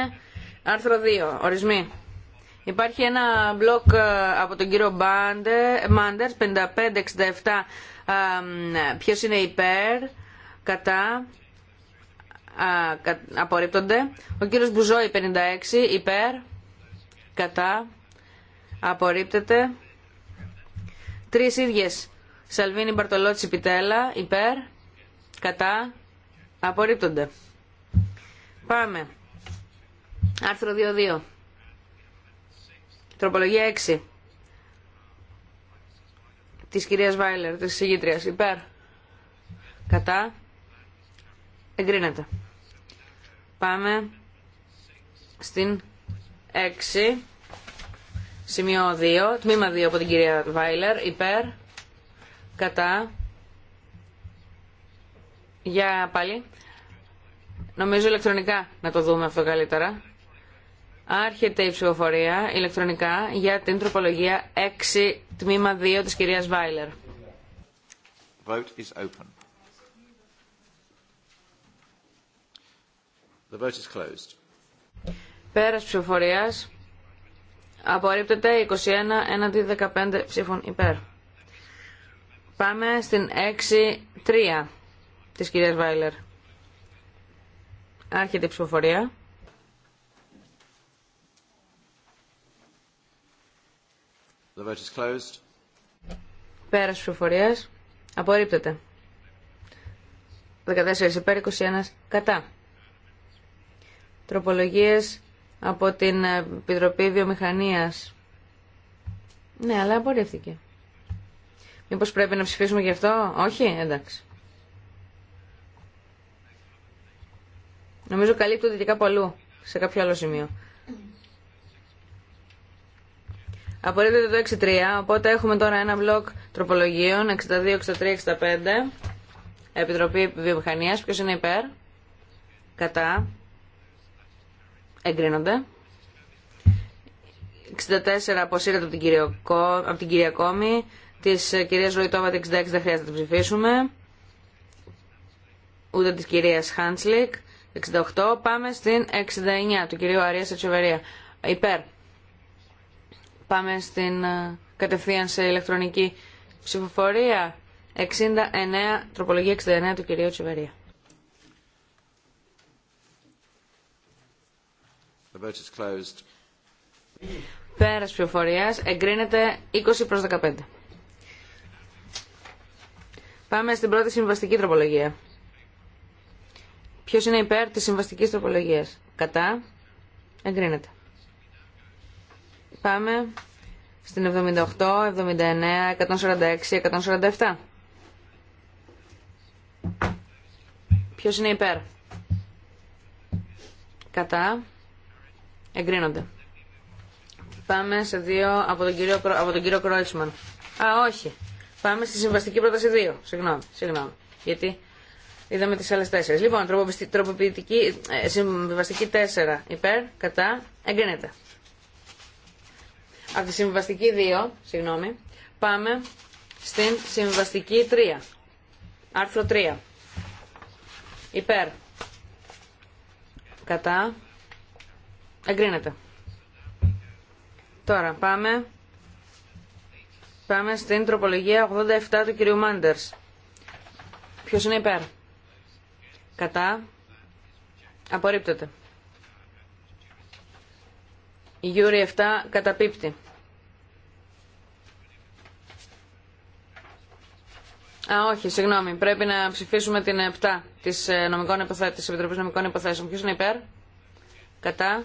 Άρθρο 2. Ορισμοί. Υπάρχει ένα μπλοκ ε, από τον κύριο Μάντερ, 55-67, ε, ποιος είναι υπέρ, κατά, απορρίπτονται. Ο κύριος Μπουζόη, 56, υπέρ, κατά, απορρίπτεται. Τρεις ίδιες, Σαλβίνη Μπαρτολότσι Πιτέλα, υπέρ, κατά, απορρίπτονται. Πάμε. Άρθρο 2.2. Τροπολογία 6 της κυρίας Βάιλερ, της συγγήτριας. Υπέρ. Κατά. Εγκρίνεται. Πάμε στην 6, σημείο 2, τμήμα 2 από την κυρία Βάιλερ. Υπέρ. Κατά. Για πάλι. Νομίζω ηλεκτρονικά να το δούμε αυτό καλύτερα. Άρχεται η ψηφοφορία ηλεκτρονικά για την τροπολογία 6 τμήμα 2 της κυρίας Βάιλερ. Vote is open. The vote is closed. Πέρας ψηφοφορίας απορρίπτεται 21 έναντι 15 ψήφων υπέρ. Πάμε στην 6-3 της κυρίας Βάιλερ. Άρχεται η ψηφοφορία. The vote is closed. Πέρας ψηφοφορίας. Απορρίπτεται. 14 υπέρ 21 κατά. Τροπολογίες από την Επιτροπή Βιομηχανίας. Ναι, αλλά απορρίφθηκε. Μήπως πρέπει να ψηφίσουμε γι' αυτό. Όχι, εντάξει. Νομίζω καλύπτονται και κάπου αλλού, σε κάποιο άλλο σημείο. Απορρίπτεται το 63, οπότε έχουμε τώρα ένα μπλοκ τροπολογίων 62, 63, 65. Επιτροπή Βιομηχανίας, ποιος είναι υπέρ, κατά, εγκρίνονται. 64 αποσύρεται από την, Κυριακό, από την κυρία Κόμη, της ε, κυρίας Ροϊτόβα 66 δεν χρειάζεται να την ψηφίσουμε, ούτε της κυρίας Χάντσλικ. 68, πάμε στην 69 του κυρίου Αρία Σετσοβερία. Υπέρ. Πάμε στην ε, κατευθείαν σε ηλεκτρονική ψηφοφορία. 69, τροπολογία 69 του κυρίου Τσιβερία. The vote is closed. Πέρας ψηφοφορίας εγκρίνεται 20 προς 15. Πάμε στην πρώτη συμβαστική τροπολογία. Ποιος είναι υπέρ της συμβαστικής τροπολογίας. Κατά. Εγκρίνεται. Πάμε στην 78, 79, 146, 147. Ποιος είναι υπέρ. Κατά. Εγκρίνονται. Πάμε σε δύο από τον κύριο, από τον κύριο Κρόιτσμαν. Α, όχι. Πάμε στη συμβαστική πρόταση 2. Συγγνώμη, συγγνώμη. Γιατί είδαμε τις άλλες 4. Λοιπόν, τροποποιητική, ε, συμβαστική 4. Υπέρ, κατά, εγκρίνεται από τη συμβαστική 2, συγγνώμη, πάμε στην συμβαστική 3. Άρθρο 3. Υπέρ. Κατά. Εγκρίνεται. Τώρα πάμε. Πάμε στην τροπολογία 87 του κυρίου Μάντερς. Ποιος είναι υπέρ. Κατά. Απορρίπτεται. Η Γιούρι 7 καταπίπτει. Α, όχι, συγγνώμη. Πρέπει να ψηφίσουμε την 7 της, ε, νομικών υποθέ... της Επιτροπής Νομικών Υποθέσεων. Ποιος είναι υπέρ? Κατά.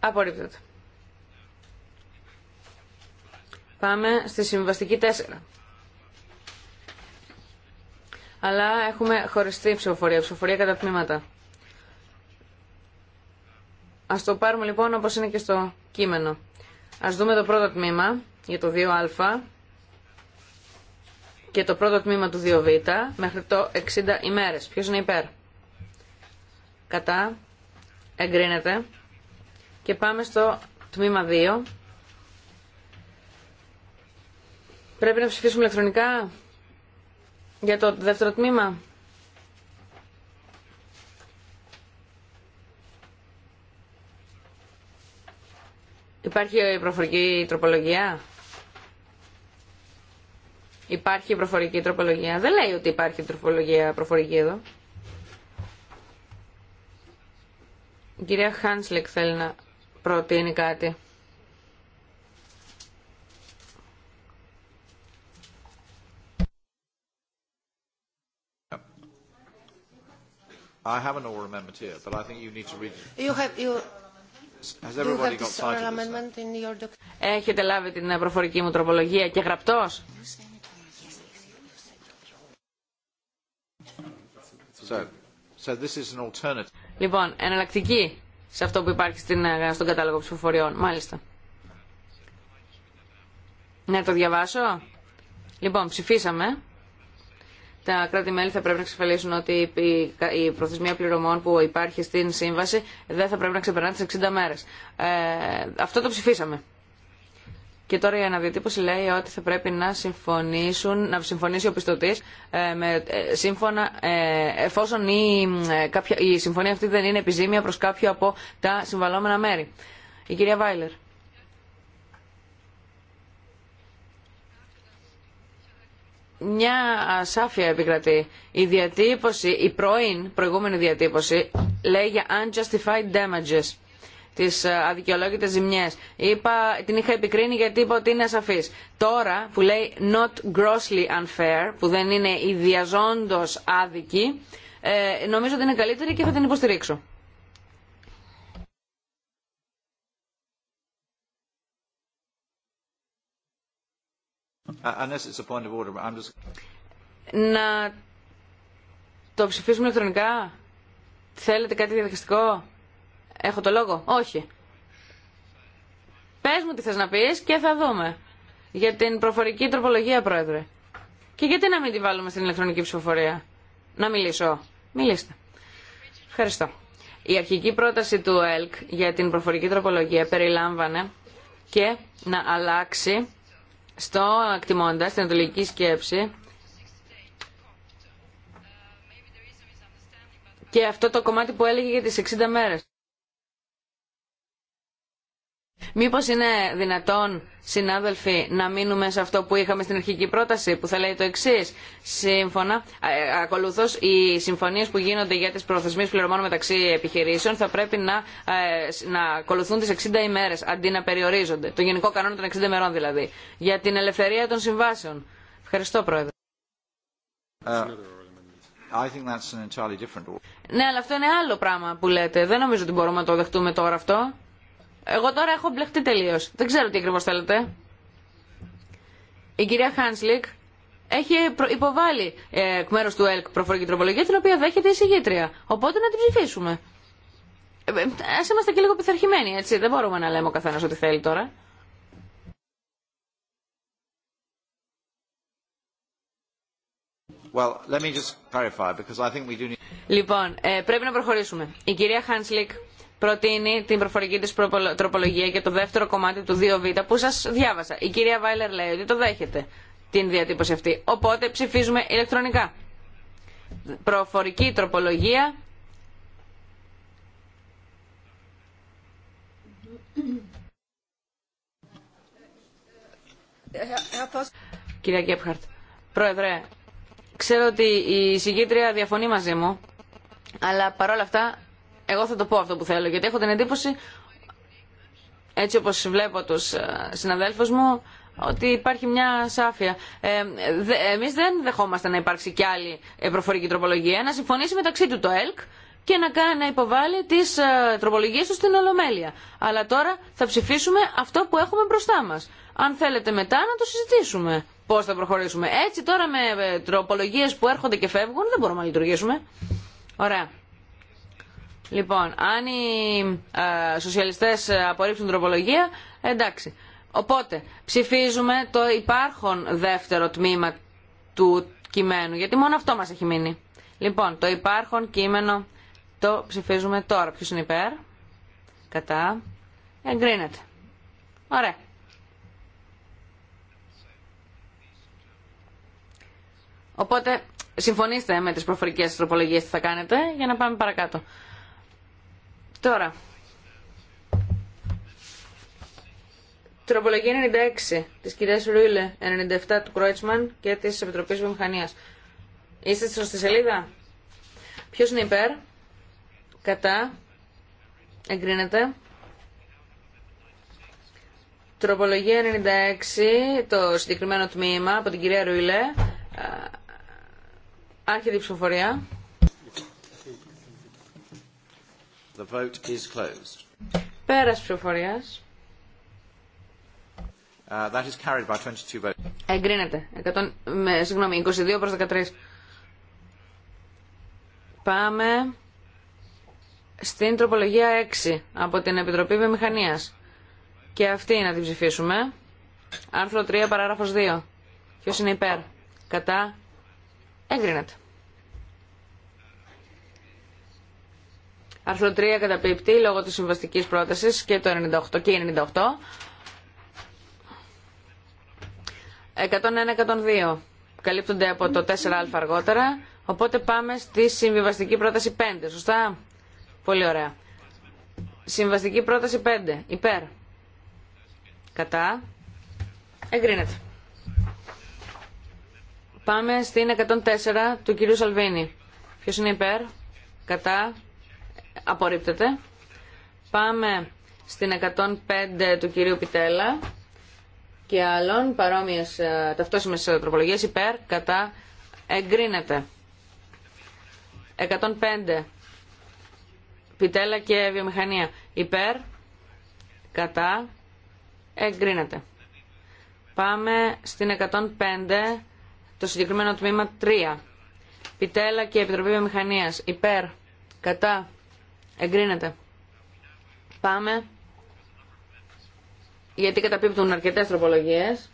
Απορρίπτεται. Πάμε στη συμβαστική 4. Αλλά έχουμε χωριστή ψηφοφορία, ψηφοφορία κατά τμήματα. Ας το πάρουμε λοιπόν όπω είναι και στο κείμενο. Ας δούμε το πρώτο τμήμα για το 2α και το πρώτο τμήμα του 2β μέχρι το 60 ημέρες. ποιο είναι υπέρ. Κατά. Εγκρίνεται. Και πάμε στο τμήμα 2. Πρέπει να ψηφίσουμε ηλεκτρονικά για το δεύτερο τμήμα. Υπάρχει προφορική τροπολογία. Υπάρχει προφορική τροπολογία. Δεν λέει ότι υπάρχει τροπολογία προφορική εδώ. Η κυρία Χάνσλεκ θέλει να προτείνει κάτι. I have here, but I think you need to read You have, you... Έχετε λάβει την ε, προφορική μου τροπολογία και γραπτός. Λοιπόν, εναλλακτική σε αυτό που υπάρχει στην, ε, στον κατάλογο ψηφοφοριών. Μάλιστα. Να το διαβάσω. Λοιπόν, ψηφίσαμε τα κράτη-μέλη θα πρέπει να εξασφαλίσουν ότι η προθεσμία πληρωμών που υπάρχει στην σύμβαση δεν θα πρέπει να ξεπερνά τις 60 μέρες. Ε, αυτό το ψηφίσαμε. Και τώρα η αναδιατύπωση λέει ότι θα πρέπει να, συμφωνήσουν, να συμφωνήσει ο πιστωτή ε, ε, σύμφωνα, ε, εφόσον η, κάποια, η συμφωνία αυτή δεν είναι επιζήμια προς κάποιο από τα συμβαλόμενα μέρη. Η κυρία Βάιλερ. μια ασάφεια επικρατεί. Η διατύπωση, η πρώην προηγούμενη διατύπωση λέει για unjustified damages τι ε, ζημιές ζημιέ. Την είχα επικρίνει γιατί είπα ότι είναι ασαφή. Τώρα που λέει not grossly unfair, που δεν είναι ιδιαζόντω άδικη, ε, νομίζω ότι είναι καλύτερη και θα την υποστηρίξω. Να το ψηφίσουμε ηλεκτρονικά. Θέλετε κάτι διαδικαστικό. Έχω το λόγο. Όχι. Πες μου τι θες να πεις και θα δούμε. Για την προφορική τροπολογία, Πρόεδρε. Και γιατί να μην τη βάλουμε στην ηλεκτρονική ψηφοφορία. Να μιλήσω. Μιλήστε. Ευχαριστώ. Η αρχική πρόταση του ΕΛΚ για την προφορική τροπολογία περιλάμβανε και να αλλάξει στο ακτιμώντα, στην ανατολική σκέψη, και αυτό το κομμάτι που έλεγε για τις 60 μέρες. Μήπως είναι δυνατόν, συνάδελφοι, να μείνουμε σε αυτό που είχαμε στην αρχική πρόταση, που θα λέει το εξή. Σύμφωνα, ε, ακολουθώ οι συμφωνίε που γίνονται για τι προθεσμίε πληρωμών μεταξύ επιχειρήσεων θα πρέπει να, ε, να ακολουθούν τι 60 ημέρε αντί να περιορίζονται. Το γενικό κανόνα των 60 ημερών δηλαδή. Για την ελευθερία των συμβάσεων. Ευχαριστώ, Πρόεδρε. Uh, ναι, αλλά αυτό είναι άλλο πράγμα που λέτε. Δεν νομίζω ότι μπορούμε να το δεχτούμε τώρα αυτό. Εγώ τώρα έχω μπλεχτεί τελείω. Δεν ξέρω τι ακριβώ θέλετε. Η κυρία Χάνσλικ έχει υποβάλει ε, εκ μέρου του ΕΛΚ προφορική τροπολογία, την οποία δέχεται η συγγήτρια. Οπότε να την ψηφίσουμε. Ε, ε Α είμαστε και λίγο πειθαρχημένοι, έτσι. Δεν μπορούμε να λέμε ο καθένα ό,τι θέλει τώρα. Well, let me just clarify, because I think we do need... Λοιπόν, ε, πρέπει να προχωρήσουμε. Η κυρία Χάνσλικ προτείνει την προφορική της τροπολογία και το δεύτερο κομμάτι του 2β που σας διάβασα. Η κυρία Βάιλερ λέει ότι το δέχεται την διατύπωση αυτή. Οπότε ψηφίζουμε ηλεκτρονικά. Προφορική τροπολογία. Κυρία Κέπχαρτ. Πρόεδρε, ξέρω ότι η συγκήτρια διαφωνεί μαζί μου, αλλά παρόλα αυτά εγώ θα το πω αυτό που θέλω, γιατί έχω την εντύπωση, έτσι όπως βλέπω τους ε, συναδέλφους μου, ότι υπάρχει μια σάφια. Ε, εμείς δεν δεχόμαστε να υπάρξει κι άλλη προφορική τροπολογία, να συμφωνήσει μεταξύ του το ΕΛΚ και να, να υποβάλει τις ε, τροπολογίες του στην Ολομέλεια. Αλλά τώρα θα ψηφίσουμε αυτό που έχουμε μπροστά μας. Αν θέλετε μετά να το συζητήσουμε πώς θα προχωρήσουμε. Έτσι τώρα με ε, τροπολογίες που έρχονται και φεύγουν δεν μπορούμε να λειτουργήσουμε. Ωραία. Λοιπόν, αν οι ε, σοσιαλιστές απορρίψουν τροπολογία, εντάξει. Οπότε, ψηφίζουμε το υπάρχον δεύτερο τμήμα του κειμένου, γιατί μόνο αυτό μας έχει μείνει. Λοιπόν, το υπάρχον κείμενο το ψηφίζουμε τώρα. Ποιος είναι υπέρ, κατά, εγκρίνεται. Ωραία. Οπότε, συμφωνήστε με τις προφορικές τροπολογίες που θα κάνετε για να πάμε παρακάτω. Τώρα. Τροπολογία 96 της κυρίας Ρούιλε, 97 του Κρόιτσμαν και της Επιτροπής Βιομηχανίας. Είστε στη σωστή σελίδα. Ποιος είναι υπέρ, κατά, εγκρίνεται. Τροπολογία 96, το συγκεκριμένο τμήμα από την κυρία Ρούιλε, άρχεται ψηφοφορία. The vote is closed. Πέρας ψηφοφορίας. Uh, that is carried by 22 votes. Εγκρίνεται. συγγνώμη, 22 προς 13. Πάμε στην τροπολογία 6 από την Επιτροπή Βιομηχανίας. Και αυτή να την ψηφίσουμε. Άρθρο 3, παράγραφος 2. Ποιος είναι υπέρ. Κατά. Εγκρίνεται. Άρθρο 3 καταπίπτει λόγω της συμβαστικής πρότασης και το 98 και 98. 101-102 καλύπτονται από το 4α αργότερα, οπότε πάμε στη συμβιβαστική πρόταση 5, σωστά? Πολύ ωραία. Συμβαστική πρόταση 5, υπέρ. Κατά. Εγκρίνεται. Πάμε στην 104 του κυρίου Σαλβίνη. Ποιος είναι υπέρ, κατά, απορρίπτεται. Πάμε στην 105 του κυρίου Πιτέλα και άλλων παρόμοιες ε, ταυτόσιμες ε, τροπολογίες υπέρ, κατά, εγκρίνεται. 105 Πιτέλα και βιομηχανία υπέρ, κατά, εγκρίνεται. Πάμε στην 105 το συγκεκριμένο τμήμα 3. Πιτέλα και Επιτροπή Βιομηχανίας υπέρ, κατά, Εγκρίνεται. Πάμε. Γιατί καταπίπτουν αρκετές τροπολογίες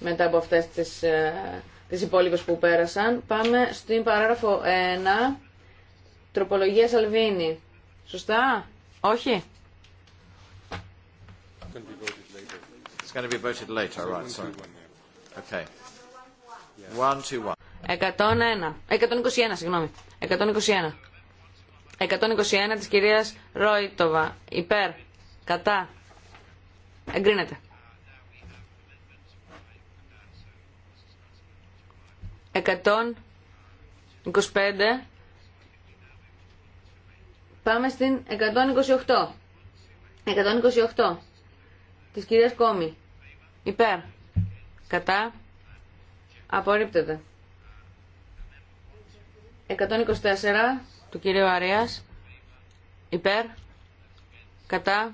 μετά από αυτές τις, ε, τις υπόλοιπες που πέρασαν. Πάμε στην παράγραφο 1. Τροπολογία Σαλβίνη. Σωστά. Όχι. It's going to be voted later, right, sorry. Okay. 121. 121, συγγνώμη. 121. 121 της κυρίας Ρόιτοβα. Υπέρ. Κατά. Εγκρίνεται. 125. Πάμε στην 128. 128. Της κυρίας Κόμη. Υπέρ. Κατά. Απορρίπτεται. 124 του κυρίου Αρεάς. υπέρ κατά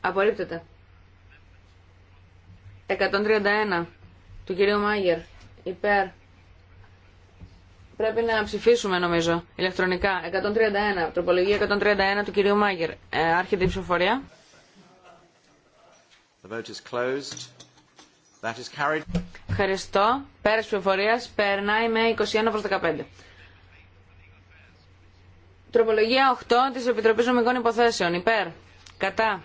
απορρίπτεται 131 του κυρίου Μάγερ υπέρ πρέπει να ψηφίσουμε νομίζω ηλεκτρονικά 131 τροπολογία 131 του κυρίου Μάγερ ε, άρχεται η ψηφοφορία The vote is closed. That is carried. Ευχαριστώ. Πέρας ψηφοφορίας περνάει με 21 προς 15. Τροπολογία 8 της Επιτροπής Νομικών Υποθέσεων. Υπέρ. Κατά.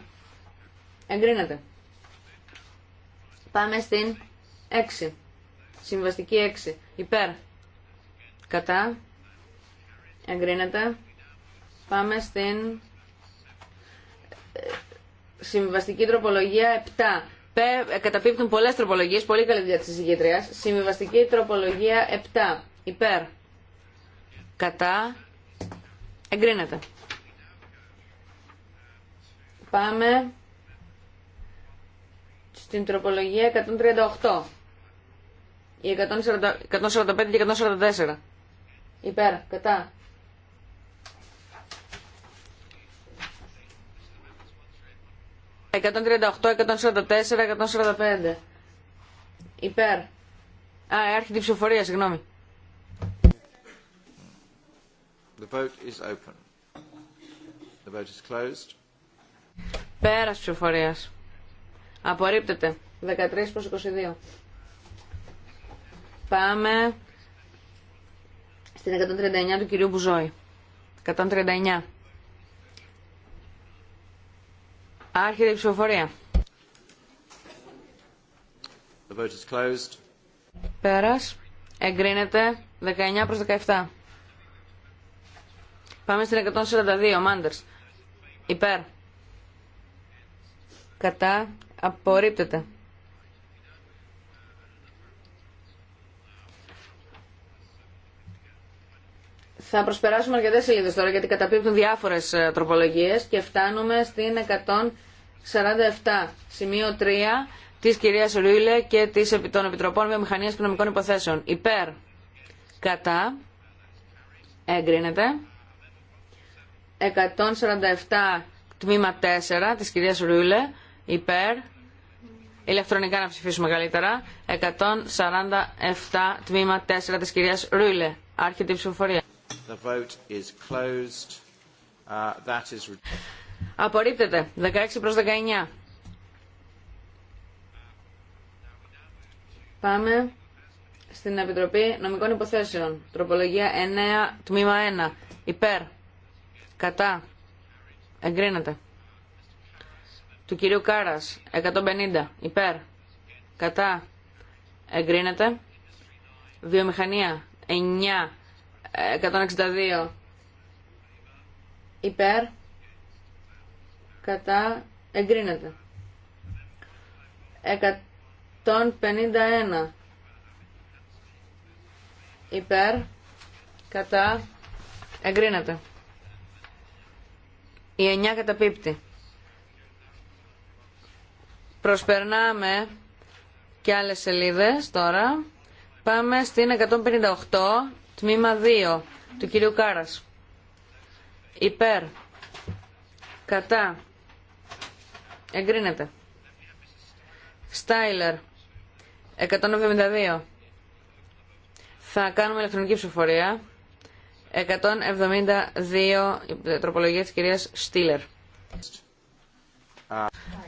Εγκρίνεται. Πάμε στην 6. Συμβαστική 6. Υπέρ. Κατά. Εγκρίνεται. Πάμε στην ε, συμβιβαστική τροπολογία 7. Πε, ε, καταπίπτουν πολλέ τροπολογίε, πολύ καλή δουλειά τη εισηγήτρια. Συμβιβαστική τροπολογία 7. Υπέρ. Κατά. Εγκρίνεται. Πάμε στην τροπολογία 138. Η 145 και 144. Υπέρ, κατά. «138, 144, 145. Υπέρ. Α, έρχεται η ψηφοφορία, συγγνώμη. The vote is Πέρας Απορρίπτεται. 13 προς 22. Πάμε στην 139 του κυρίου Μπουζόη. 139. Άρχεται η ψηφοφορία. The vote is closed. Πέρας. Εγκρίνεται 19 προς 17. Πάμε στην 142, Μάντερς. Υπέρ. Κατά. Απορρίπτεται. Θα προσπεράσουμε αρκετέ σελίδε τώρα γιατί καταπίπτουν διάφορε τροπολογίε και φτάνουμε στην 147, σημείο 3 τη κυρία Ρούιλε και της, των Επιτροπών Βιομηχανία Οικονομικών Υποθέσεων. Υπέρ. Κατά. Εγκρίνεται. 147 τμήμα 4 της κυρίας Ρούλε υπέρ ηλεκτρονικά να ψηφίσουμε καλύτερα 147 τμήμα 4 της κυρίας Ρούλε άρχεται η ψηφοφορία The vote is closed. Uh, that is... Απορρίπτεται 16 προς 19 Πάμε στην Επιτροπή Νομικών Υποθέσεων. Τροπολογία 9, τμήμα 1. Υπέρ κατά εγκρίνεται του κυρίου Κάρας 150 υπέρ κατά εγκρίνεται βιομηχανία 9 162 υπέρ κατά εγκρίνεται 151 υπέρ κατά εγκρίνεται η 9 καταπίπτη. Προσπερνάμε και άλλες σελίδες τώρα. Πάμε στην 158, τμήμα 2, του κυρίου Κάρας. Υπέρ. Κατά. Εγκρίνεται. Στάιλερ. 172. Θα κάνουμε ηλεκτρονική ψηφοφορία. 172 ε, τροπολογία της κυρίας Στήλερ.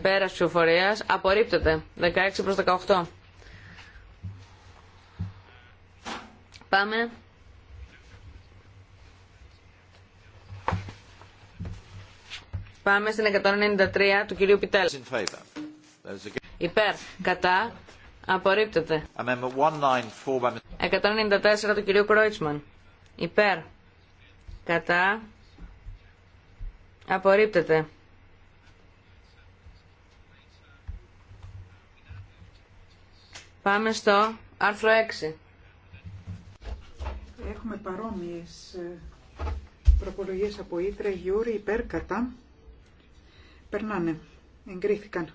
Πέρας ψηφοφορίας. Απορρίπτεται. 16 προς 18. Πάμε. Πάμε στην 193 του κυρίου Πιτέλ. Υπέρ. Κατά. Απορρίπτεται. 194 του κυρίου Κρόιτσμαν. Υπέρ κατά απορρίπτεται. Πάμε στο άρθρο 6. Έχουμε παρόμοιες προπολογίες ε, από Ήτρα, Γιούρι, υπέρ, κατά. Περνάνε, εγκρίθηκαν.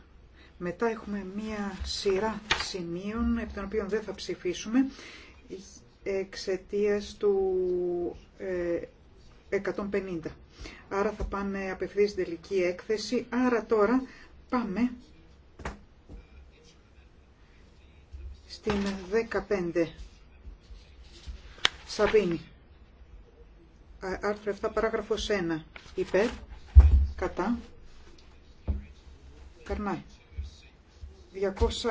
Μετά έχουμε μία σειρά σημείων, από των οποίων δεν θα ψηφίσουμε, εξαιτίας του ε, 150. Άρα θα πάμε απευθεία στην τελική έκθεση. Άρα τώρα πάμε στην 15. Σαβίνη. Άρθρο 7, παράγραφος 1. Υπέρ, κατά, καρνάει.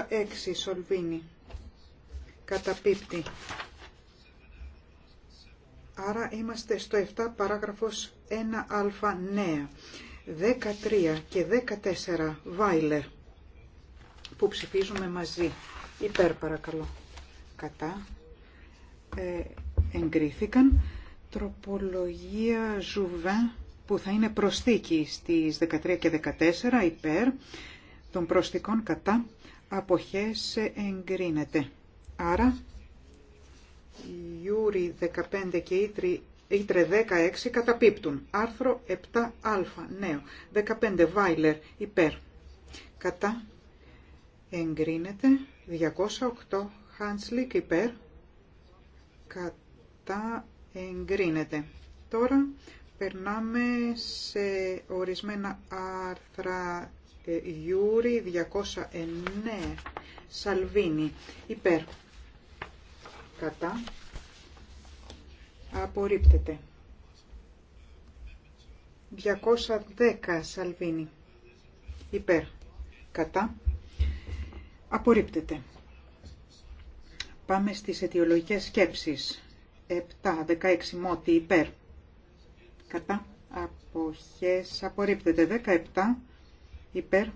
206, Σολβίνη. Καταπίπτει. Άρα είμαστε στο 7 παράγραφος 1α νέα. 13 και 14 Βάιλερ που ψηφίζουμε μαζί. Υπέρ παρακαλώ. Κατά. Ε, εγκρίθηκαν. Τροπολογία Ζουβέν που θα είναι προσθήκη στις 13 και 14 υπέρ των προσθήκων κατά αποχές ε, εγκρίνεται. Άρα Ιουρί 15 και Ήτρε 16 καταπίπτουν. Άρθρο 7α νέο. 15 Βάιλερ υπέρ. Κατά εγκρίνεται 208 Χάντσλικ υπέρ. Κατά εγκρίνεται. Τώρα περνάμε σε ορισμένα άρθρα ε, Ιουρί 209 Σαλβίνη υπέρ κατά απορρίπτεται 210 Σαλβίνη υπέρ κατά απορρίπτεται πάμε στις αιτιολογικές σκέψεις 7 16 Μότι υπέρ κατά αποχές απορρίπτεται 17 υπέρ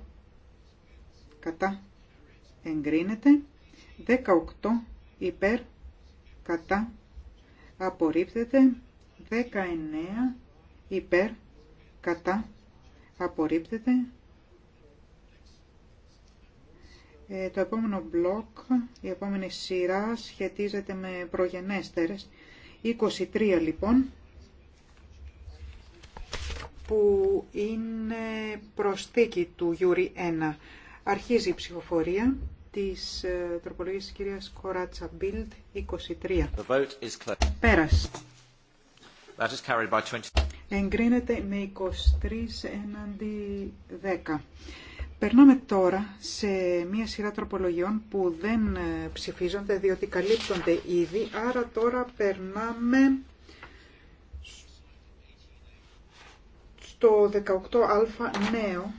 κατά εγκρίνεται 18 υπέρ κατά απορρίπτεται 19 υπέρ κατά απορρίπτεται ε, το επόμενο μπλοκ η επόμενη σειρά σχετίζεται με προγενέστερες 23 λοιπόν που είναι προσθήκη του Γιούρι 1 αρχίζει η ψηφοφορία της ε, τροπολογίας κυρίας Κοράτσα Μπίλτ 23. The vote is That is carried by 20. Εγκρίνεται με 23 έναντι 10. Περνάμε τώρα σε μία σειρά τροπολογιών που δεν ε, ψηφίζονται διότι καλύπτονται ήδη, άρα τώρα περνάμε στο 18α νέο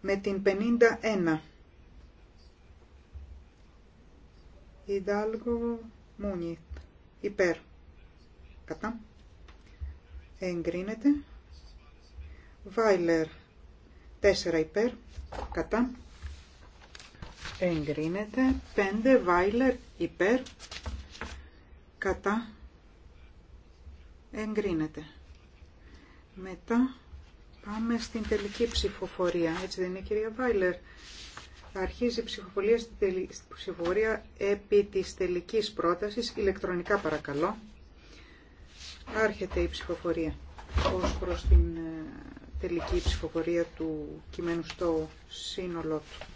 με την 51. Ιντάλγο Μούνι. Υπέρ. Κατά. Εγκρίνεται. Βάιλερ. 4 υπέρ. Κατά. Εγκρίνεται. 5 Βάιλερ υπέρ. Κατά. Εγκρίνεται. Μετά πάμε στην τελική ψηφοφορία. Έτσι δεν είναι κυρία Βάιλερ. Θα αρχίζει η ψηφοφορία, στη ψηφοφορία επί της τελικής πρότασης, ηλεκτρονικά παρακαλώ. Άρχεται η ψηφοφορία ως προς την ε, τελική ψηφοφορία του κειμένου στο σύνολό του.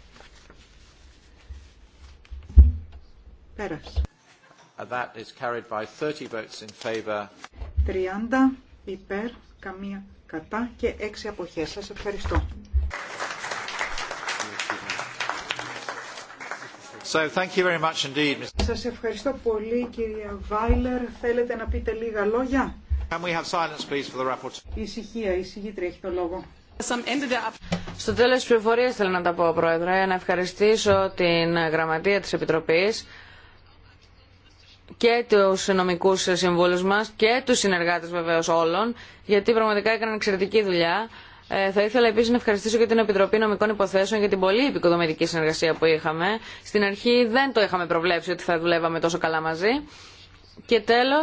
Πέρασε. 30 υπέρ, καμία κατά και 6 αποχές. Σας ευχαριστώ. So, Σας ευχαριστώ πολύ κυρία Βάιλερ. Θέλετε να πείτε λίγα λόγια. ησυχία, η συγγήτρια έχει το λόγο. Στο τέλος της πληροφορίας θέλω να τα πω, Πρόεδρε, να ευχαριστήσω την Γραμματεία της Επιτροπής και τους νομικούς συμβούλους μας και τους συνεργάτες βεβαίως όλων, γιατί πραγματικά έκαναν εξαιρετική δουλειά ε, θα ήθελα επίση να ευχαριστήσω και την Επιτροπή Νομικών Υποθέσεων για την πολύ επικοδομητική συνεργασία που είχαμε. Στην αρχή δεν το είχαμε προβλέψει ότι θα δουλεύαμε τόσο καλά μαζί. Και τέλο,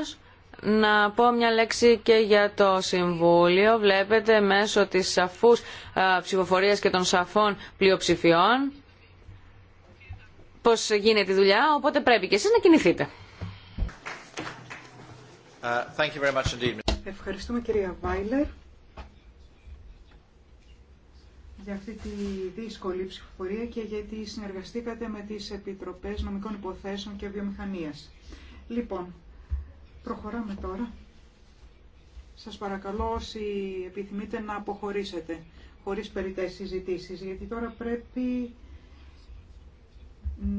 να πω μια λέξη και για το Συμβούλιο. Βλέπετε μέσω τη σαφού ψηφοφορία και των σαφών πλειοψηφιών πώ γίνεται η δουλειά, οπότε πρέπει και εσεί να κινηθείτε. Ε, thank you very much indeed. Ευχαριστούμε κυρία Βάιλερ για αυτή τη δύσκολη ψηφοφορία και γιατί συνεργαστήκατε με τις Επιτροπές Νομικών Υποθέσεων και Βιομηχανίας. Λοιπόν, προχωράμε τώρα. Σας παρακαλώ όσοι επιθυμείτε να αποχωρήσετε χωρίς περιττές συζητήσεις, γιατί τώρα πρέπει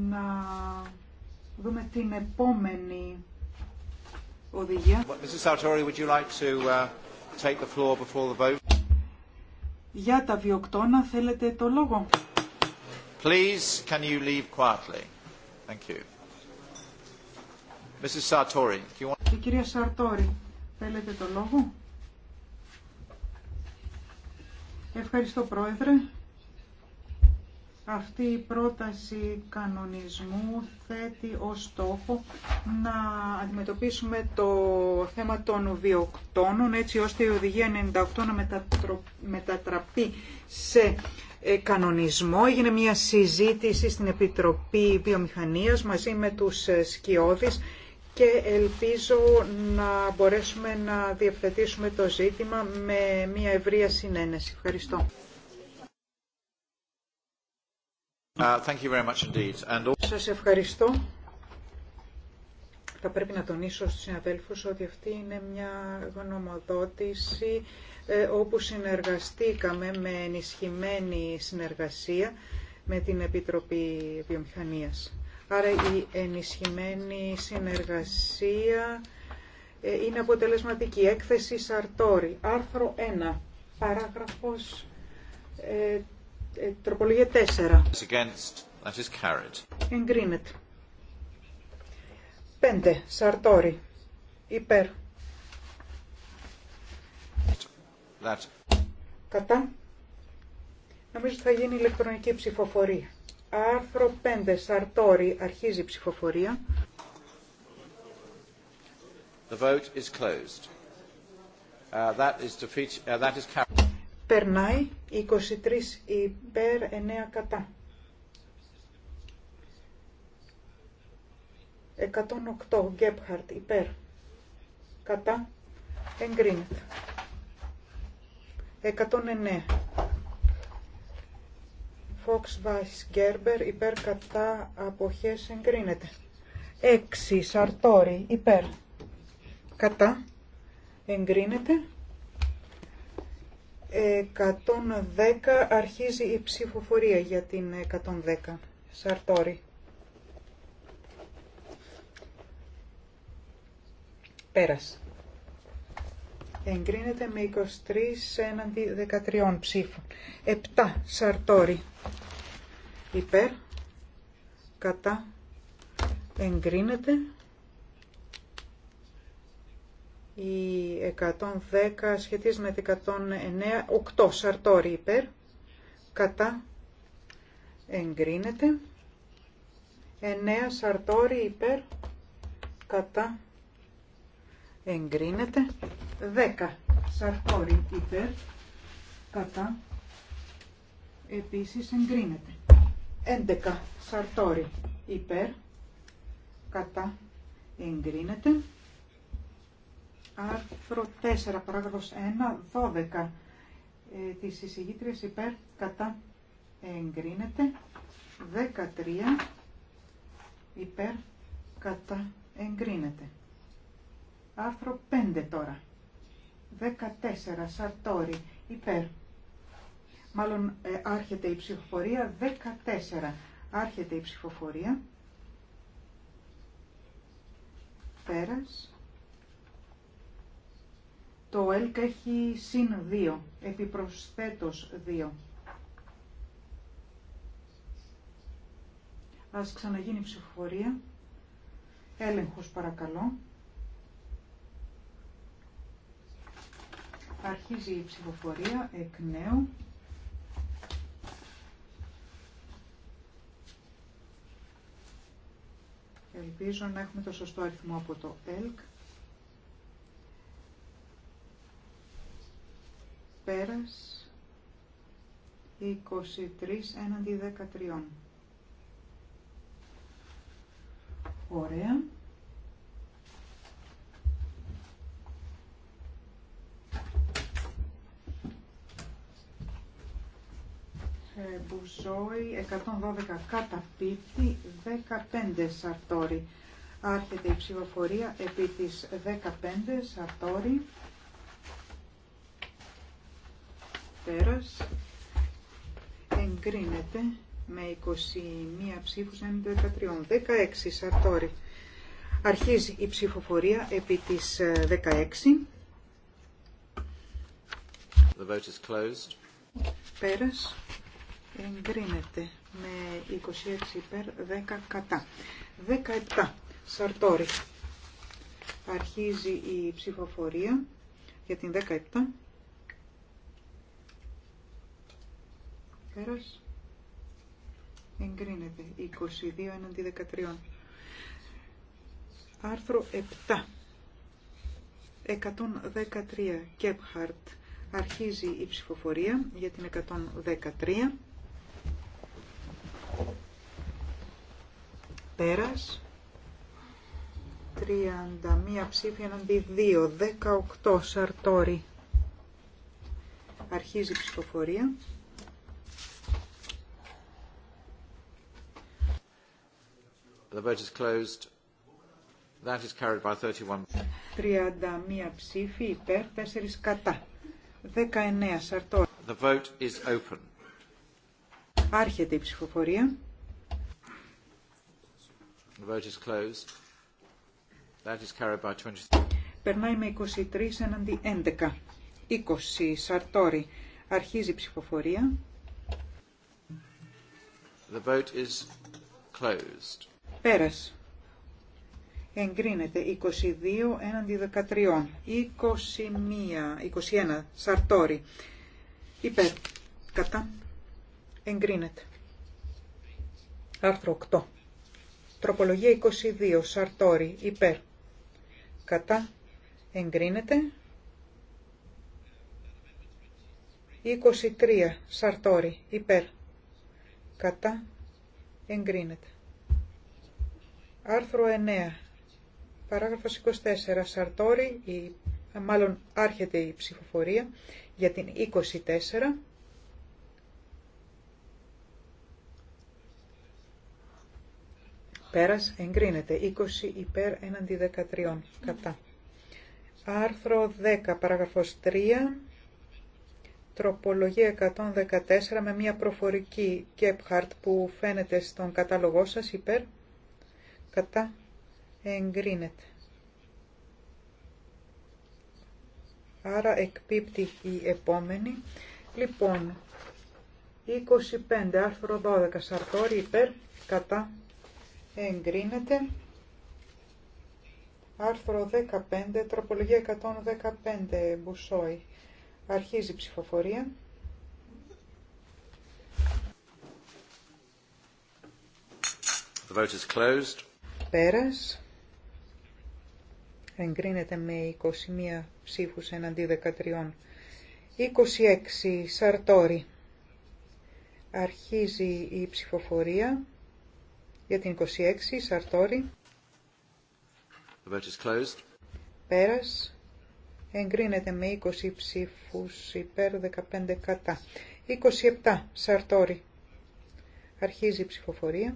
να δούμε την επόμενη οδηγία για τα βιοκτώνα. Θέλετε το λόγο. Please, can you leave quietly? Thank you. Mrs. Sartori, do you want... Η κυρία Σαρτόρη, θέλετε το λόγο. Ευχαριστώ, Πρόεδρε. Αυτή η πρόταση κανονισμού θέτει ως στόχο να αντιμετωπίσουμε το θέμα των βιοκτώνων έτσι ώστε η Οδηγία 98 να μετατραπεί σε ε, κανονισμό. Έγινε μια συζήτηση στην Επιτροπή Βιομηχανίας μαζί με τους ε, σκιώδεις και ελπίζω να μπορέσουμε να διευθετήσουμε το ζήτημα με μια ευρεία συνένεση. Ευχαριστώ. Uh, Σας ευχαριστώ. Θα πρέπει να τονίσω στους συναδέλφους ότι αυτή είναι μια γνωμοδότηση ε, όπου συνεργαστήκαμε με ενισχυμένη συνεργασία με την Επιτροπή Βιομηχανίας. Άρα η ενισχυμένη συνεργασία ε, είναι αποτελεσματική. Έκθεση Σαρτόρη, άρθρο 1, παράγραφος ε, ε, τροπολογία 4. That Εγκρίνεται. 5. Σαρτόρι. Υπέρ. That. Κατά. Νομίζω θα γίνει ηλεκτρονική ψηφοφορία. Άρθρο 5. Σαρτόρι. Αρχίζει η ψηφοφορία. The vote is closed. Uh, that is uh, that is carried. Περνάει 23 υπέρ 9 κατά. 108 Γκέπχαρτ υπέρ. Κατά. Εγκρίνεται. 109 Φόξ Βάις Γκέρμπερ υπέρ κατά αποχές εγκρίνεται. 6 Σαρτόρι υπέρ. Κατά εγκρίνεται. 110 αρχίζει η ψηφοφορία για την 110. Σαρτόρι. Πέρας. Εγκρίνεται με 23 έναντι 13 ψήφων. 7. Σαρτόρι. Υπέρ. Κατά. Εγκρίνεται. Η 110 σχετίζεται με την 109, 8 σαρτόρι υπέρ, κατά, εγκρίνεται. 9 σαρτόρι υπέρ, κατά, εγκρίνεται. 10 σαρτόρι υπέρ, κατά, επίσης εγκρίνεται. 11 σαρτόρι υπέρ, κατά, εγκρίνεται άρθρο 4, παράγραφος 1, 12 ε, της εισηγήτριας υπέρ κατά εγκρίνεται, 13 υπέρ κατά εγκρίνεται. Άρθρο 5 τώρα, 14 σαρτόρι υπέρ, μάλλον ε, άρχεται η ψηφοφορία, 14 άρχεται η ψηφοφορία, πέρας, το ΕΛΚ έχει συν 2, επιπροσθέτως 2. Ας ξαναγίνει η ψηφοφορία. Έλεγχος παρακαλώ. Αρχίζει η ψηφοφορία εκ νέου. Ελπίζω να έχουμε το σωστό αριθμό από το ΕΛΚ. πέρας 23 έναντι 13. Ωραία. Ε, Μπουζόη 112 καταπίπτει 15 σαρτόρι. Άρχεται η ψηφοφορία επί της 15 σαρτόρι. πέρας εγκρίνεται με 21 ψήφους έναντι 13. 16 Σαρτόρι. Αρχίζει η ψηφοφορία επί της 16. Ε, The vote closed. Πέρας εγκρίνεται με 26 υπέρ 10 κατά. 17 Σαρτόρι. Αρχίζει η ψηφοφορία για την 17. Πέρας. Εγκρίνεται. 22 έναντι 13. Άρθρο 7. 113 Κέπχαρτ. Αρχίζει η ψηφοφορία για την 113. Πέρας. 31 ψήφι εναντί 2. 18 Σαρτόρι. Αρχίζει η ψηφοφορία. The vote is closed. That is carried by 31. ψήφοι υπέρ, 4 κατά. 19 σαρτών. The vote is open. Άρχεται η ψηφοφορία. The vote is closed. That is carried by 23. Περνάει με 23 έναντι 11. 20 σαρτόρι. Αρχίζει η ψηφοφορία. The vote is closed. Πέρας. Εγκρίνεται 22 έναντι 13. 21. 21. Σαρτόρι. Υπέρ. Κατά. Εγκρίνεται. Άρθρο 8. Τροπολογία 22. Σαρτόρι. Υπέρ. Κατά. Εγκρίνεται. 23. Σαρτόρι. Υπέρ. Κατά. Εγκρίνεται. Άρθρο 9. Παράγραφος 24. Σαρτόρι, η, μάλλον άρχεται η ψηφοφορία για την 24. Πέρας εγκρίνεται. 20 υπέρ έναντι 13. Κατά. Άρθρο 10, παράγραφος 3, τροπολογία 114 με μια προφορική Κέπχαρτ που φαίνεται στον κατάλογό σας υπέρ κατά εγκρίνεται. Άρα εκπίπτει η επόμενη. Λοιπόν, 25 άρθρο 12 σαρτόρι υπέρ κατά εγκρίνεται. Άρθρο 15, τροπολογία 115, μπουσόι. Αρχίζει η ψηφοφορία. The vote is closed πέρας. Εγκρίνεται με 21 ψήφους εναντί 13. 26. Σαρτόρι. Αρχίζει η ψηφοφορία για την 26. Σαρτόρι. Πέρας. Εγκρίνεται με 20 ψήφους υπέρ 15 κατά. 27. Σαρτόρι. Αρχίζει η ψηφοφορία.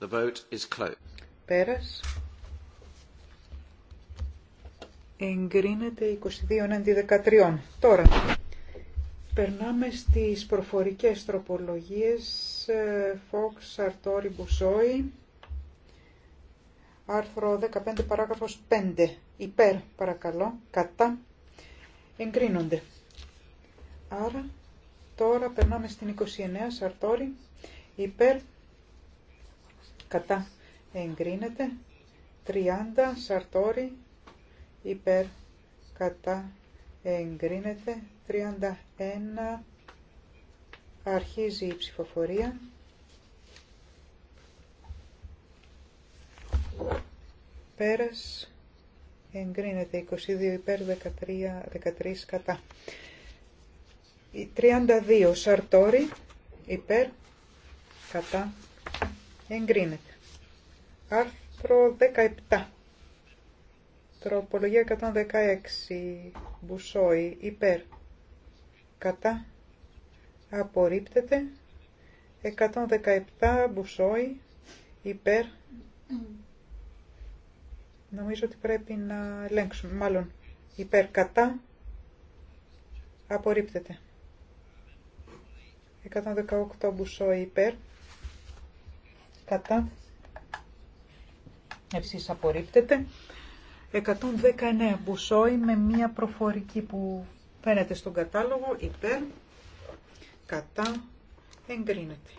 The vote is closed. Πέρας. Εγκρίνεται 22 έναντι 13. Τώρα, περνάμε στις προφορικές τροπολογίες Fox Artori, Μπουζόη. Άρθρο 15, παράγραφος 5. Υπέρ, παρακαλώ, κατά. Εγκρίνονται. Άρα, τώρα περνάμε στην 29, Σαρτόρι. Υπέρ, κατά εγκρίνεται 30 σαρτόρι υπέρ κατά εγκρίνεται 31 αρχίζει η ψηφοφορία πέρας εγκρίνεται 22 υπέρ 13, 13 κατά 32 σαρτόρι υπέρ κατά Εγκρίνεται. Άρθρο 17. Τροπολογία 116. Μπουσόη. Υπέρ. Κατά. Απορρίπτεται. 117. Μπουσόη. Υπέρ. Νομίζω ότι πρέπει να ελέγξουμε. Μάλλον υπέρ κατά. Απορρίπτεται. 118 μπουσόι υπέρ κατά απορρίπτεται 119 μπουσόι με μία προφορική που φαίνεται στον κατάλογο υπέρ κατά εγκρίνεται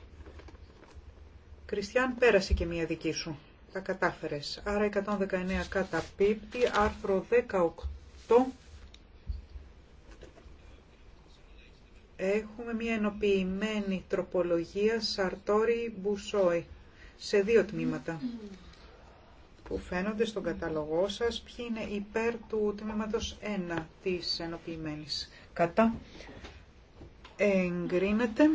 Κριστιαν πέρασε και μία δική σου τα κατάφερες άρα 119 κατά πίπτη άρθρο 18 Έχουμε μία ενοποιημένη τροπολογία Σαρτόρι Μπουσόι σε δύο τμήματα που φαίνονται στον καταλογό σας ποιοι είναι υπέρ του τμήματος 1 της ενοποιημένης. Κατά εγκρίνεται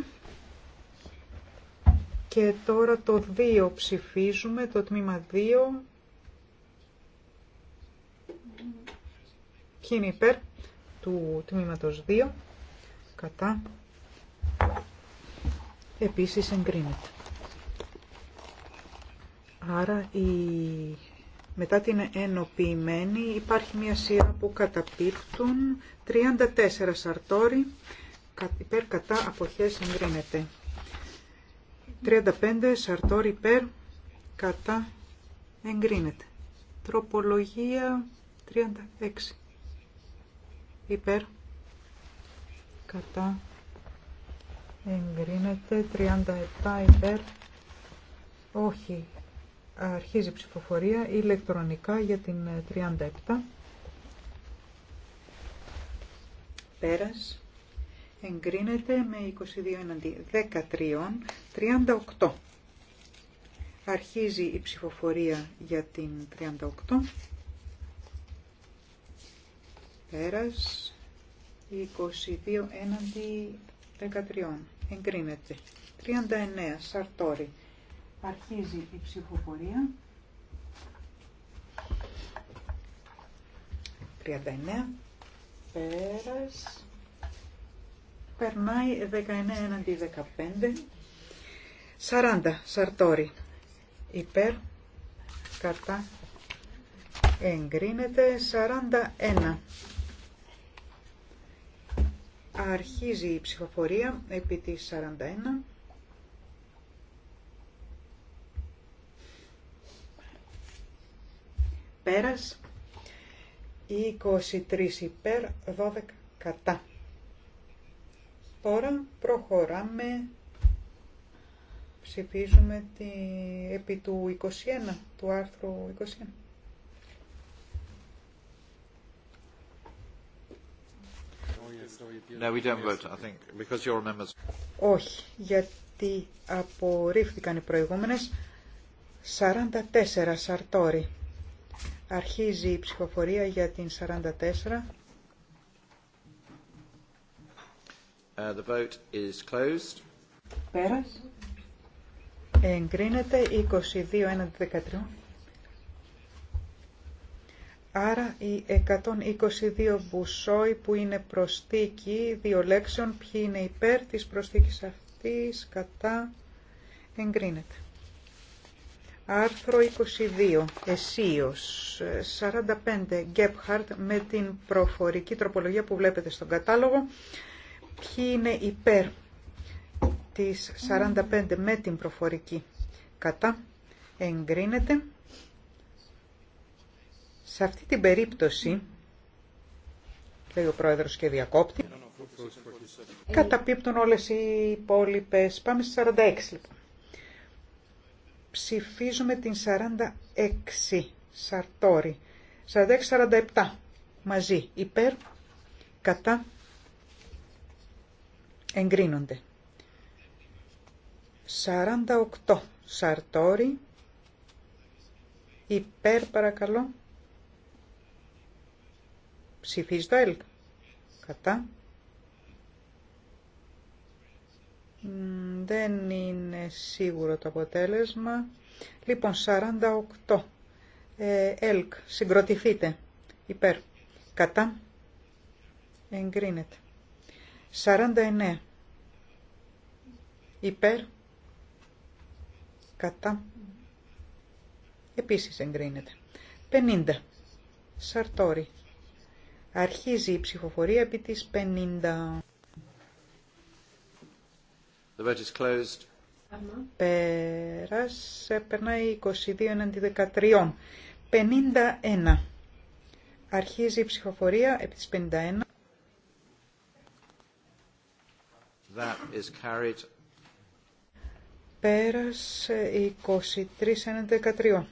και τώρα το 2 ψηφίζουμε, το τμήμα 2. Ποιοι είναι υπέρ του τμήματος 2. Κατά επίσης εγκρίνεται. Άρα μετά την ενοποιημένη υπάρχει μια σειρά που καταπίπτουν 34 σαρτόρι υπέρ κατά αποχές εγκρίνεται. 35 σαρτόρι υπέρ κατά εγκρίνεται. Τροπολογία 36 υπέρ κατά εγκρίνεται. 37 υπέρ όχι Αρχίζει η ψηφοφορία ηλεκτρονικά για την 37. Ε, Πέρας. Εγκρίνεται με 22 εναντί 13. 38. Αρχίζει η ψηφοφορία για την 38. Πέρας. 22 έναντι 13. Εγκρίνεται. 39. Σαρτόρι. Αρχίζει η ψηφοφορία. 39. Πέρας. Περνάει 19 έναντι 15. 40. Σαρτόρι. Υπέρ. Κατά. Εγκρίνεται. 41. Αρχίζει η ψηφοφορία επί της 41. Πέρας. 23 υπέρ, 12 κατά. Τώρα προχωράμε, ψηφίζουμε τη, επί του 21, του άρθρου 21. Όχι, γιατί απορρίφθηκαν οι προηγούμενες 44 σαρτόρι. Αρχίζει η ψηφοφορία για την 44. Uh, the vote is closed. Πέρας. Εγκρίνεται 22 1 13. Άρα η 122 μπουσόι που είναι προστήκη δύο λέξεων, ποιοι είναι υπέρ της προστίκης αυτής, κατά, εγκρίνεται. Άρθρο 22, Εσίος, 45, Γκέπχαρτ, με την προφορική τροπολογία που βλέπετε στον κατάλογο. Ποιοι είναι υπέρ της 45 με την προφορική κατά, εγκρίνεται. Σε αυτή την περίπτωση, λέει ο πρόεδρος και διακόπτη, καταπίπτουν όλες οι υπόλοιπες. Πάμε στις 46 λοιπόν ψηφίζουμε την 46 Σαρτόρι. 46-47 μαζί υπέρ κατά εγκρίνονται. 48 Σαρτόρι υπέρ παρακαλώ. Ψηφίζει το ΕΛΚ. Κατά. Δεν είναι σίγουρο το αποτέλεσμα. Λοιπόν, 48. Ε, ΕΛΚ, συγκροτηθείτε. Υπέρ. Κατά. Εγκρίνεται. 49. Υπέρ. Κατά. Επίσης εγκρίνεται. 50. Σαρτόρι. Αρχίζει η ψηφοφορία επί της 50. The vote is closed. Πέρασε, περνάει 22 εναντί 13. 51. Αρχίζει η ψηφοφορία επί της 51. That is carried. Πέρασε 23 εναντί 13.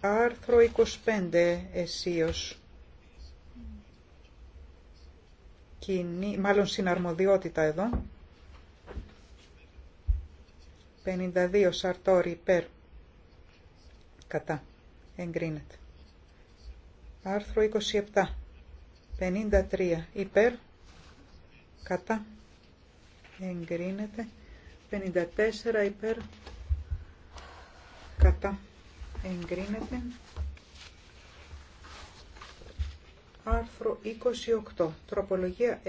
Άρθρο 25 εσίως. Κοινή, μάλλον συναρμοδιότητα εδώ. 52 Σαρτόρι υπέρ. Κατά. Εγκρίνεται. Άρθρο 27. 53 υπέρ. Κατά. Εγκρίνεται. 54 υπέρ. Κατά. Εγκρίνεται. Άρθρο 28. Τροπολογία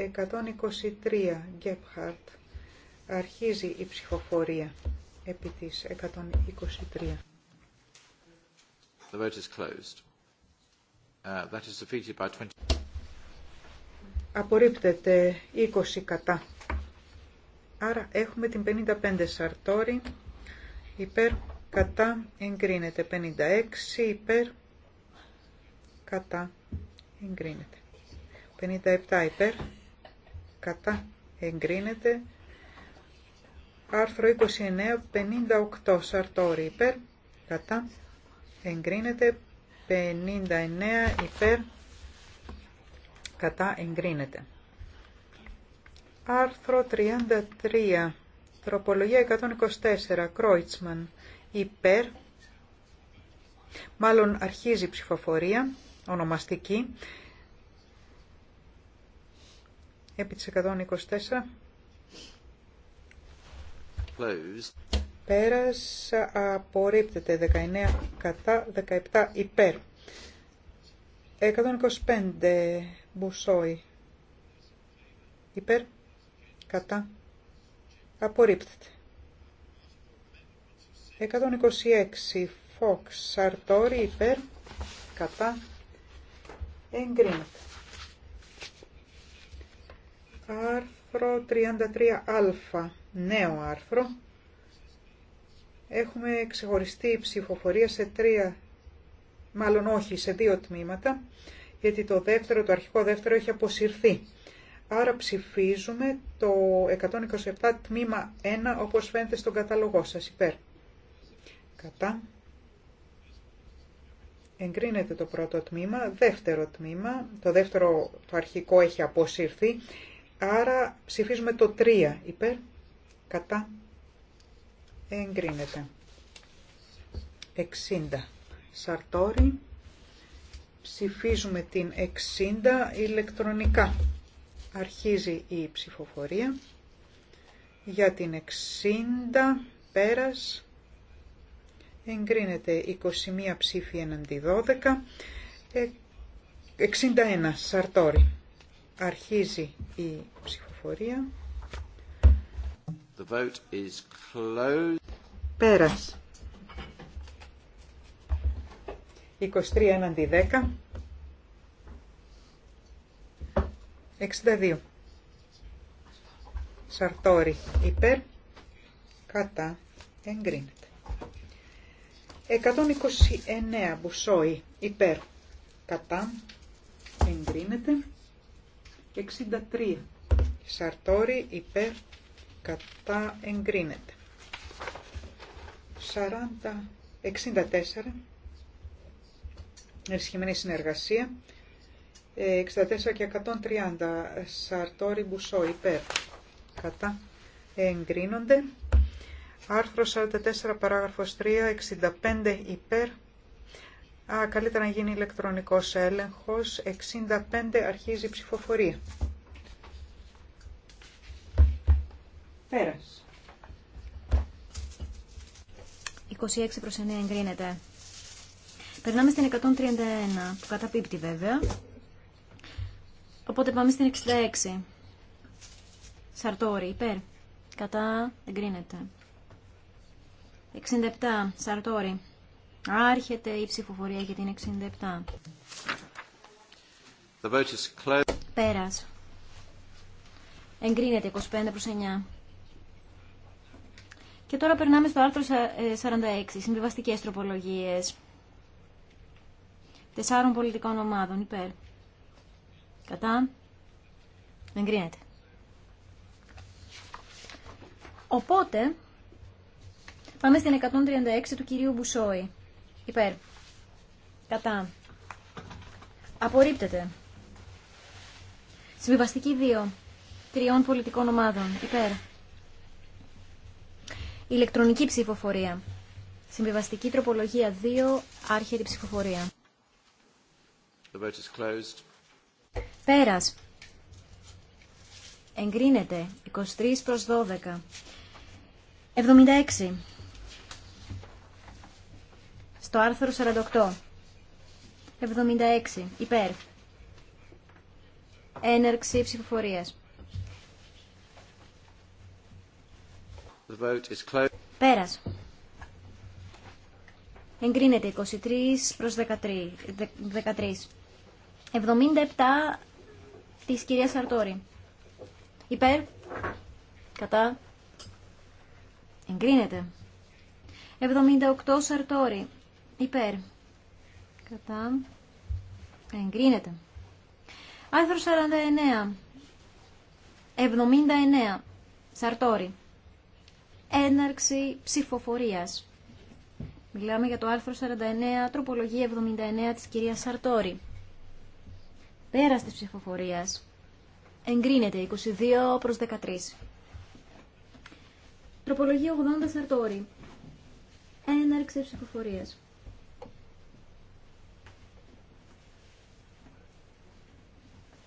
123. Γκέπχαρτ. Αρχίζει η ψυχοφορία επί της 123. The vote is closed. Uh, that is defeated by 20. Απορρίπτεται 20 κατά. Άρα έχουμε την 55 σαρτόρι υπέρ κατά εγκρίνεται 56 υπέρ κατά εγκρίνεται 57 υπέρ κατά εγκρίνεται Άρθρο 29, 58 Σαρτόρι υπέρ, κατά, εγκρίνεται, 59 υπέρ, κατά, εγκρίνεται. Άρθρο 33, τροπολογία 124, Κρόιτσμαν, υπέρ, μάλλον αρχίζει η ψηφοφορία, ονομαστική, επί της 124, Πέρας απορρίπτεται 19 κατά 17 υπέρ. 125 μπουσόι. Υπέρ. Κατά. Απορρίπτεται. 126 φόξ σαρτόρι υπέρ. Κατά. Εγκρίνεται άρθρο 33α, νέο άρθρο. Έχουμε ξεχωριστή ψηφοφορία σε τρία, μάλλον όχι, σε δύο τμήματα, γιατί το δεύτερο, το αρχικό δεύτερο έχει αποσυρθεί. Άρα ψηφίζουμε το 127 τμήμα 1, όπως φαίνεται στον καταλογό σας, υπέρ. Κατά. Εγκρίνεται το πρώτο τμήμα, δεύτερο τμήμα, το δεύτερο το αρχικό έχει αποσυρθεί, Άρα ψηφίζουμε το 3 υπέρ, κατά, εγκρίνεται. 60. Σαρτόρι. Ψηφίζουμε την 60 ηλεκτρονικά. Αρχίζει η ψηφοφορία. Για την 60 πέρας εγκρίνεται 21 ψήφοι εναντί 12. 61. Ε, σαρτόρι Αρχίζει η ψηφοφορία. The vote is closed. Πέρας. 23 έναντι 10. 62. Σαρτόρι υπέρ. Κατά. Εγκρίνεται. 129. Μπουσόι υπέρ. Κατά. Εγκρίνεται. 63. Σαρτόρι υπέρ κατά εγκρίνεται. 40, 64. Ενισχυμένη συνεργασία. 64 ε, και 130. Σαρτόρι Μπουσό υπέρ κατά εγκρίνονται. Άρθρο 44 παράγραφος 3. 65 υπέρ Α, καλύτερα να γίνει ηλεκτρονικός έλεγχος. 65 αρχίζει η ψηφοφορία. Πέρας. 26 προς 9 εγκρίνεται. Περνάμε στην 131, που καταπίπτει βέβαια. Οπότε πάμε στην 66. Σαρτόρι, υπέρ. Κατά, εγκρίνεται. 67, Σαρτόρι. Άρχεται η ψηφοφορία για την 67. The vote is closed. Πέρας. Εγκρίνεται 25 προς 9. Και τώρα περνάμε στο άρθρο 46, ε, συμβιβαστικές τροπολογίες. Τεσσάρων πολιτικών ομάδων, υπέρ. Κατά. Εγκρίνεται. Οπότε, πάμε στην 136 του κυρίου Μπουσόη. Υπέρ. Κατά. Απορρίπτεται. Συμβιβαστική 2. Τριών πολιτικών ομάδων. Υπέρ. Ηλεκτρονική ψηφοφορία. Συμβιβαστική τροπολογία 2. Άρχεται ψηφοφορία. The vote is closed. Πέρας. Εγκρίνεται. 23 προς 12. 76 στο άρθρο 48. 76. Υπέρ. Έναρξη ψηφοφορίας. The Εγκρίνεται 23 προς 13. 13. 77 της κυρίας Σαρτόρη. Υπέρ. Κατά. Εγκρίνεται. 78 Σαρτόρη. Υπέρ. Κατά. Εγκρίνεται. Άρθρο 49. 79. Σαρτόρι. Έναρξη ψηφοφορίας. Μιλάμε για το άρθρο 49, τροπολογία 79 της κυρίας Σαρτόρι. Πέρας της ψηφοφορίας. Εγκρίνεται 22 προς 13. Τροπολογία 80 Σαρτόρι. Έναρξη ψηφοφορίας.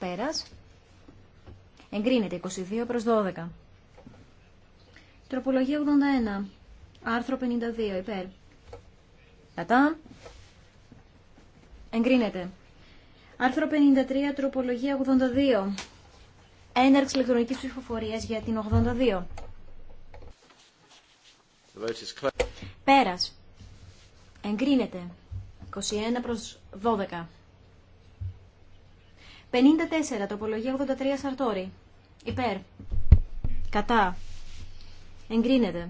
Πέρας. Εγκρίνεται 22 προς 12. Τροπολογία 81. Άρθρο 52. Υπέρ. Κατά. Εγκρίνεται. Άρθρο 53. Τροπολογία 82. Έναρξη ηλεκτρονικής ψηφοφορίας για την 82. Πέρας. Εγκρίνεται. 21 προς 12. 54, τροπολογία 83 Σαρτόρι. Υπέρ. Κατά. Εγκρίνεται.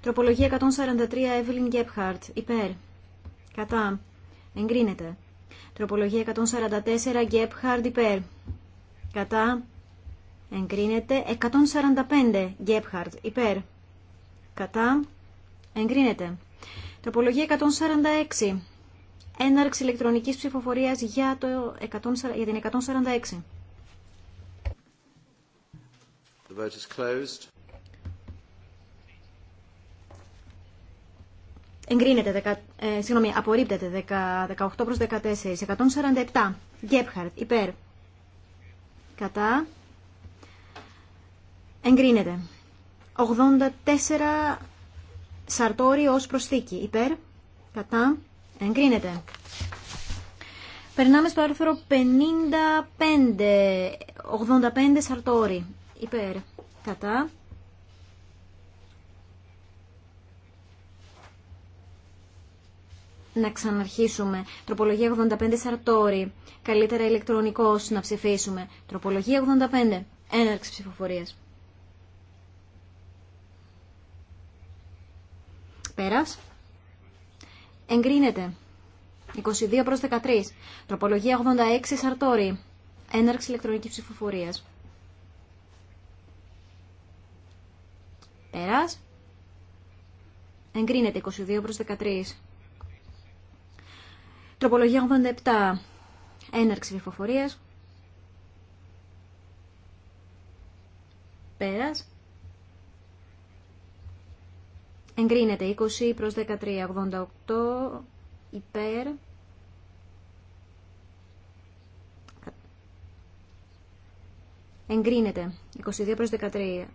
Τροπολογία 143 Εύλιν Γκέπχαρτ. Υπέρ. Κατά. Εγκρίνεται. Τροπολογία 144 Γκέπχαρτ. Υπέρ. Κατά. Εγκρίνεται. 145 Γκέπχαρτ. Υπέρ. Κατά. Εγκρίνεται. Τροπολογία 146 έναρξη ηλεκτρονικής ψηφοφορίας για, το για την 146. The vote is closed. Εγκρίνεται, ε, συγγνώμη, απορρίπτεται 18 προς 14, 147, Γκέπχαρτ, υπέρ, κατά, εγκρίνεται, 84, Σαρτόρι ως προσθήκη, υπέρ, κατά, Εγκρίνεται. Περνάμε στο άρθρο 55. 85 σαρτόρι. Υπέρ. Κατά. Να ξαναρχίσουμε. Τροπολογία 85 σαρτόρι. Καλύτερα ηλεκτρονικός να ψηφίσουμε. Τροπολογία 85. Έναρξη ψηφοφορίας. Πέρας. Εγκρίνεται. 22 προς 13. Τροπολογία 86 Σαρτόρι. Έναρξη ηλεκτρονικής ψηφοφορίας. Πέρας. Εγκρίνεται 22 προς 13. Τροπολογία 87. Έναρξη ψηφοφορίας. Πέρας. Εγκρίνεται 20 προς 13, 88 υπέρ. Εγκρίνεται 22 προς 13.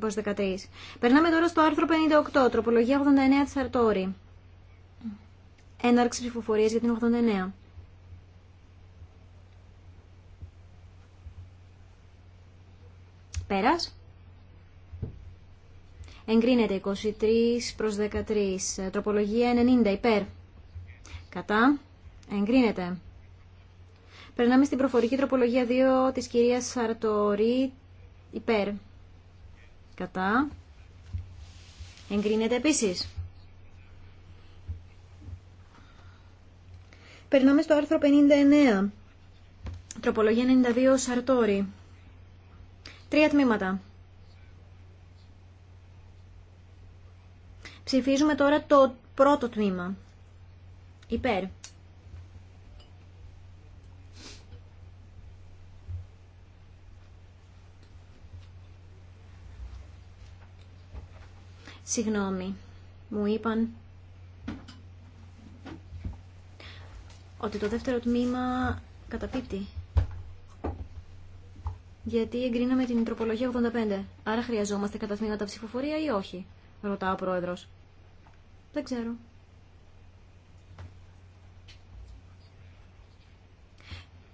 13. Περνάμε τώρα στο άρθρο 58, τροπολογία 89 της Αρτόρη. Έναρξη ψηφοφορίας για την 89. Πέρας. Εγκρίνεται 23 προς 13. Τροπολογία 90 υπέρ. Κατά. Εγκρίνεται. Περνάμε στην προφορική τροπολογία 2 της κυρίας Σαρτορή υπέρ. Κατά. Εγκρίνεται επίσης. Περνάμε στο άρθρο 59. Τροπολογία 92 Σαρτορή. Τρία τμήματα. Ψηφίζουμε τώρα το πρώτο τμήμα. Υπέρ. Συγγνώμη, μου είπαν ότι το δεύτερο τμήμα καταπίπτει. Γιατί εγκρίναμε την τροπολογία 85. Άρα χρειαζόμαστε κατά τμήματα ψηφοφορία ή όχι, Ρωτάω ο πρόεδρος. Δεν ξέρω.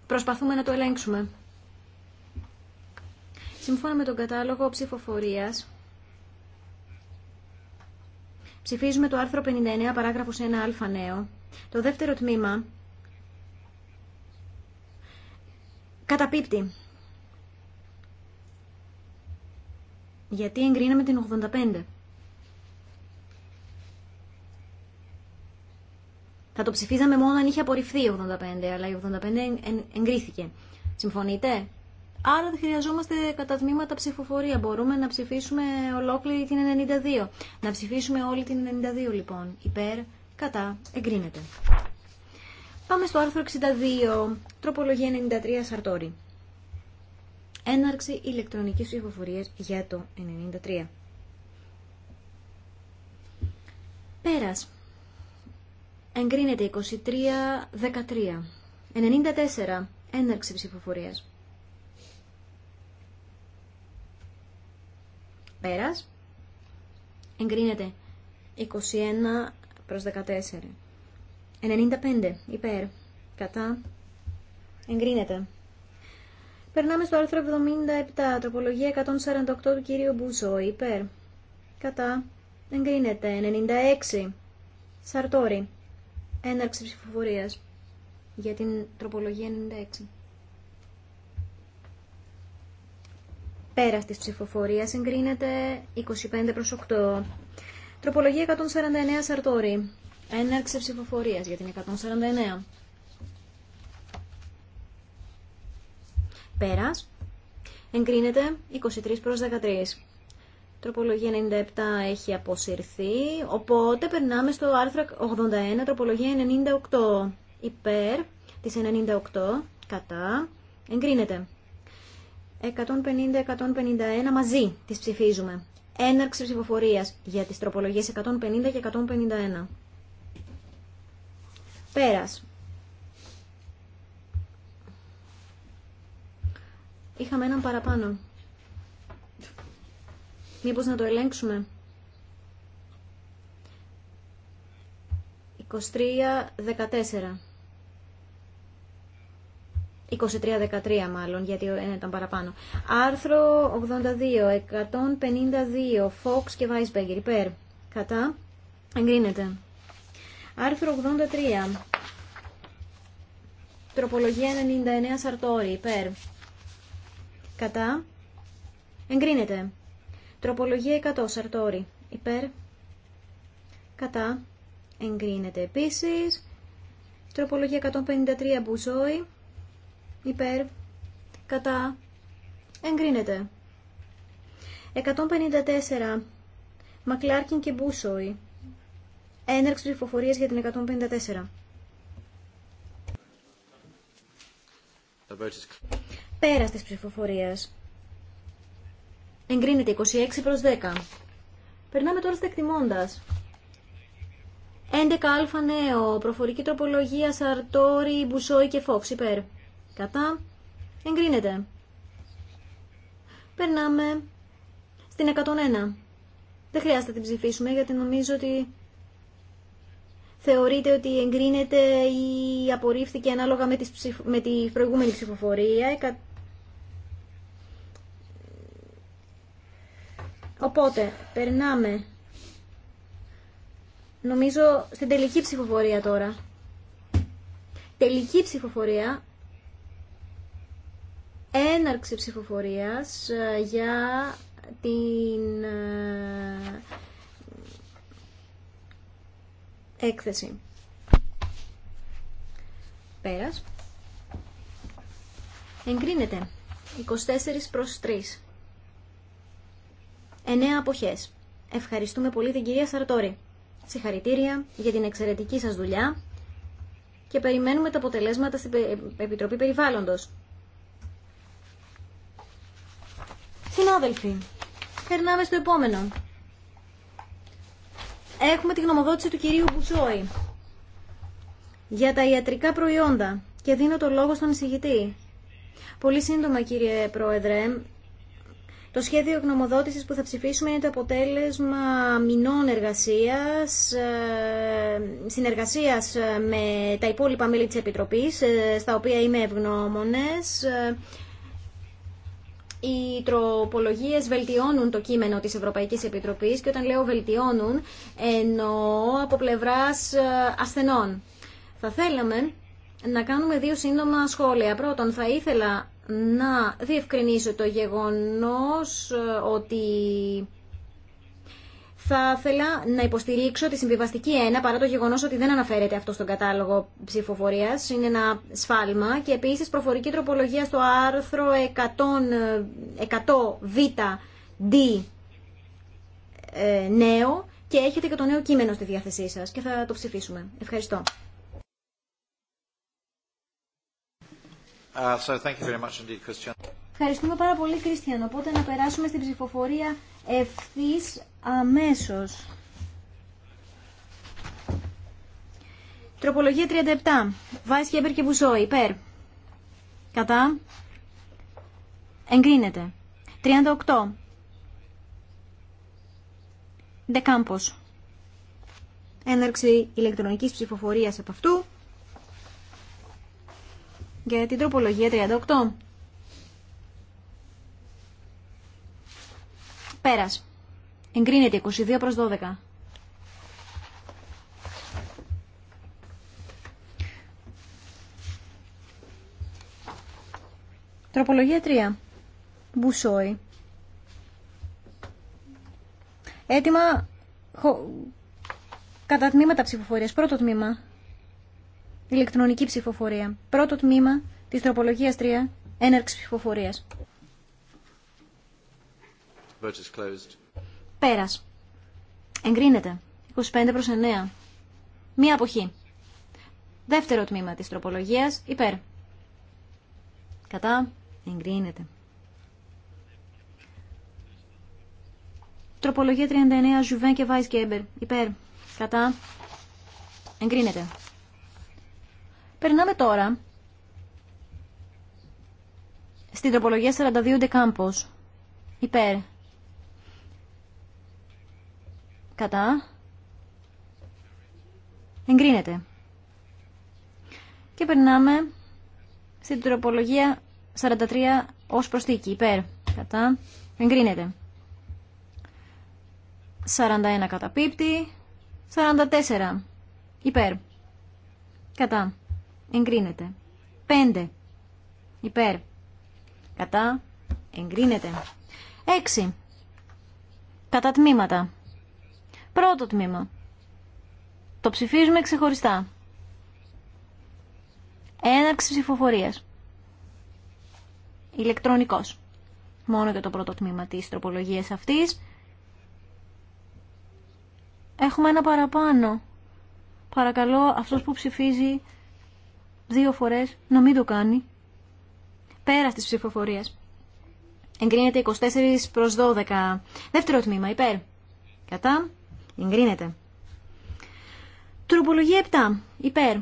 Προσπαθούμε να το ελέγξουμε. Σύμφωνα με τον κατάλογο ψηφοφορίας, ψηφίζουμε το άρθρο 59, παράγραφος 1α νέο. Το δεύτερο τμήμα καταπίπτει. Γιατί εγκρίναμε την 85. Θα το ψηφίζαμε μόνο αν είχε απορριφθεί η 85, αλλά η 85 εγκρίθηκε. Συμφωνείτε? Άρα δεν χρειαζόμαστε κατά τμήματα ψηφοφορία. Μπορούμε να ψηφίσουμε ολόκληρη την 92. Να ψηφίσουμε όλη την 92 λοιπόν. Υπέρ, κατά, εγκρίνεται. Πάμε στο άρθρο 62, τροπολογία 93 Σαρτόρι. Έναρξη ηλεκτρονικής ψηφοφορίας για το 93. Πέρας. Εγκρίνεται 23-13. 94. Έναρξη ψηφοφορίας. Πέρας. Εγκρίνεται 21 14. 95. Υπέρ. Κατά. Εγκρίνεται. Περνάμε στο άρθρο 77, τροπολογία 148 του κυρίου Μπούσο, υπέρ. Κατά. Εγκρίνεται. 96. Σαρτόρι. Έναρξη ψηφοφορία για την τροπολογία 96. Πέρας της ψηφοφορίας εγκρίνεται 25 προ 8. Τροπολογία 149 Σαρτόρι. Έναρξη ψηφοφορία για την 149. Πέρας εγκρίνεται 23 προς 13. Τροπολογία 97 έχει αποσυρθεί, οπότε περνάμε στο άρθρο 81, τροπολογία 98. Υπέρ της 98, κατά, εγκρίνεται. 150-151 μαζί τις ψηφίζουμε. Έναρξη ψηφοφορίας για τις τροπολογίες 150 και 151. Πέρας. Είχαμε έναν παραπάνω. Μήπως να το ελέγξουμε. 23-14. 23-13 μάλλον, γιατί ένα ήταν παραπάνω. Άρθρο 82, 152, Fox και Weisberger, υπέρ. Κατά, εγκρίνεται. Άρθρο 83, τροπολογία 99, Σαρτόρι, υπέρ. Κατά, εγκρίνεται. Τροπολογία 100, Σαρτόρι. Υπέρ. Κατά. Εγκρίνεται επίσης. Τροπολογία 153, Μπουζόι. Υπέρ. Κατά. Εγκρίνεται. 154. Μακλάρκιν και Μπουζόι. Έναρξη ψηφοφορίας για την 154. Πέρα τη ψηφοφορία. Εγκρίνεται 26 προς 10. Περνάμε τώρα στα εκτιμώντας. 11α νέο, προφορική τροπολογία, σαρτόρι, μπουσόι και φόξ, υπέρ. Κατά. Εγκρίνεται. Περνάμε στην 101. Δεν χρειάζεται να την ψηφίσουμε γιατί νομίζω ότι θεωρείται ότι εγκρίνεται ή απορρίφθηκε ανάλογα με, τις με τη προηγούμενη ψηφοφορία. Οπότε, περνάμε, νομίζω, στην τελική ψηφοφορία τώρα. Τελική ψηφοφορία, έναρξη ψηφοφορίας ε, για την ε, έκθεση. Πέρας. Εγκρίνεται. 24 προς 3. Εννέα αποχέ. Ευχαριστούμε πολύ την κυρία Σαρτόρη. Συγχαρητήρια για την εξαιρετική σας δουλειά και περιμένουμε τα αποτελέσματα στην Επιτροπή περιβάλλοντο. Συνάδελφοι, περνάμε στο επόμενο. Έχουμε τη γνωμοδότηση του κυρίου Μπουτσόη για τα ιατρικά προϊόντα και δίνω το λόγο στον εισηγητή. Πολύ σύντομα κύριε Πρόεδρε, το σχέδιο γνωμοδότησης που θα ψηφίσουμε είναι το αποτέλεσμα μηνών εργασίας, ε, συνεργασίας ε, με τα υπόλοιπα μέλη της Επιτροπής, ε, στα οποία είμαι ευγνώμονες. Οι τροπολογίες βελτιώνουν το κείμενο της Ευρωπαϊκής Επιτροπής και όταν λέω βελτιώνουν εννοώ από πλευράς ασθενών. Θα θέλαμε να κάνουμε δύο σύντομα σχόλια. Πρώτον, θα ήθελα να διευκρινίσω το γεγονός ε, ότι θα ήθελα να υποστηρίξω τη συμβιβαστική 1 παρά το γεγονός ότι δεν αναφέρεται αυτό στον κατάλογο ψηφοφορίας. Είναι ένα σφάλμα. Και επίσης προφορική τροπολογία στο άρθρο ε, β ε, νέο και έχετε και το νέο κείμενο στη διάθεσή σας και θα το ψηφίσουμε. Ευχαριστώ. Uh, Ευχαριστούμε πάρα πολύ, Κρίστιαν. Οπότε να περάσουμε στην ψηφοφορία ευθύ αμέσω. Τροπολογία 37. Βάι Χέμπερ και Μπουσό. Υπέρ. Κατά. Εγκρίνεται. 38. Δεκάμπος. Έναρξη ηλεκτρονικής ψηφοφορία από αυτού για την τροπολογία 38. Πέρας. Εγκρίνεται 22 προς 12. Τροπολογία 3. Μπουσόι. Έτοιμα κατά τμήματα ψηφοφορίας. Πρώτο τμήμα ηλεκτρονική ψηφοφορία. Πρώτο τμήμα τη τροπολογία 3, έναρξη ψηφοφορία. Πέρας. Εγκρίνεται. 25 προ 9. Μία αποχή. Δεύτερο τμήμα της τροπολογία. υπέρ. Κατά. Εγκρίνεται. Τροπολογία 39, Ζουβέν και Βάις Γκέμπερ. Υπέρ. Κατά. Εγκρίνεται. Περνάμε τώρα στην τροπολογία 42 κάμπος, Υπέρ. Κατά. Εγκρίνεται. Και περνάμε στην τροπολογία 43 ως προστίκη. Υπέρ. Κατά. Εγκρίνεται. 41 καταπίπτει. 44. Υπέρ. Κατά εγκρίνεται. 5 υπέρ κατά εγκρίνεται. 6 κατά τμήματα. Πρώτο τμήμα. Το ψηφίζουμε ξεχωριστά. Έναρξη ψηφοφορίας. Ηλεκτρονικός. Μόνο για το πρώτο τμήμα της τροπολογίας αυτής. Έχουμε ένα παραπάνω. Παρακαλώ αυτός που ψηφίζει δύο φορέ να μην το κάνει. Πέρα τη ψηφοφορία. Εγκρίνεται 24 προς 12. Δεύτερο τμήμα, υπέρ. Κατά. Εγκρίνεται. Τροπολογία 7. Υπέρ.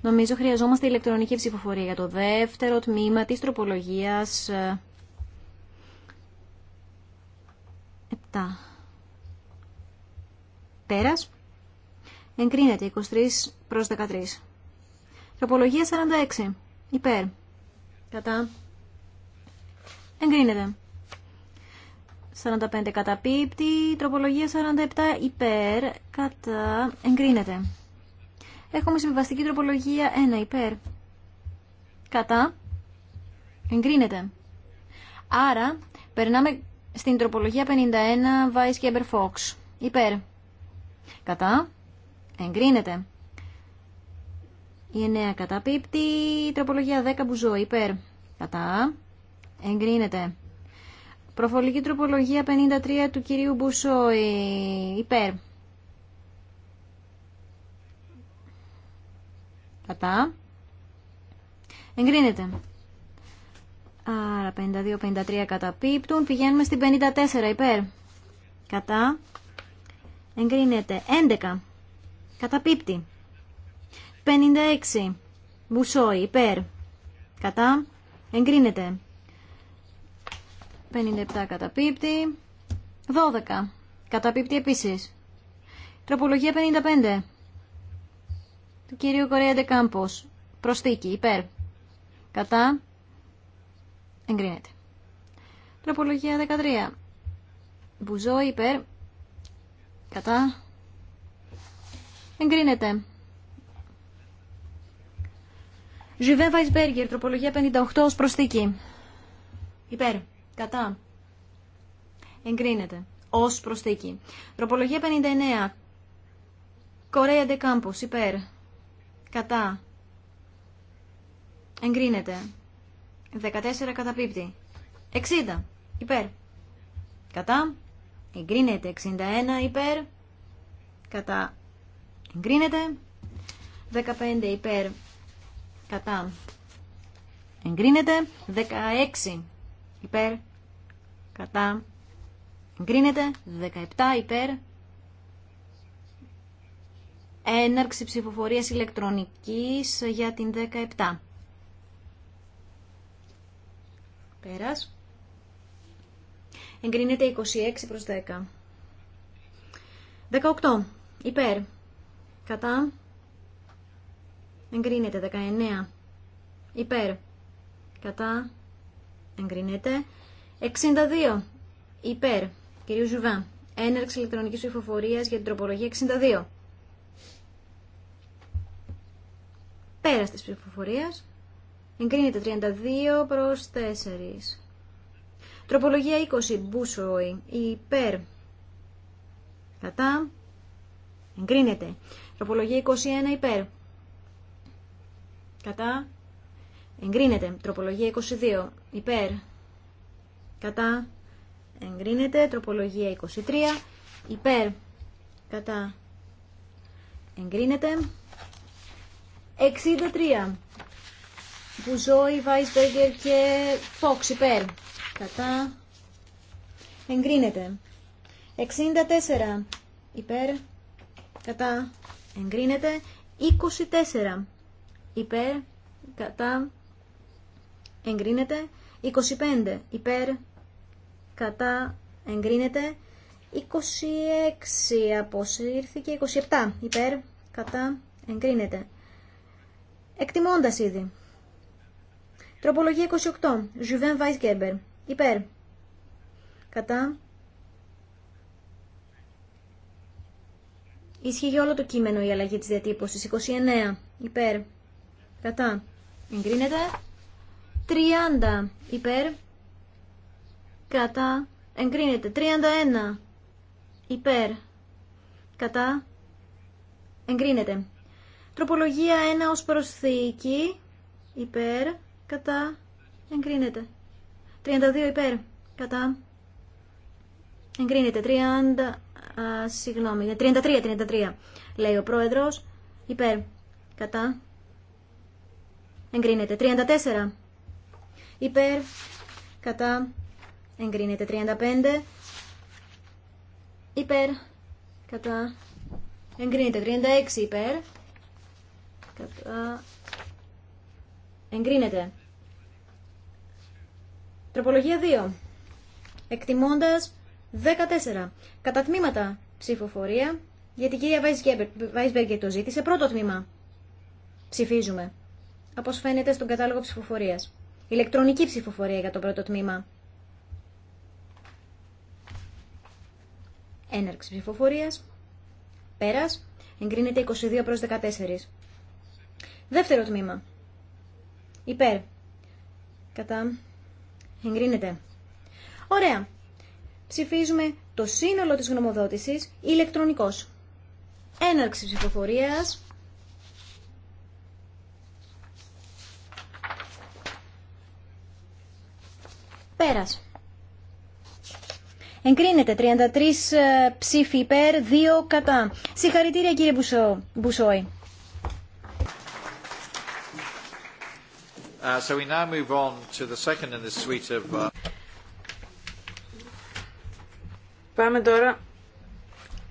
Νομίζω χρειαζόμαστε ηλεκτρονική ψηφοφορία για το δεύτερο τμήμα της τροπολογίας 7. Ε, Πέρας. Εγκρίνεται 23 προς 13. Τροπολογία 46. Υπέρ. Κατά. Εγκρίνεται. 45 καταπίπτει. Τροπολογία 47 υπέρ. Κατά. Εγκρίνεται. Έχουμε συμβιβαστική τροπολογία 1 υπέρ. Κατά. Εγκρίνεται. Άρα, περνάμε στην τροπολογία 51 Vice Geber Fox. Υπέρ. Κατά. Εγκρίνεται. Η 9 καταπίπτη, Η τροπολογία 10 μπουζό υπέρ. Κατά. Εγκρίνεται. Προφορική τροπολογία 53 του κυρίου Μπουσόη. Ε, υπέρ. Κατά. Εγκρίνεται. Άρα 52-53 καταπίπτουν. Πηγαίνουμε στην 54 υπέρ. Κατά. Εγκρίνεται. 11. Καταπίπτει. 56. Μπουσόη. Υπέρ. Κατά. Εγκρίνεται. 57 καταπίπτει. 12. Καταπίπτει επίσης. Τροπολογία 55. Του κυρίου Κορέα Κάμπος. Προστίκη. Υπέρ. Κατά. Εγκρίνεται. Τροπολογία 13. Μπουζό υπέρ. Κατά. Εγκρίνεται. Ζιβέ Βαϊσμπέργκερ, τροπολογία 58 ως προσθήκη. Υπέρ. Κατά. Εγκρίνεται. Ως προσθήκη. Τροπολογία 59. Κορέα Ντε Κάμπος. Υπέρ. Κατά. Εγκρίνεται. 14 καταπίπτη. 60. Υπέρ. Κατά. Εγκρίνεται. 61 υπέρ. Κατά εγκρίνεται. 15 υπέρ κατά εγκρίνεται. 16 υπέρ κατά εγκρίνεται. 17 υπέρ έναρξη ψηφοφορίας ηλεκτρονικής για την 17. Πέρας. Εγκρίνεται 26 προς 10. 18. Υπέρ. Κατά. Εγκρίνεται 19. Υπέρ. Κατά. Εγκρίνεται. 62. Υπέρ. Κυρίου Ζουβά. Έναρξη ηλεκτρονικής ψηφοφορία για την τροπολογία 62. Πέρα τη ψηφοφορία. Εγκρίνεται 32 προ 4. Τροπολογία 20. Μπούσοι. Υπέρ. Κατά. Εγκρίνεται. Τροπολογία 21 υπέρ. Κατά. Εγκρίνεται. Τροπολογία 22 υπέρ. Κατά. Εγκρίνεται. Τροπολογία 23 υπέρ. Κατά. Εγκρίνεται. 63. Μπουζόη, ζώει και Φόξ υπέρ. Κατά. Εγκρίνεται. 64. Υπέρ. Κατά εγκρίνεται 24 υπέρ κατά εγκρίνεται 25 υπέρ κατά εγκρίνεται 26 αποσύρθηκε 27 υπέρ κατά εγκρίνεται εκτιμώντας ήδη τροπολογία 28 Ζουβέν Βάις Γκέμπερ υπέρ κατά Ισχύει για όλο το κείμενο η αλλαγή της διατύπωσης. 29 υπέρ. Κατά. Εγκρίνεται. 30 υπέρ. Κατά. Εγκρίνεται. 31 υπέρ. Κατά. Εγκρίνεται. Τροπολογία 1 ως προσθήκη. Υπέρ. Κατά. Εγκρίνεται. 32 υπέρ. Κατά. Εγκρίνεται. 30. Α, συγγνώμη, είναι 33, 33, λέει ο πρόεδρος. Υπέρ, κατά, εγκρίνεται. 34, υπέρ, κατά, εγκρίνεται. 35, υπέρ, κατά, εγκρίνεται. 36, υπέρ, κατά, εγκρίνεται. Τροπολογία 2. Εκτιμώντας 14. Κατά τμήματα ψηφοφορία, γιατί η κυρία Βάισμπεργκερ το ζήτησε, πρώτο τμήμα ψηφίζουμε. Όπω φαίνεται στον κατάλογο ψηφοφορία. Ηλεκτρονική ψηφοφορία για το πρώτο τμήμα. Έναρξη ψηφοφορία. Πέρα. Εγκρίνεται 22 προς 14. Δεύτερο τμήμα. Υπέρ. Κατά. Εγκρίνεται. Ωραία ψηφίζουμε το σύνολο της γνωμοδότησης ηλεκτρονικός. Έναρξη ψηφοφορίας. Πέρας. Εγκρίνεται 33 ε, ψήφοι υπέρ, 2 κατά. Συγχαρητήρια κύριε Μπουσόη. Uh, so we now move on to the second in this suite of... Uh, Πάμε τώρα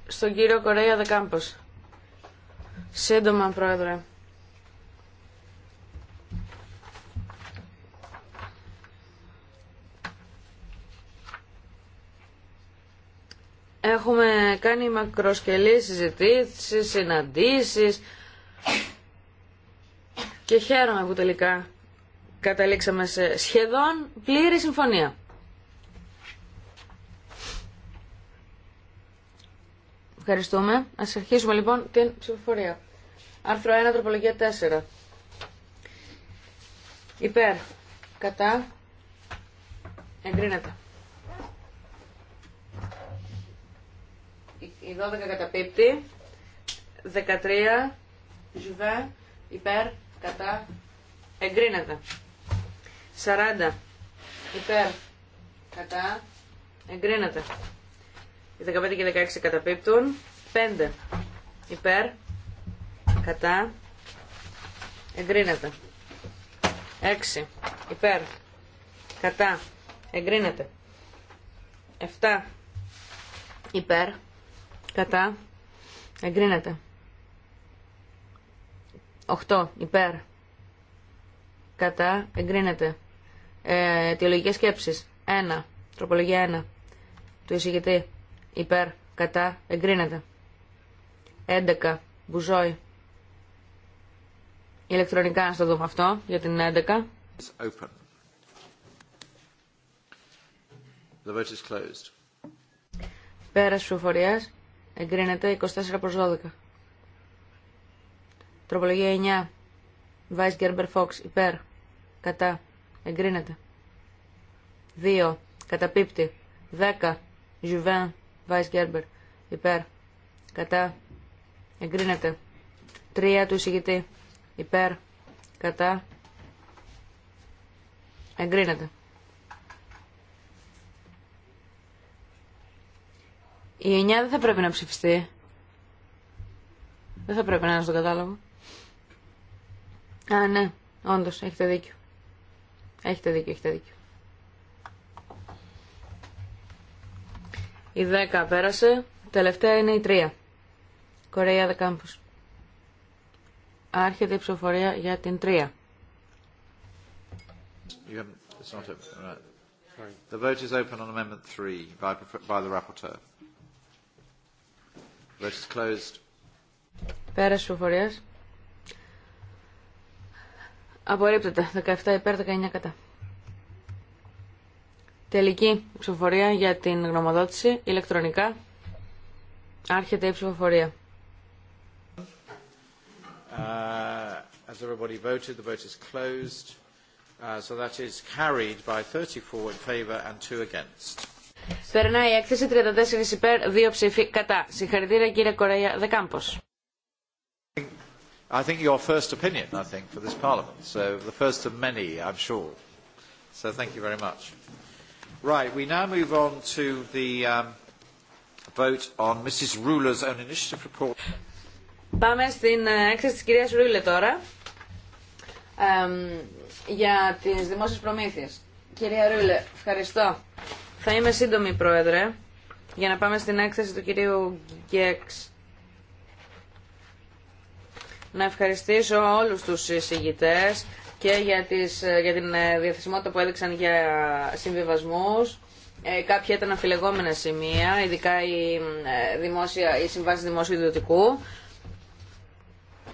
στον κύριο Κορέα Δεκάμπος. Σύντομα, Πρόεδρε. Έχουμε κάνει μακροσκελή συζητήσει, συναντήσεις και χαίρομαι που τελικά καταλήξαμε σε σχεδόν πλήρη συμφωνία. Ευχαριστούμε. Ας αρχίσουμε λοιπόν την ψηφοφορία. Άρθρο 1, τροπολογία 4. Υπέρ. Κατά. Εγκρίνεται. Η 12 καταπίπτει. 13. Ζουβέ. Υπέρ. Κατά. Εγκρίνεται. 40. Υπέρ. Κατά. Εγκρίνεται. Οι 15 και 16 καταπίπτουν. 5 υπέρ. Κατά. Εγκρίνεται. 6 υπέρ. Κατά. Εγκρίνεται. 7 υπέρ. Κατά. Εγκρίνεται. 8 υπέρ. Κατά. Εγκρίνεται. Ε, σκέψεις. 1. Τροπολογία 1. Του εισηγητή υπέρ, κατά, εγκρίνεται. 11, μπουζόι. Ηλεκτρονικά να το δούμε αυτό για την 11. Open. The vote εγκρίνεται 24 προς 12. Τροπολογία 9. Βάις Γκέρμπερ Φόξ υπέρ. Κατά. Εγκρίνεται. 2. Καταπίπτει. 10. Ζουβέν Βάις Γκέρμπερ. Υπέρ. Κατά. Εγκρίνεται. Τρία του εισηγητή. Υπέρ. Κατά. Εγκρίνεται. Η 9 δεν θα πρέπει να ψηφιστεί. Δεν θα πρέπει να είναι στον κατάλογο. Α, ναι. όντως, έχετε δίκιο. Έχετε δίκιο, έχετε δίκιο. Η 10 πέρασε. Τελευταία είναι η 3. Κορέα Δεκάμπου. Άρχεται η ψηφοφορία για την 3. The vote is open on Amendment 3 by, by the rapporteur. The vote is closed. Πέρασε Απορρίπτεται. 17 υπέρ, 19 κατά. Τελική ψηφοφορία για την γνωμοδότηση ηλεκτρονικά. Άρχεται η ψηφοφορία. Uh, as everybody voted, the vote is closed. Uh, so that is carried by 34 in favour and 2 against. Περνάει η έκθεση 34 υπέρ, 2 ψήφοι κατά. Συγχαρητήρια κύριε Κορέα Δεκάμπος. I think your first opinion, I think, for this Parliament. So the first of many, I'm sure. So thank you very much on Πάμε στην ε, έκθεση της κυρίας Ρούλε τώρα για τις δημόσιες προμήθειες. Κυρία Ρούλε, ευχαριστώ. Θα είμαι σύντομη, Πρόεδρε, για να πάμε στην έκθεση του κυρίου Γκέξ. Να ευχαριστήσω όλους τους εισηγητές και για, τις, ε, για την ε, διαθεσιμότητα που έδειξαν για συμβιβασμούς. Ε, κάποια ήταν αφιλεγόμενα σημεία, ειδικά οι, ε, δημόσια, οι συμβάσεις δημόσιου ιδιωτικού.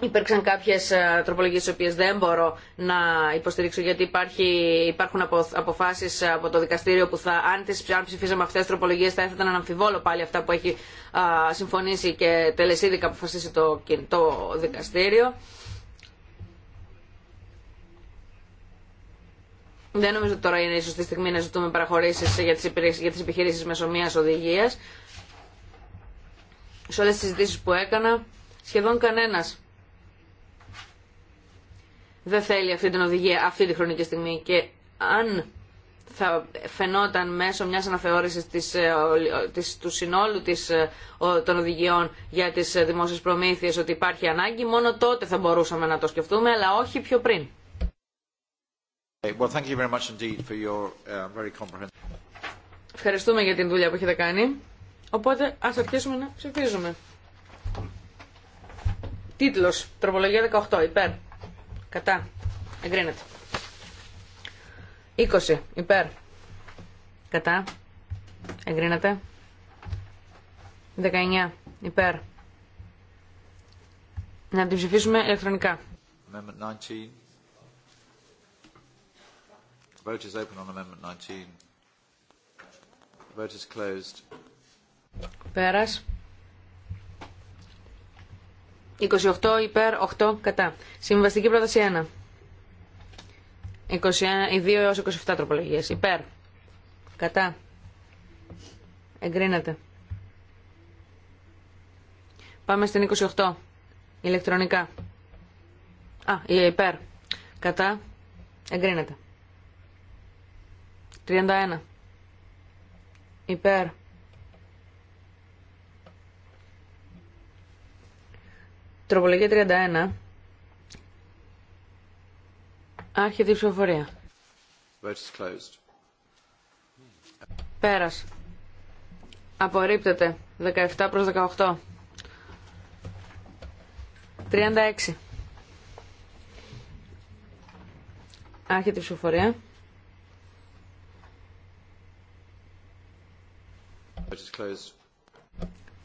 Υπήρξαν κάποιε τροπολογίε, τι οποίε δεν μπορώ να υποστηρίξω, γιατί υπάρχει, υπάρχουν αποφάσει από το δικαστήριο που θα, αν, τις, αν ψηφίζαμε αυτέ τι τροπολογίε, θα έθεταν αναμφιβόλο πάλι αυτά που έχει συμφωνήσει και τελεσίδικα αποφασίσει το, το δικαστήριο. Δεν νομίζω ότι τώρα είναι η σωστή στιγμή να ζητούμε παραχωρήσει για τι επιχειρήσει μέσω μια οδηγία. Σε όλε τι συζητήσει που έκανα, σχεδόν κανένα δεν θέλει αυτή την οδηγία αυτή τη χρονική στιγμή. Και αν θα φαινόταν μέσω μιας αναθεώρησης ε, του συνόλου ε, των οδηγιών για τις ε, δημόσιες προμήθειες ότι υπάρχει ανάγκη, μόνο τότε θα μπορούσαμε να το σκεφτούμε, αλλά όχι πιο πριν. Ευχαριστούμε για την δουλειά που έχετε κάνει. Οπότε ας αρχίσουμε να ψηφίζουμε. Τίτλος, τροπολογία 18, υπέρ. Κατά. Εγκρίνεται. 20, υπέρ. Κατά. Εγκρίνεται. 19, υπέρ. Να την ψηφίσουμε ηλεκτρονικά. Vote open on amendment 19. Vote closed. Πέρας. 28 υπέρ, 8 κατά. Συμβαστική πρόταση 1. 21, οι 2 έως 27 τροπολογίες. Υπέρ. Κατά. Εγκρίνεται. Πάμε στην 28. Ηλεκτρονικά. Α, υπέρ. Κατά. Εγκρίνεται. 31. Υπέρ. Τροπολογία 31. Άρχεται η ψηφοφορία. Πέρας. Απορρίπτεται. 17 προς 18. 36. Άρχεται η ψηφοφορία.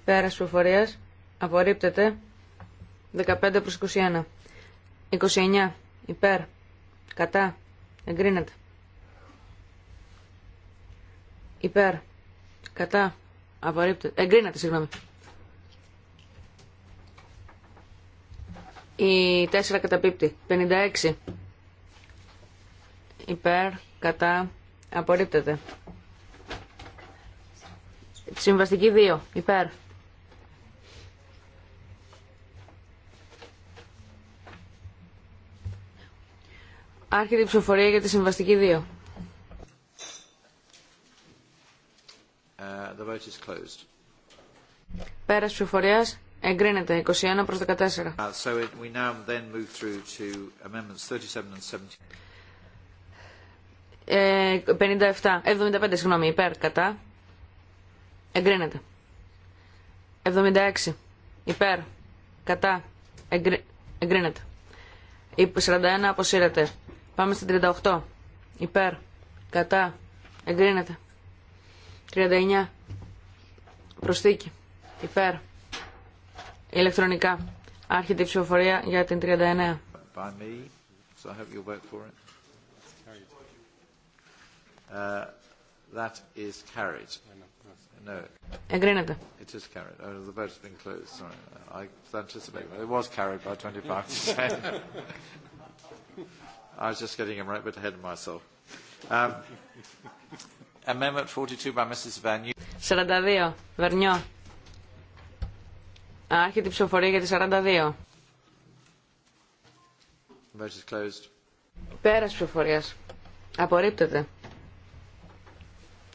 Πέρας ψηφοφορίας. Απορρίπτεται. 15 προ 21. 29. Υπέρ. Κατά. Εγκρίνεται. Υπέρ. Κατά. Απορρίπτεται. Εγκρίνεται, συγγνώμη. Η 4 καταπίπτει. 56. Υπέρ. Κατά. Απορρίπτεται. Συμβαστική 2. Υπέρ. Άρχεται η ψηφοφορία για τη συμβαστική 2. Uh, the vote is closed. Πέρας ψηφοφορίας εγκρίνεται 21 προς 14. Uh, so we now then move through to amendments 37 and 70. 57, 75 συγγνώμη, υπέρ, κατά. Εγκρίνεται. 76. Υπέρ. Κατά. Εγκρι... Εγκρίνεται. 41 αποσύρεται. Πάμε στην 38. Υπέρ. Κατά. Εγκρίνεται. 39. Προσθήκη. Υπέρ. Ηλεκτρονικά. Άρχεται η ψηφοφορία για την 39. Uh, that is carried. No. Εγκρίνεται. It is carried. Oh, the vote's been closed. Sorry. I anticipate. It was carried by 25%. I was just getting him right bit ahead of myself. Um, amendment 42 by Mrs. Van 42. Βερνιό. Άρχεται η ψηφοφορία για τη 42. The vote is closed. Πέρας ψηφοφορίας. Απορρίπτεται.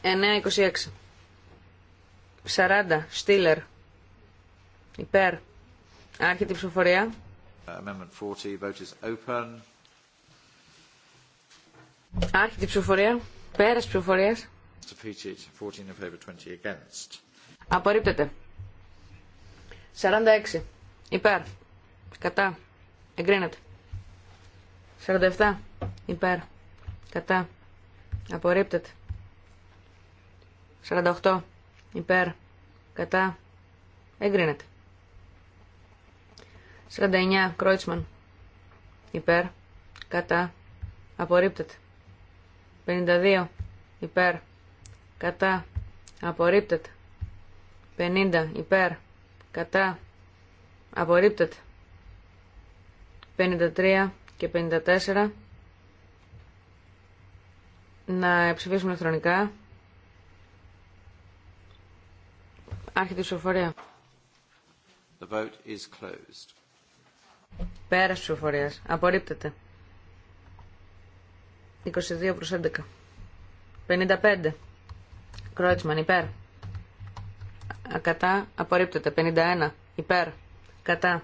9.26. 40. Στήλερ. Υπέρ. Άρχεται η ψηφοφορία. Amendment 40. Vote is open. Άρχεται η ψηφοφορία. Πέρας ψηφοφορίας. 14 in favor, 20 against. Απορρίπτεται. 46. Υπέρ. Κατά. Εγκρίνεται. 47. Υπέρ. Κατά. Απορρίπτεται. 48 υπέρ, κατά, εγκρίνεται. 49. Κρόιτσμαν. Υπέρ. Κατά. Απορρίπτεται. 52. Υπέρ. Κατά. Απορρίπτεται. 50. Υπέρ. Κατά. Απορρίπτεται. 53 και 54. Να ψηφίσουμε ηλεκτρονικά. Άρχεται η ψηφοφορία. The vote is closed. Πέρας Απορρίπτεται. 22 προς 11. 55. Κρότσμαν υπέρ. Κατά απορρίπτεται. 51. Υπέρ. Κατά.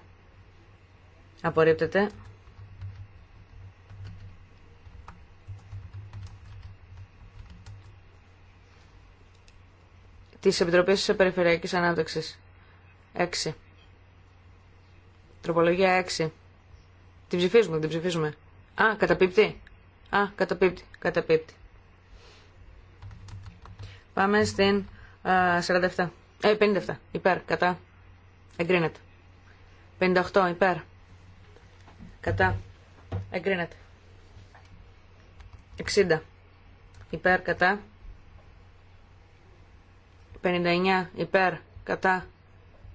Απορρίπτεται. της Επιτροπής περιφερειακή Ανάπτυξη. 6. Τροπολογία 6. Την ψηφίζουμε, την ψηφίζουμε. Α, καταπίπτει. Α, καταπίπτει, καταπίπτει. Πάμε στην 47. Ε, 57. Υπέρ, κατά. Εγκρίνεται. 58. Υπέρ. Κατά. Εγκρίνεται. 60. Υπέρ, κατά. 59 υπέρ κατά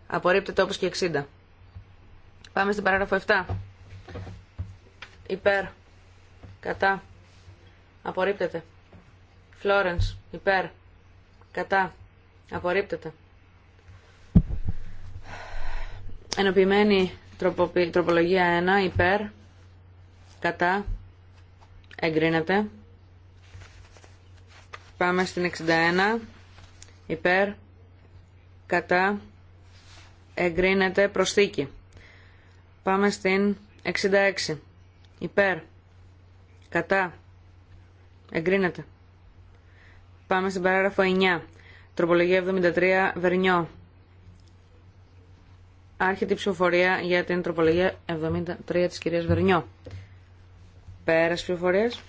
απορρίπτεται όπως και 60. Πάμε στην παράγραφο 7. Υπέρ κατά απορρίπτεται. Φλόρενς υπέρ κατά απορρίπτεται. Ενοποιημένη τροπολογία 1 υπέρ κατά εγκρίνεται. Πάμε στην 61 υπέρ κατά εγκρίνεται προσθήκη. Πάμε στην 66 υπέρ κατά εγκρίνεται. Πάμε στην παράγραφο 9. Τροπολογία 73 Βερνιό. Άρχεται η ψηφοφορία για την τροπολογία 73 της κυρίας Βερνιό. Πέρας ψηφοφορίας.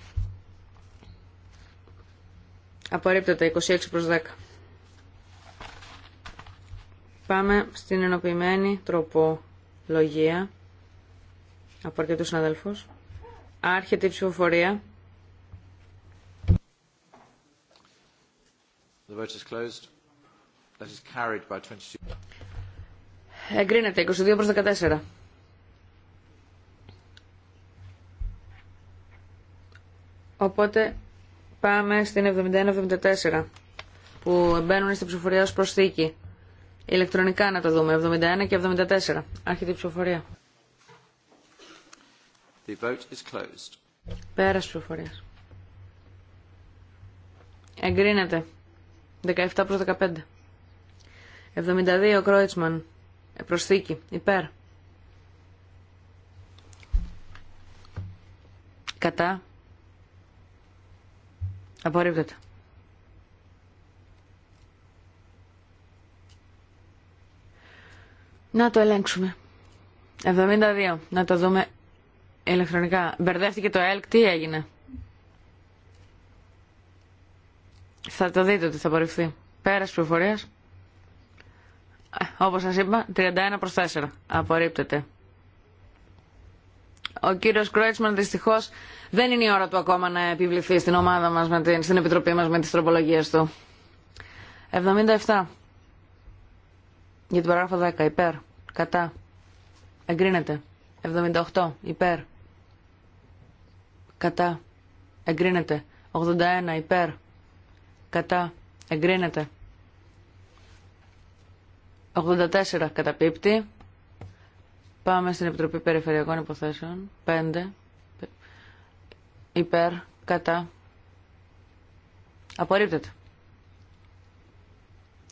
Απορρίπτεται 26 προς 10. Πάμε στην ενοποιημένη τροπολογία από αρκετούς συναδέλφους. Άρχεται η ψηφοφορία. The vote is closed. That is carried by 22. Εγκρίνεται 22 προς 14. Οπότε πάμε στην 71-74 που μπαίνουν στην ψηφοφορία ως προσθήκη. Ηλεκτρονικά να το δούμε. 71 και 74. Άρχεται η ψηφοφορία. The vote is closed. Πέρας ψηφοφορίας. Εγκρίνεται. 17 προς 15. 72 Κρόιτσμαν. Ε, προσθήκη. Υπέρ. Κατά. Απορρίπτεται. Να το ελέγξουμε. 72. Να το δούμε ηλεκτρονικά. Μπερδεύτηκε το ΕΛΚ. Τι έγινε. Θα το δείτε ότι θα απορριφθεί. Πέρας πληροφορίας. Ε, όπως σας είπα, 31 προς 4. Απορρίπτεται. Ο κύριος Κρόιτσμαν δυστυχώς δεν είναι η ώρα του ακόμα να επιβληθεί στην ομάδα μας, στην επιτροπή μας με τις τροπολογίες του. 77. Για την παράγραφο 10. Υπέρ. Κατά. Εγκρίνεται. 78. Υπέρ. Κατά. Εγκρίνεται. 81. Υπέρ. Κατά. Εγκρίνεται. 84. Καταπίπτει. Πάμε στην Επιτροπή Περιφερειακών Υποθέσεων. 5. Υπέρ. Κατά. Απορρίπτεται.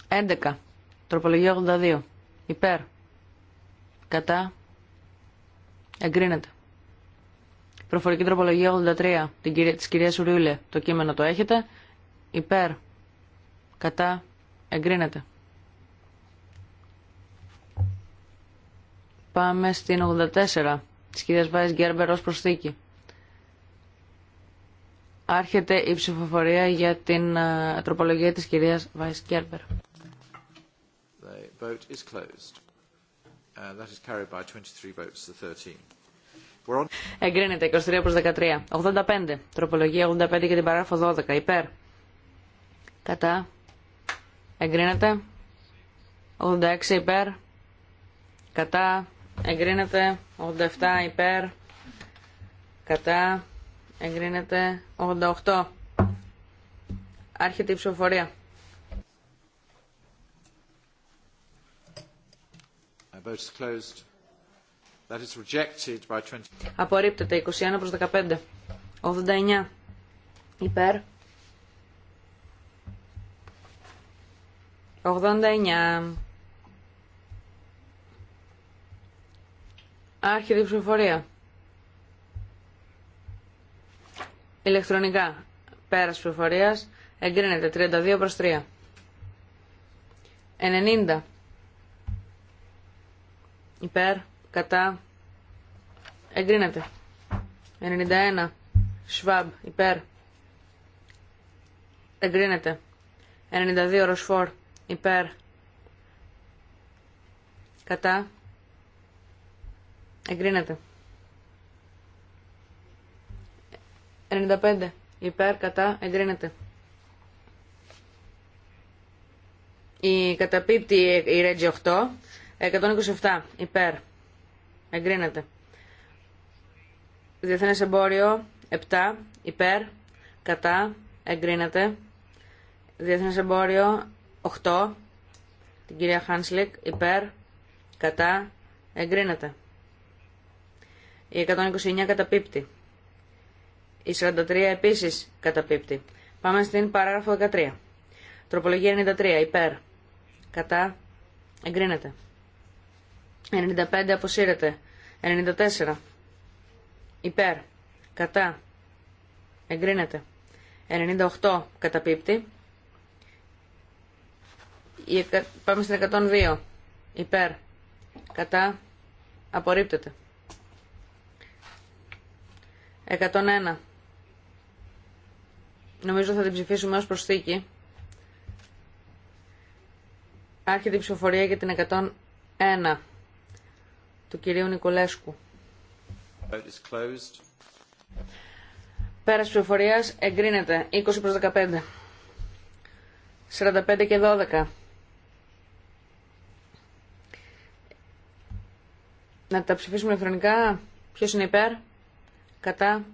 11. Τροπολογία 82. Υπέρ. Κατά. Εγκρίνεται. Προφορική τροπολογία 83 της κυρίας ουρίουλε. Το κείμενο το έχετε. Υπέρ. Κατά. Εγκρίνεται. Πάμε στην 84 της κυρίας Βάης Γκέρμπερ ως προσθήκη. Άρχεται η ψηφοφορία για την ε, τροπολογία της κυρίας Βάης Γκέρμπερ. The uh, vote is closed. Uh, that is carried by 23 votes to 13. Εγκρίνεται 23 προς 13. 85. Τροπολογία 85 και την παράγραφο 12. Υπέρ. Κατά. Εγκρίνεται. 86 υπέρ. Κατά. Εγκρίνεται. 87 υπέρ. Κατά. Εγκρίνεται. 88. Άρχεται η ψηφοφορία. Απορρίπτεται 21 προς 15. 89. Υπέρ. 89. Άρχιδη ψηφοφορία. Ηλεκτρονικά. Πέρας ψηφοφορίας. Εγκρίνεται 32 προς 3. 90. Υπέρ. Κατά. Εγκρίνεται. 91. Σβάμπ. Υπέρ. Εγκρίνεται. 92. Ροσφόρ. Υπέρ. Κατά. Εγκρίνεται. 95. Υπέρ. Κατά. Εγκρίνεται. Η καταπίπτει η Ρέτζι 8. 127 υπέρ. Εγκρίνεται. Διεθνές εμπόριο 7 υπέρ. Κατά. Εγκρίνεται. Διεθνές εμπόριο 8. Την κυρία Χάνσλικ υπέρ. Κατά. Εγκρίνεται. Η 129 καταπίπτει. Η 43 επίσης καταπίπτει. Πάμε στην παράγραφο 13. Τροπολογία 93. Υπέρ. Κατά. Εγκρίνεται. 95 αποσύρεται. 94 υπέρ. Κατά. Εγκρίνεται. 98 καταπίπτει. Πάμε στην 102 υπέρ. Κατά. Απορρίπτεται. 101. Νομίζω θα την ψηφίσουμε ως προσθήκη. Άρχεται η ψηφοφορία για την 101 του κυρίου Νικολέσκου. Πέρας ψηφοφορίας εγκρίνεται 20 προς 15. 45 και 12. Να τα ψηφίσουμε ηλεκτρονικά. Ποιος είναι υπέρ. Κατά.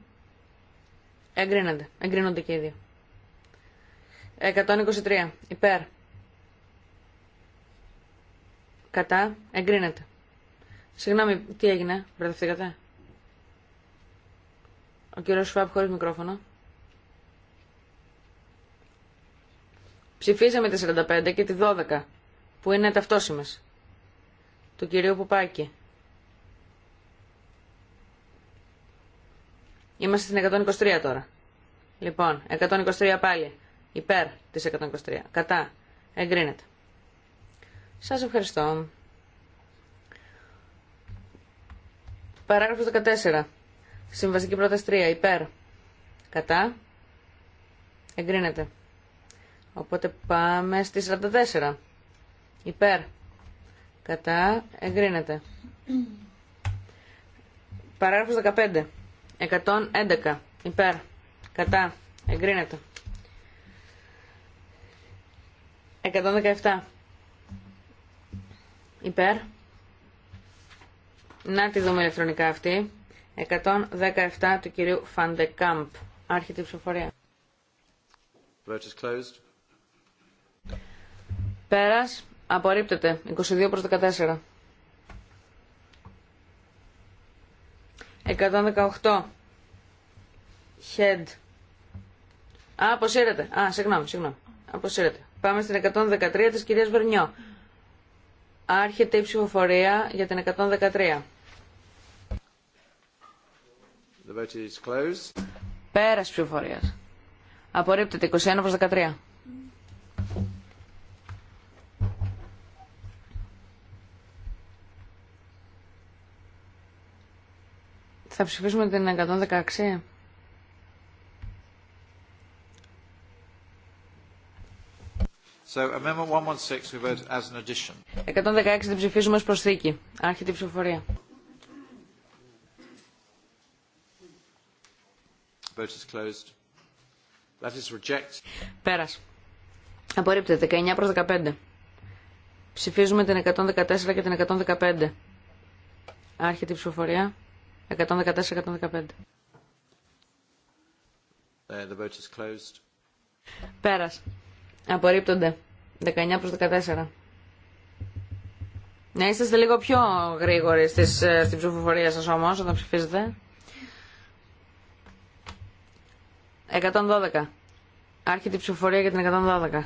Εγκρίνονται. Εγκρίνονται και οι δύο. 123. Υπέρ. Κατά. Εγκρίνεται. Συγγνώμη, τι έγινε, μπερδευτήκατε. Ο κύριος Σφάπ χωρίς μικρόφωνο. Ψηφίζαμε τη 45 και τη 12, που είναι ταυτόσιμες, του κυρίου Πουπάκη. Είμαστε στην 123 τώρα. Λοιπόν, 123 πάλι. Υπέρ της 123. Κατά. Εγκρίνεται. Σας ευχαριστώ. Παράγραφος 14. Συμβασική πρόταση 3. Υπέρ. Κατά. Εγκρίνεται. Οπότε πάμε στη 44. Υπέρ. Κατά. Εγκρίνεται. Παράγραφος 15. 111. Υπέρ. Κατά. Εγκρίνεται. 117. Υπέρ. Να τη δούμε ηλεκτρονικά αυτή. 117 του κυρίου Φαντεκάμπ. Άρχεται η ψηφοφορία. Πέρας. Απορρίπτεται. 22 προς 14. 118. Head. Α, αποσύρεται. Α, συγγνώμη, συγγνώμη. Αποσύρεται. Πάμε στην 113 της κυρίας Βερνιό. Άρχεται η ψηφοφορία για την 113. The vote is Πέρας ψηφοφορίας. Απορρίπτεται 21 προς 13. Θα ψηφίσουμε την 116. So, amendment 116 we vote as an addition. 116 την ψηφίζουμε ως προσθήκη. Άρχεται η ψηφοφορία. Vote is closed. reject. Πέρας. Απορρίπτεται. 19 προς 15. Ψηφίζουμε την 114 και την 115. Άρχεται η ψηφοφορία. 114-115. Uh, the vote is closed. Πέρας. Απορρίπτονται. 19 προς 14. Να είστε λίγο πιο γρήγοροι στις, ε, στην ψηφοφορία σας όμως όταν ψηφίζετε. 112. Άρχεται η ψηφοφορία για την 112.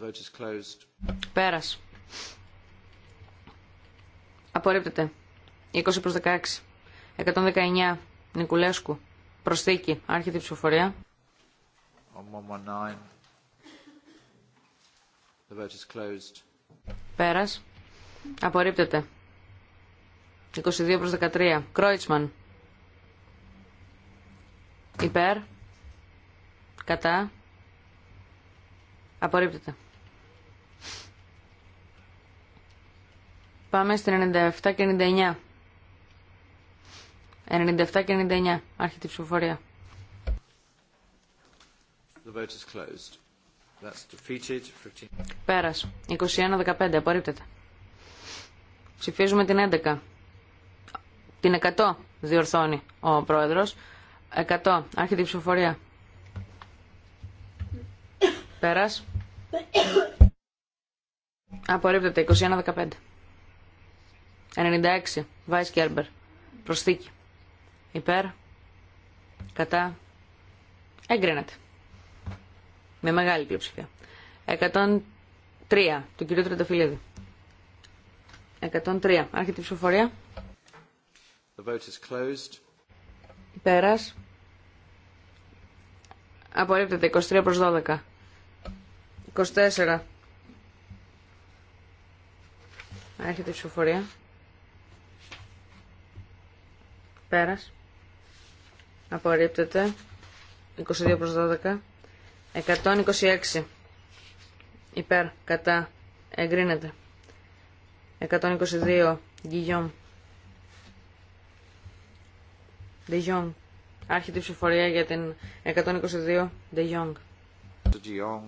Vote Πέρας. Απορρίπτεται. 20 προς 16. 119. Νικουλέσκου. Προσθήκη. Άρχεται η ψηφοφορία. The vote is closed. Πέρας. Απορρίπτεται. 22 προς 13. Κρόιτσμαν. Υπέρ. Κατά. Απορρίπτεται. Πάμε στην 97 και 99. 97 και 99. Άρχεται η ψηφοφορία. The vote is closed. That's defeated. Πέρας. 21-15. Απορρίπτεται. Ψηφίζουμε την 11. Την 100 διορθώνει ο πρόεδρος. 100. Άρχεται η ψηφοφορία. Πέρας. Απορρίπτεται. 21-15. 96. Βάις Κέρμπερ. Προσθήκη. Υπέρ. Κατά. Εγκρίνεται. Με μεγάλη πλειοψηφία. 103 του κυρίου Τρενταφυλλίδη. 103. Άρχεται η ψηφοφορία. The vote is closed. Πέρας. Απορρίπτεται 23 προς 12. 24. Έρχεται η ψηφοφορία. Πέρας. Απορρίπτεται. 22 προς 12. 126. Υπέρ. Κατά. Εγκρίνεται. 122. Γκυγιόμ. De Jong. Άρχεται η ψηφορία για την 122 De Jong. De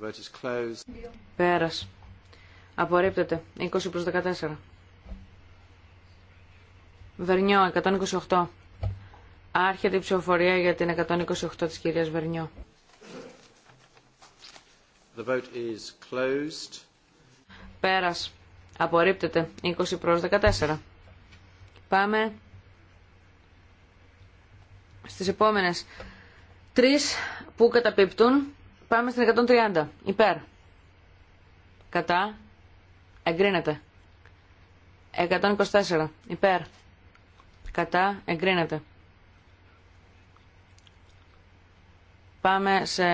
Vote is closed. Πέρας. Απορρίπτεται. 20 προς 14. Βερνιό, 128. Άρχεται η ψηφοφορία για την 128 της κυρίας Βερνιό. The vote is closed. Πέρας. Απορρίπτεται. 20 προς 14. Πάμε στις επόμενες τρεις που καταπίπτουν πάμε στην 130 υπέρ κατά εγκρίνεται 124 υπέρ κατά εγκρίνεται πάμε σε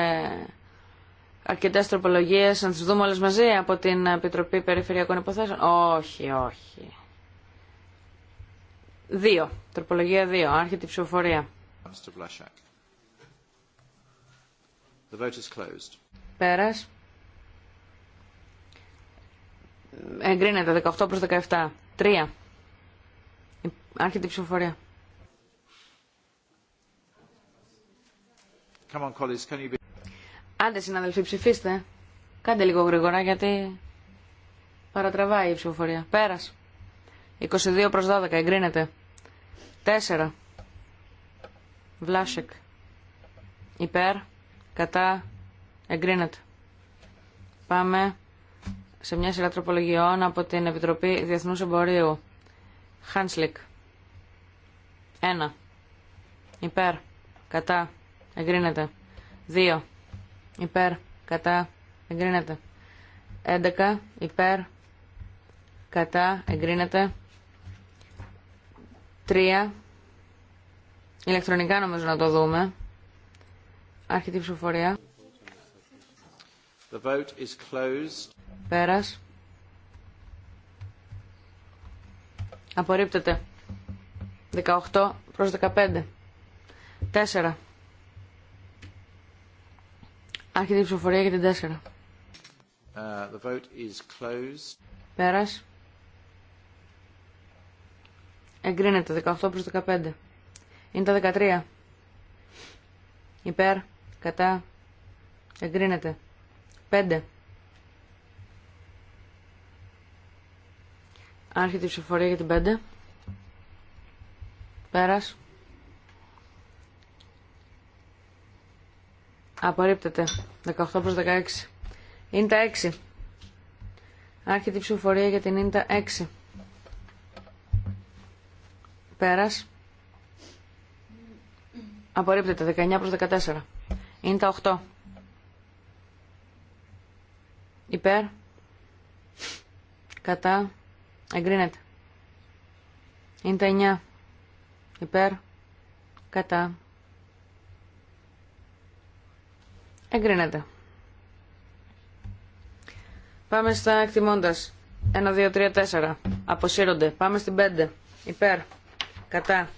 αρκετέ τροπολογίε να τι δούμε όλε μαζί από την Επιτροπή Περιφερειακών Υποθέσεων. Όχι, όχι. Δύο. Τροπολογία 2. Άρχεται η ψηφοφορία. Mr. Πέρας. Εγκρίνεται 18 προς 17. Τρία. Άρχεται η ψηφοφορία. Come on, Άντε συναδελφοί ψηφίστε. Κάντε λίγο γρήγορα γιατί παρατραβάει η ψηφοφορία. Πέρας. 22 προς 12 εγκρίνεται. 4. Βλάσεκ. Υπέρ. Κατά. Εγκρίνεται. Πάμε σε μια σειρά τροπολογιών από την Επιτροπή Διεθνούς Εμπορίου. Χάνσλικ. Ένα. Υπέρ. Κατά. Εγκρίνεται. Δύο. Υπέρ. Κατά. Εγκρίνεται. Έντεκα, υπέρ κατά εγκρίνεται Τρία. Ηλεκτρονικά νομίζω να το δούμε. αρχιτή ψηφοφορία. The vote is closed. Πέρας. Απορρίπτεται. 18 προς 15. 4. αρχιτή ψηφοφορία για την 4. Uh, the vote is closed. Πέρας. Εγκρίνεται 18 προς 15. Είναι το 13. Υπέρ. Κατά. Εγκρίνεται. 5. Άρχεται η ψηφοφορία για την 5. Πέρας. Απορρίπτεται. 18 προς 16. Είναι τα 6. Άρχεται η ψηφοφορία για την ίντα 6. Πέρας. Απορρίπτεται 19 προς 14. Είναι τα 8. Υπέρ. Κατά. Εγκρίνεται. Είναι τα 9. Υπέρ. Κατά. Εγκρίνεται. Πάμε στα εκτιμώντας. 1, 2, 3, 4. Αποσύρονται. Πάμε στην 5. Υπέρ. Κατά.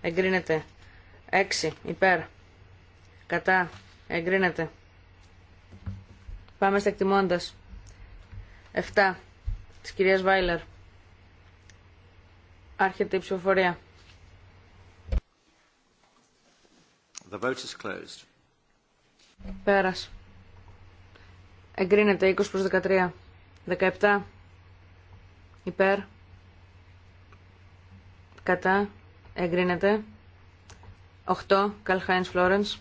Εγκρίνεται. 6 υπέρ κατά εγκρίνεται πάμε στα εκτιμώντας 7 Τη κυρία Βάιλερ άρχεται η ψηφοφορία The vote is closed. Πέρας. Εγκρίνεται 20 προς 13. 17. Υπέρ. Κατά. Εγκρίνεται. 8. Καλχάιν Φλόρενς.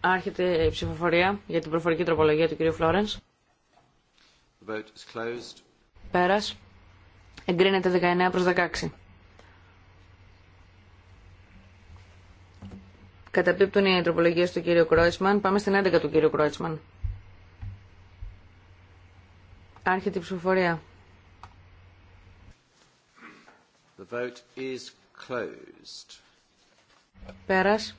Άρχεται η ψηφοφορία για την προφορική τροπολογία του κ. Φλόρενς. Πέρα, Εγκρίνεται 19 προς 16. Καταπίπτουν οι τροπολογίε του κ. Κρόιτσμαν. Πάμε στην 11 του κ. Κρόιτσμαν. Άρχεται η ψηφοφορία. The vote is closed. Πέρας.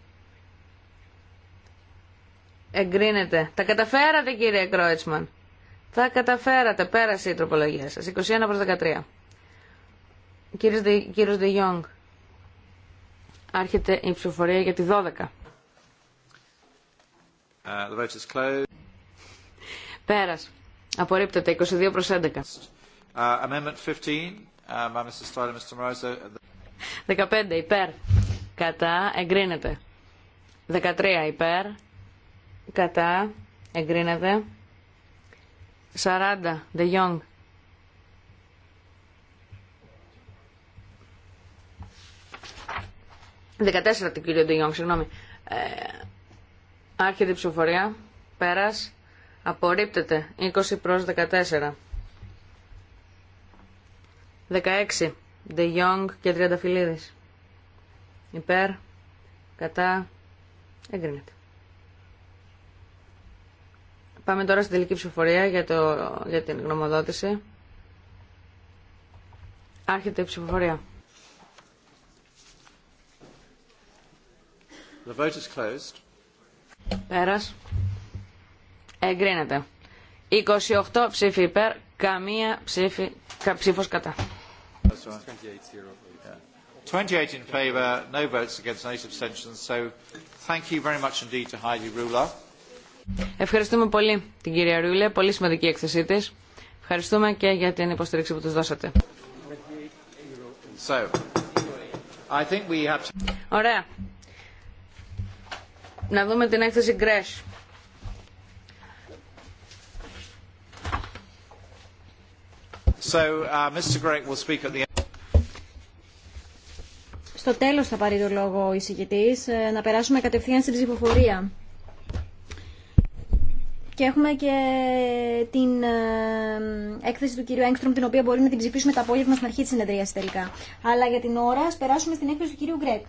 Εγκρίνεται. Τα καταφέρατε κύριε Κρόιτσμαν. Τα καταφέρατε. Πέρασε η τροπολογία σας. 21 προς 13. Κύριος Δε, Άρχεται η ψηφοφορία για τη 12. Uh, the Πέρας. Απορρίπτεται. 22 προς 11. 15. Uh, uh Mr. 15. Uh, Υπέρ κατά εγκρίνεται. 13 υπέρ κατά εγκρίνεται. 40 De Jong 14 του κύριου Γιόγκ, συγγνώμη. Ε, άρχεται η ψηφοφορία. Πέρας. Απορρίπτεται. 20 προς 14. 16. Γιόγκ και 30 Τριανταφυλλίδης υπέρ, κατά, εγκρίνεται. Πάμε τώρα στην τελική ψηφοφορία για, το, για την γνωμοδότηση. Άρχεται η ψηφοφορία. The vote closed. Πέρας. Εγκρίνεται. 28 ψήφοι υπέρ, καμία ψήφι, κα, ψήφος κατά. 28 in favour, no votes against, no abstentions. So thank you very much indeed to Heidi Ruler. Ευχαριστούμε πολύ την κυρία Ρούλε, πολύ σημαντική έκθεσή της. Ευχαριστούμε και για την υποστήριξη που τους δώσατε. So, I think we have to... Ωραία. Να δούμε την έκθεση Γκρέσ. So, uh, Mr. Greg will speak at the στο τέλος θα πάρει το λόγο ο εισηγητής, ε, να περάσουμε κατευθείαν στην ψηφοφορία. Και έχουμε και την ε, έκθεση του κυρίου Έγκστρομ, την οποία μπορεί να την ψηφίσουμε τα απόγευμα στην αρχή της συνεδρίας τελικά. Αλλά για την ώρα, ας περάσουμε στην έκθεση του κυρίου Γκρέκ.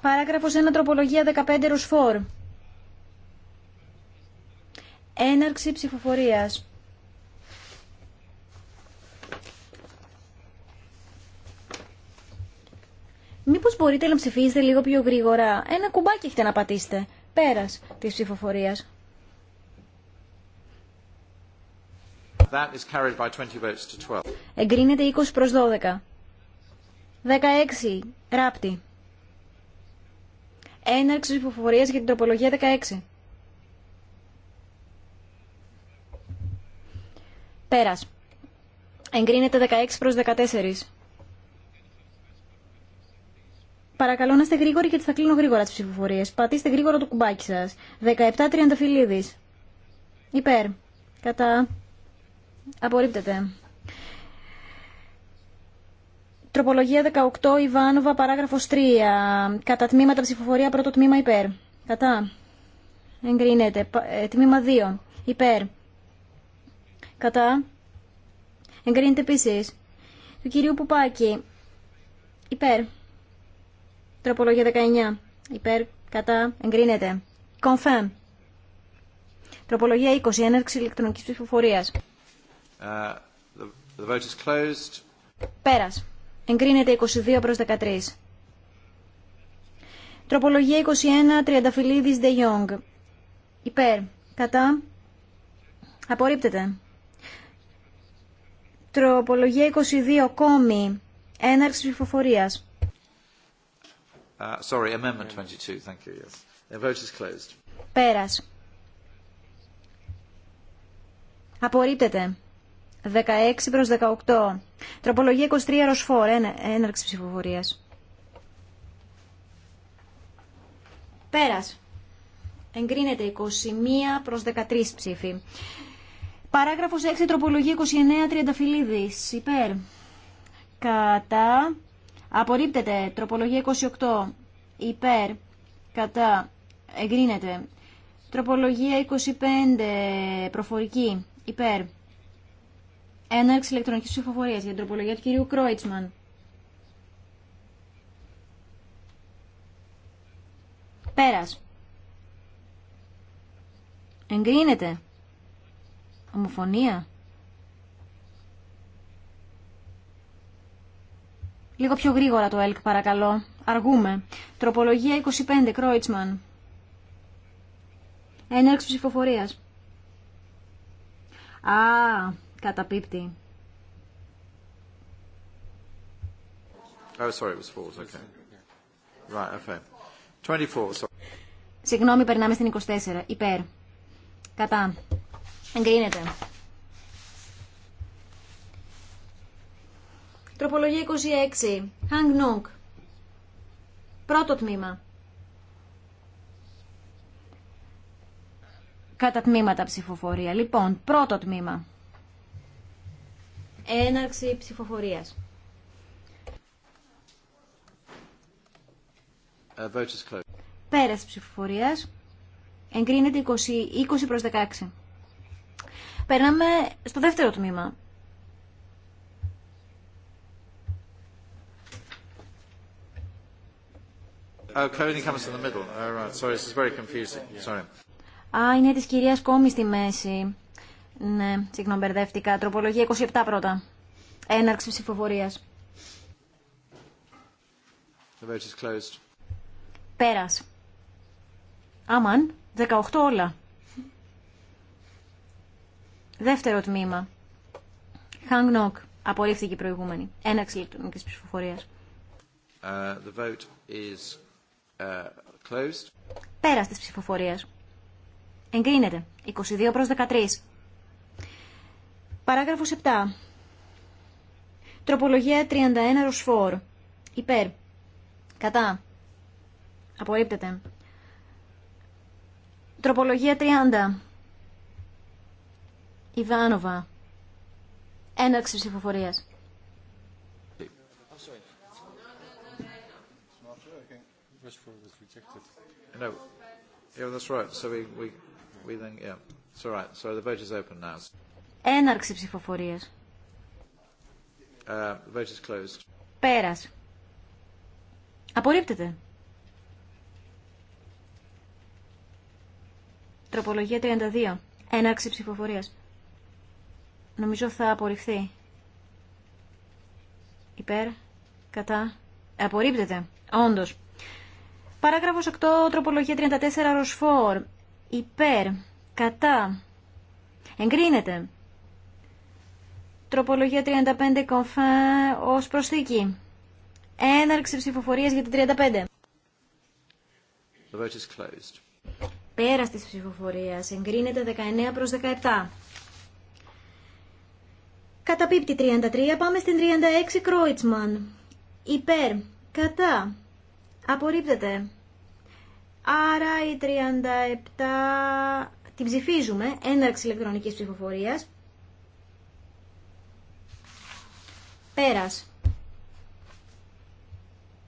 Παράγραφος 1, τροπολογία 15 ρουσφόρ. Έναρξη ψηφοφορίας. Μήπως μπορείτε να ψηφίσετε λίγο πιο γρήγορα. Ένα κουμπάκι έχετε να πατήσετε. Πέρας τη ψηφοφορίας. Εγκρίνεται 20 προς 12. 16. Ράπτη. Έναρξη ψηφοφορία για την τροπολογία 16. Πέρας. Εγκρίνεται 16 προς 14. Παρακαλώ να είστε γρήγοροι γιατί θα κλείνω γρήγορα τι ψηφοφορίε. Πατήστε γρήγορα το κουμπάκι σα. 17 τριανταφυλλίδη. Υπέρ. Κατά. Απορρίπτεται. Τροπολογία 18 Ιβάνοβα παραγραφο 3. Κατά τμήματα ψηφοφορία πρώτο τμήμα υπέρ. Κατά. Εγκρίνεται. Ε, τμήμα 2. Υπέρ. Κατά. Εγκρίνεται επίση. Του κυρίου Πουπάκη. Υπέρ. Τροπολογία 19. Υπέρ, κατά, εγκρίνεται. Confirm. Τροπολογία 20. Έναρξη ηλεκτρονικής ψηφοφορίας. Uh, the, vote is closed. Πέρας. Εγκρίνεται 22 προς 13. Τροπολογία 21. Τριανταφυλλίδης Δε Jong. Υπέρ, κατά, απορρίπτεται. Τροπολογία 22. Κόμι. Έναρξη ψηφοφορίας. Uh, sorry, amendment 22. Thank you. Yes. The vote is closed. Πέρας. Απορρίπτεται. 16 προς 18. Τροπολογία 23 Ροσφόρ. Έναρξη ψηφοφορίας. Πέρας. Εγκρίνεται 21 προς 13 ψήφι. Παράγραφος 6 Τροπολογία 29 φιλίδης. Υπέρ. Κατά Απορρίπτεται. Τροπολογία 28. Υπέρ. Κατά. Εγκρίνεται. Τροπολογία 25. Προφορική. Υπέρ. Έναρξη ηλεκτρονικής ψηφοφορίας για την τροπολογία του κυρίου Κρόιτσμαν. Πέρας. Εγκρίνεται. Ομοφωνία. Λίγο πιο γρήγορα το ΕΛΚ παρακαλώ. Αργούμε. Τροπολογία 25, Κρόιτσμαν. Έναρξη ψηφοφορία. Α, καταπίπτει. Oh, sorry, it was false. Okay. Right, okay. 24, sorry. Συγγνώμη, περνάμε στην 24. Υπέρ. Κατά. Εγκρίνεται. Τροπολογία 26. Χαγνούγκ. Πρώτο τμήμα. Κατά τμήματα ψηφοφορία. Λοιπόν, πρώτο τμήμα. Έναρξη ψηφοφορίας. Uh, Πέρας ψηφοφορίας. Εγκρίνεται 20, 20 προς 16. Περνάμε στο δεύτερο τμήμα. Α, είναι της κυρίας Κόμη στη μέση. Ναι, συγγνώμη, μπερδεύτηκα. Τροπολογία 27 πρώτα. Έναρξη ψηφοφορίας. The vote is closed. Πέρας. Άμαν, 18 όλα. Δεύτερο τμήμα. Χαγνόκ. Απορρίφθηκε η προηγούμενη. Έναρξη ηλεκτρονικής ψηφοφορίας. Uh, the vote is ε, closed. Πέρα της ψηφοφορίας. Εγκρίνεται. 22 προς 13. Παράγραφος 7. Τροπολογία 31 ροσφόρ. Υπέρ. Κατά. Απορρίπτεται. Τροπολογία 30. Ιβάνοβα. Έναρξη ψηφοφορίας. Compromise 4 was rejected. No. Yeah, that's right. So we, we, we then, yeah. It's all right. So the vote is open now. Έναρξη ψηφοφορίας. Uh, the vote is closed. Πέρας. Απορρίπτεται. Τροπολογία 32. Έναρξη ψηφοφορίας. Νομίζω θα απορριφθεί. Υπέρ, κατά, απορρίπτεται. Όντως. Παράγραφος 8, τροπολογία 34, ροσφόρ. Υπέρ, κατά, εγκρίνεται. Τροπολογία 35, κομφά, ως προσθήκη. Έναρξη ψηφοφορίας για την 35. The vote is closed. Πέρας της ψηφοφορίας εγκρίνεται 19 προς 17. Καταπίπτει 33, πάμε στην 36 Κρόιτσμαν. Υπέρ, κατά, απορρίπτεται. Άρα η 37 την ψηφίζουμε, έναρξη ηλεκτρονικής ψηφοφορίας. Πέρας.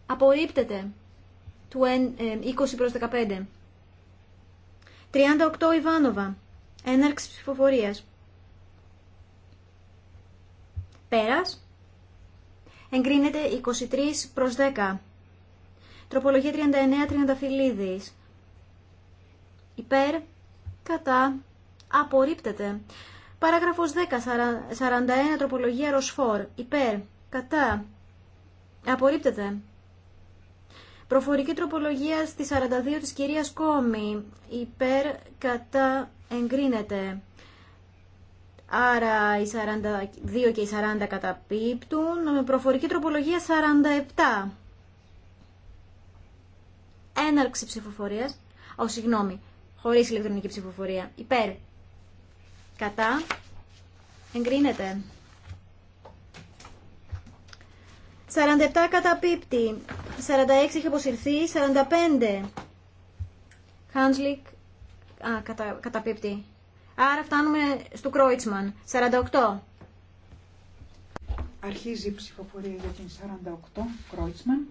Απορρίπτεται του 20 ε, προς 15. 38 Ιβάνοβα, έναρξη ψηφοφορίας. Πέρας. Εγκρίνεται 23 προς 10. Τροπολογία 39 Φιλίδης, Υπέρ, κατά, απορρίπτεται. Παράγραφος 10, 41, τροπολογία Ροσφόρ. Υπέρ, κατά, απορρίπτεται. Προφορική τροπολογία στη 42 της κυρίας Κόμη. Υπέρ, κατά, εγκρίνεται. Άρα οι 42 και οι 40 καταπίπτουν. προφορική τροπολογία 47 έναρξη ψηφοφορία. ο συγγνώμη, χωρίς ηλεκτρονική ψηφοφορία, υπέρ, κατά, εγκρίνεται. 47 καταπίπτει, 46 έχει αποσυρθεί, 45. Χάντσλικ. α, κατα, καταπίπτει. Άρα φτάνουμε στο Κρόιτσμαν, 48. Αρχίζει η ψηφοφορία για την 48, Κρόιτσμαν.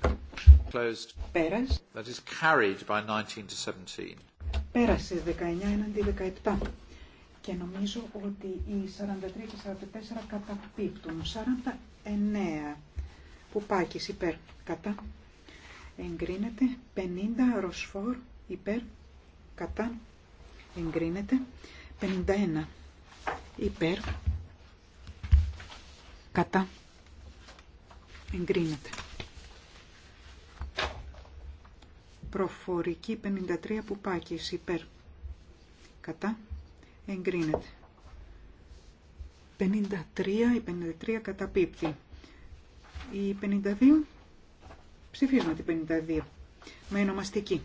19 to 17. Πέρασε 19 έναντι 17. Και νομίζω ότι οι 43 και 44 καταπίπτουν. 49 που πάκης υπέρ κατά. Εγκρίνεται. 50 ροσφόρ υπέρ κατά. Εγκρίνεται. 51 υπέρ κατά. Εγκρίνεται. Προφορική 53 που εσύ υπέρ. Κατά. Εγκρίνεται. 53, η 53 καταπίπτει. Η 52, ψηφίζουμε την 52, με ονομαστική,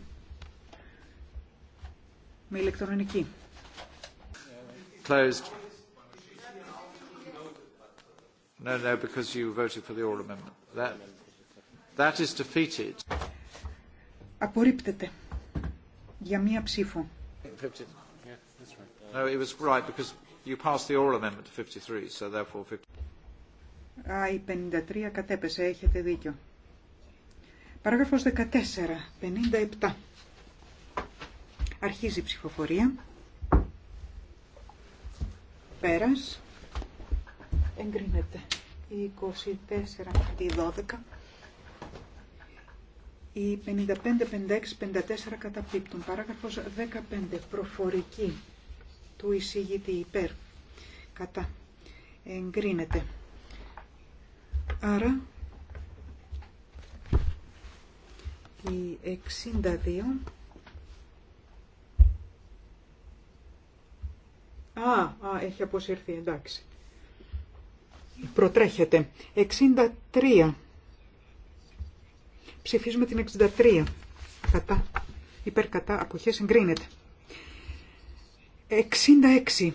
με ηλεκτρονική. Closed. No, no, because you voted for the oral amendment. That, that is defeated. Απορρίπτεται. Για μία ψήφο. Α, η 53 κατέπεσε. Έχετε δίκιο. Παράγραφος 14. 57. Αρχίζει η ψηφοφορία. Πέρας. Εγκρίνεται. 24 τη 12. Η 55, 56, 54 καταπίπτουν. Παράγραφος 15. Προφορική του εισηγητή υπέρ. Κατά. Εγκρίνεται. Άρα η 62 Α, α, έχει αποσυρθεί, εντάξει. Προτρέχεται. 63 Ψηφίζουμε την 63. Κατά. Υπέρ κατά αποχές εγκρίνεται. 66.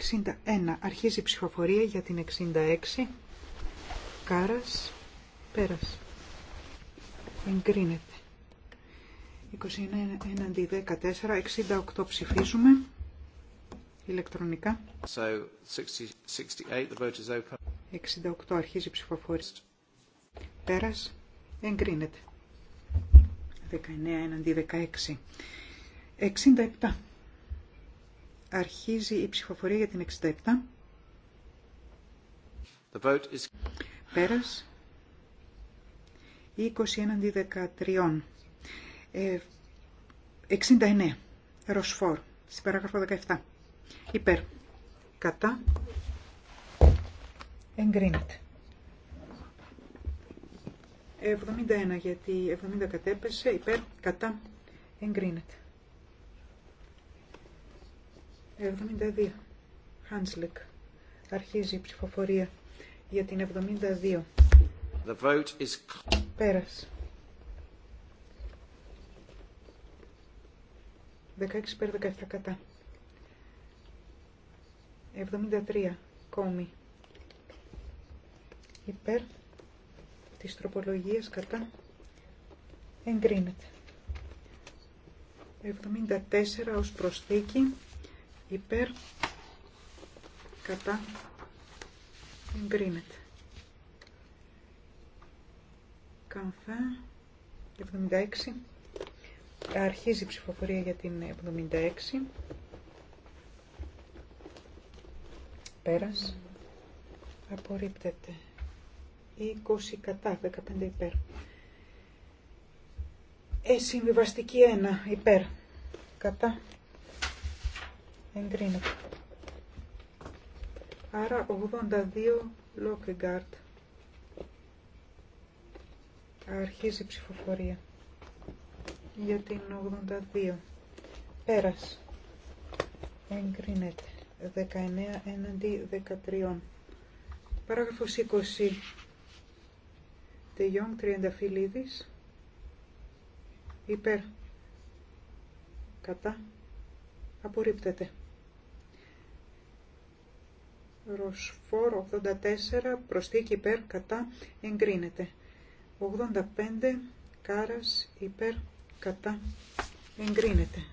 61. Αρχίζει η ψηφοφορία για την 66. Κάρας. Πέρας. Εγκρίνεται. 21 έναντι 14. 68 ψηφίζουμε. Ηλεκτρονικά. So, 60, 68, 68 αρχίζει η ψηφοφορία. Πέρας. Εγκρίνεται. 19 εναντί 16. 67. Αρχίζει η ψηφοφορία για την 67. The vote is... Πέρας. 20 εναντί 13. 69. Ροσφόρ. Στην παράγραφο 17. Υπέρ. Κατά. Εγκρίνεται. 71 γιατί 70 κατέπεσε υπέρ κατά εγκρίνεται. 72. Χάνσλεκ. Αρχίζει η ψηφοφορία για την 72. The vote is... Πέρας. 16 πέρα 17 κατά. 73. Κόμι. Υπέρ της τροπολογίας κατά εγκρίνεται. 74 ως προσθήκη υπέρ κατά εγκρίνεται. Κανθά 76 αρχίζει η ψηφοφορία για την 76 πέρας απορρίπτεται 20 κατά, 15 υπέρ. Ε, συμβιβαστική 1 υπέρ, κατά, εγκρίνεται. Άρα 82 Λόκεγκάρτ. Αρχίζει η ψηφοφορία για την 82. Πέρας. Εγκρίνεται. 19 έναντι 13. Παράγραφος 20. Jong Τριανταφυλλίδης υπέρ κατά απορρίπτεται. Ροσφόρ 84 προσθήκη υπέρ κατά εγκρίνεται. 85 κάρας υπέρ κατά εγκρίνεται.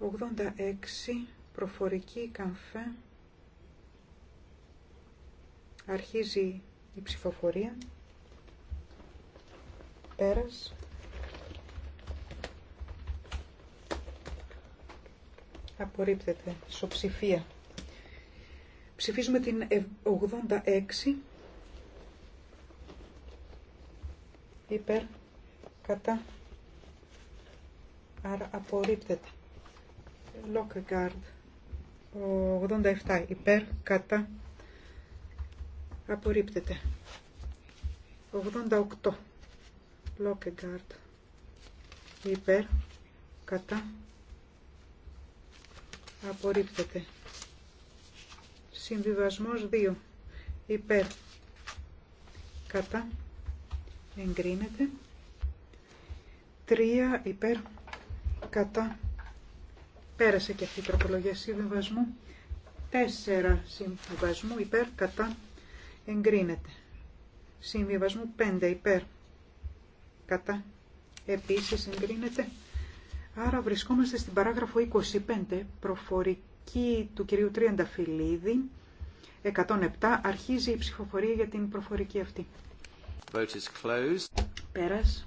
86 προφορική καμφέ αρχίζει η ψηφοφορία πέρας απορρίπτεται σοψηφία ψηφίζουμε την 86 υπέρ κατά άρα απορρίπτεται Lockegaard 87 υπέρ κατά Απορρίπτεται. 88. Λόκεγκάρτ. Υπέρ. Κατά. Απορρίπτεται. Συμβιβασμός 2. Υπέρ. Κατά. Εγκρίνεται. 3. Υπέρ. Κατά. Πέρασε και αυτή η τροπολογία συμβιβασμού. 4. Συμβιβασμού. Υπέρ. Κατά εγκρίνεται. Συμβιβασμού 5 υπέρ κατά επίσης εγκρίνεται. Άρα βρισκόμαστε στην παράγραφο 25 προφορική του κυρίου Τριανταφυλλίδη 107 αρχίζει η ψηφοφορία για την προφορική αυτή. Πέρας.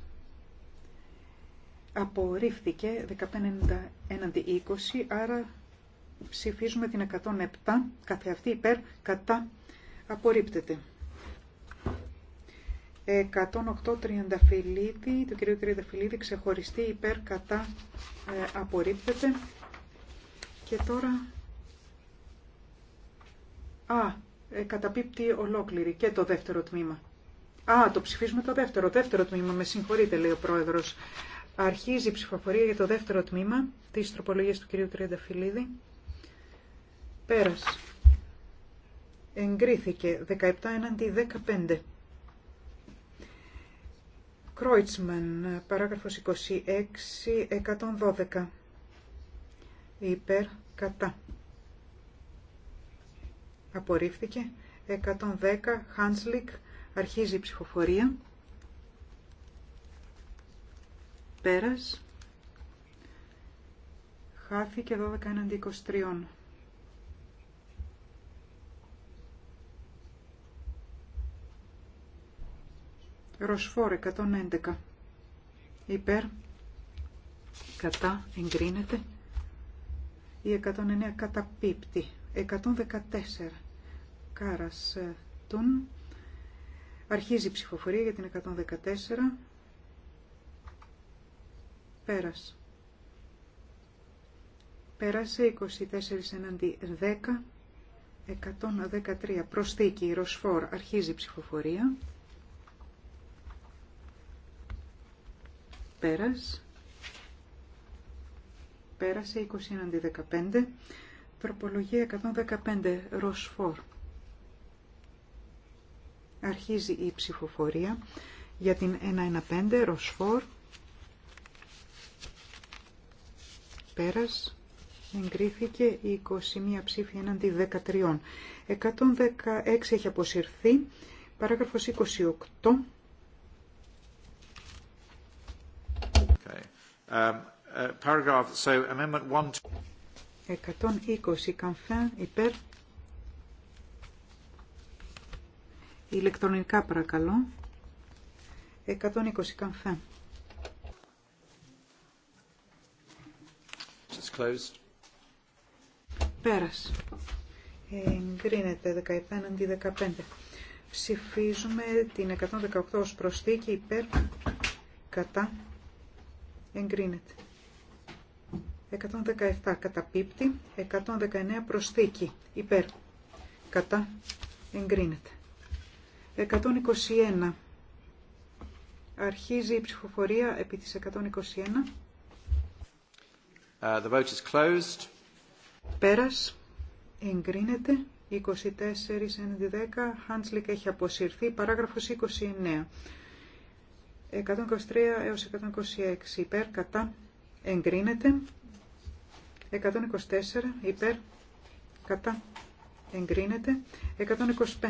Απορρίφθηκε 15 20, άρα ψηφίζουμε την 107 καθεαυτή υπέρ κατά Απορρίπτεται. 108 Τριανταφυλλίδη, Το κυρίου Τριανταφυλλίδη ξεχωριστή υπέρ κατά ε, απορρίπτεται. Και τώρα... Α, ε, καταπίπτει ολόκληρη και το δεύτερο τμήμα. Α, το ψηφίζουμε το δεύτερο. Δεύτερο τμήμα, με συγχωρείτε, λέει ο πρόεδρος. Αρχίζει η ψηφοφορία για το δεύτερο τμήμα της τροπολογίας του κυρίου Τριανταφυλλίδη. Πέρασε. Εγκρίθηκε 17 έναντι 15. Κρόιτσμαν, παράγραφος 26, 112. Υπέρ, κατά. Απορρίφθηκε. 110, Χάνσλικ, αρχίζει η ψηφοφορία. Πέρας. Χάθηκε 12 έναντι 23. Ροσφόρ 111 υπέρ κατά εγκρίνεται η 109 καταπίπτει 114 κάρας ε, τουν αρχίζει η ψηφοφορία για την 114 πέρας πέρασε 24 εναντί 10 113 προσθήκη Ροσφόρ αρχίζει η ψηφοφορία Πέρας. Πέρασε 20 αντί 15. Τροπολογία 115. Ροσφόρ. Αρχίζει η ψηφοφορία για την 115. Ροσφόρ. Πέρας. Εγκρίθηκε 21 ψήφια έναντι 13. 116 έχει αποσυρθεί. Παράγραφος 28. Um, uh, paragraph, so amendment 120 καμφέν υπέρ. Ηλεκτρονικά παρακαλώ. 120 καμφέν. Closed. Πέρας. Εγκρίνεται 15 αντί 15. Ψηφίζουμε την 118 ως προσθήκη υπέρ κατά εγκρίνεται. 117 καταπίπτει, 119 προσθήκη, υπέρ, κατά, εγκρίνεται. 121. Αρχίζει η ψηφοφορία επί της 121. Uh, the vote is closed. Πέρας, εγκρίνεται. 24 εν 10, Χάντσλικ έχει αποσυρθεί, παράγραφος 29. 123 έως 126 υπέρ κατά εγκρίνεται 124 υπέρ κατά εγκρίνεται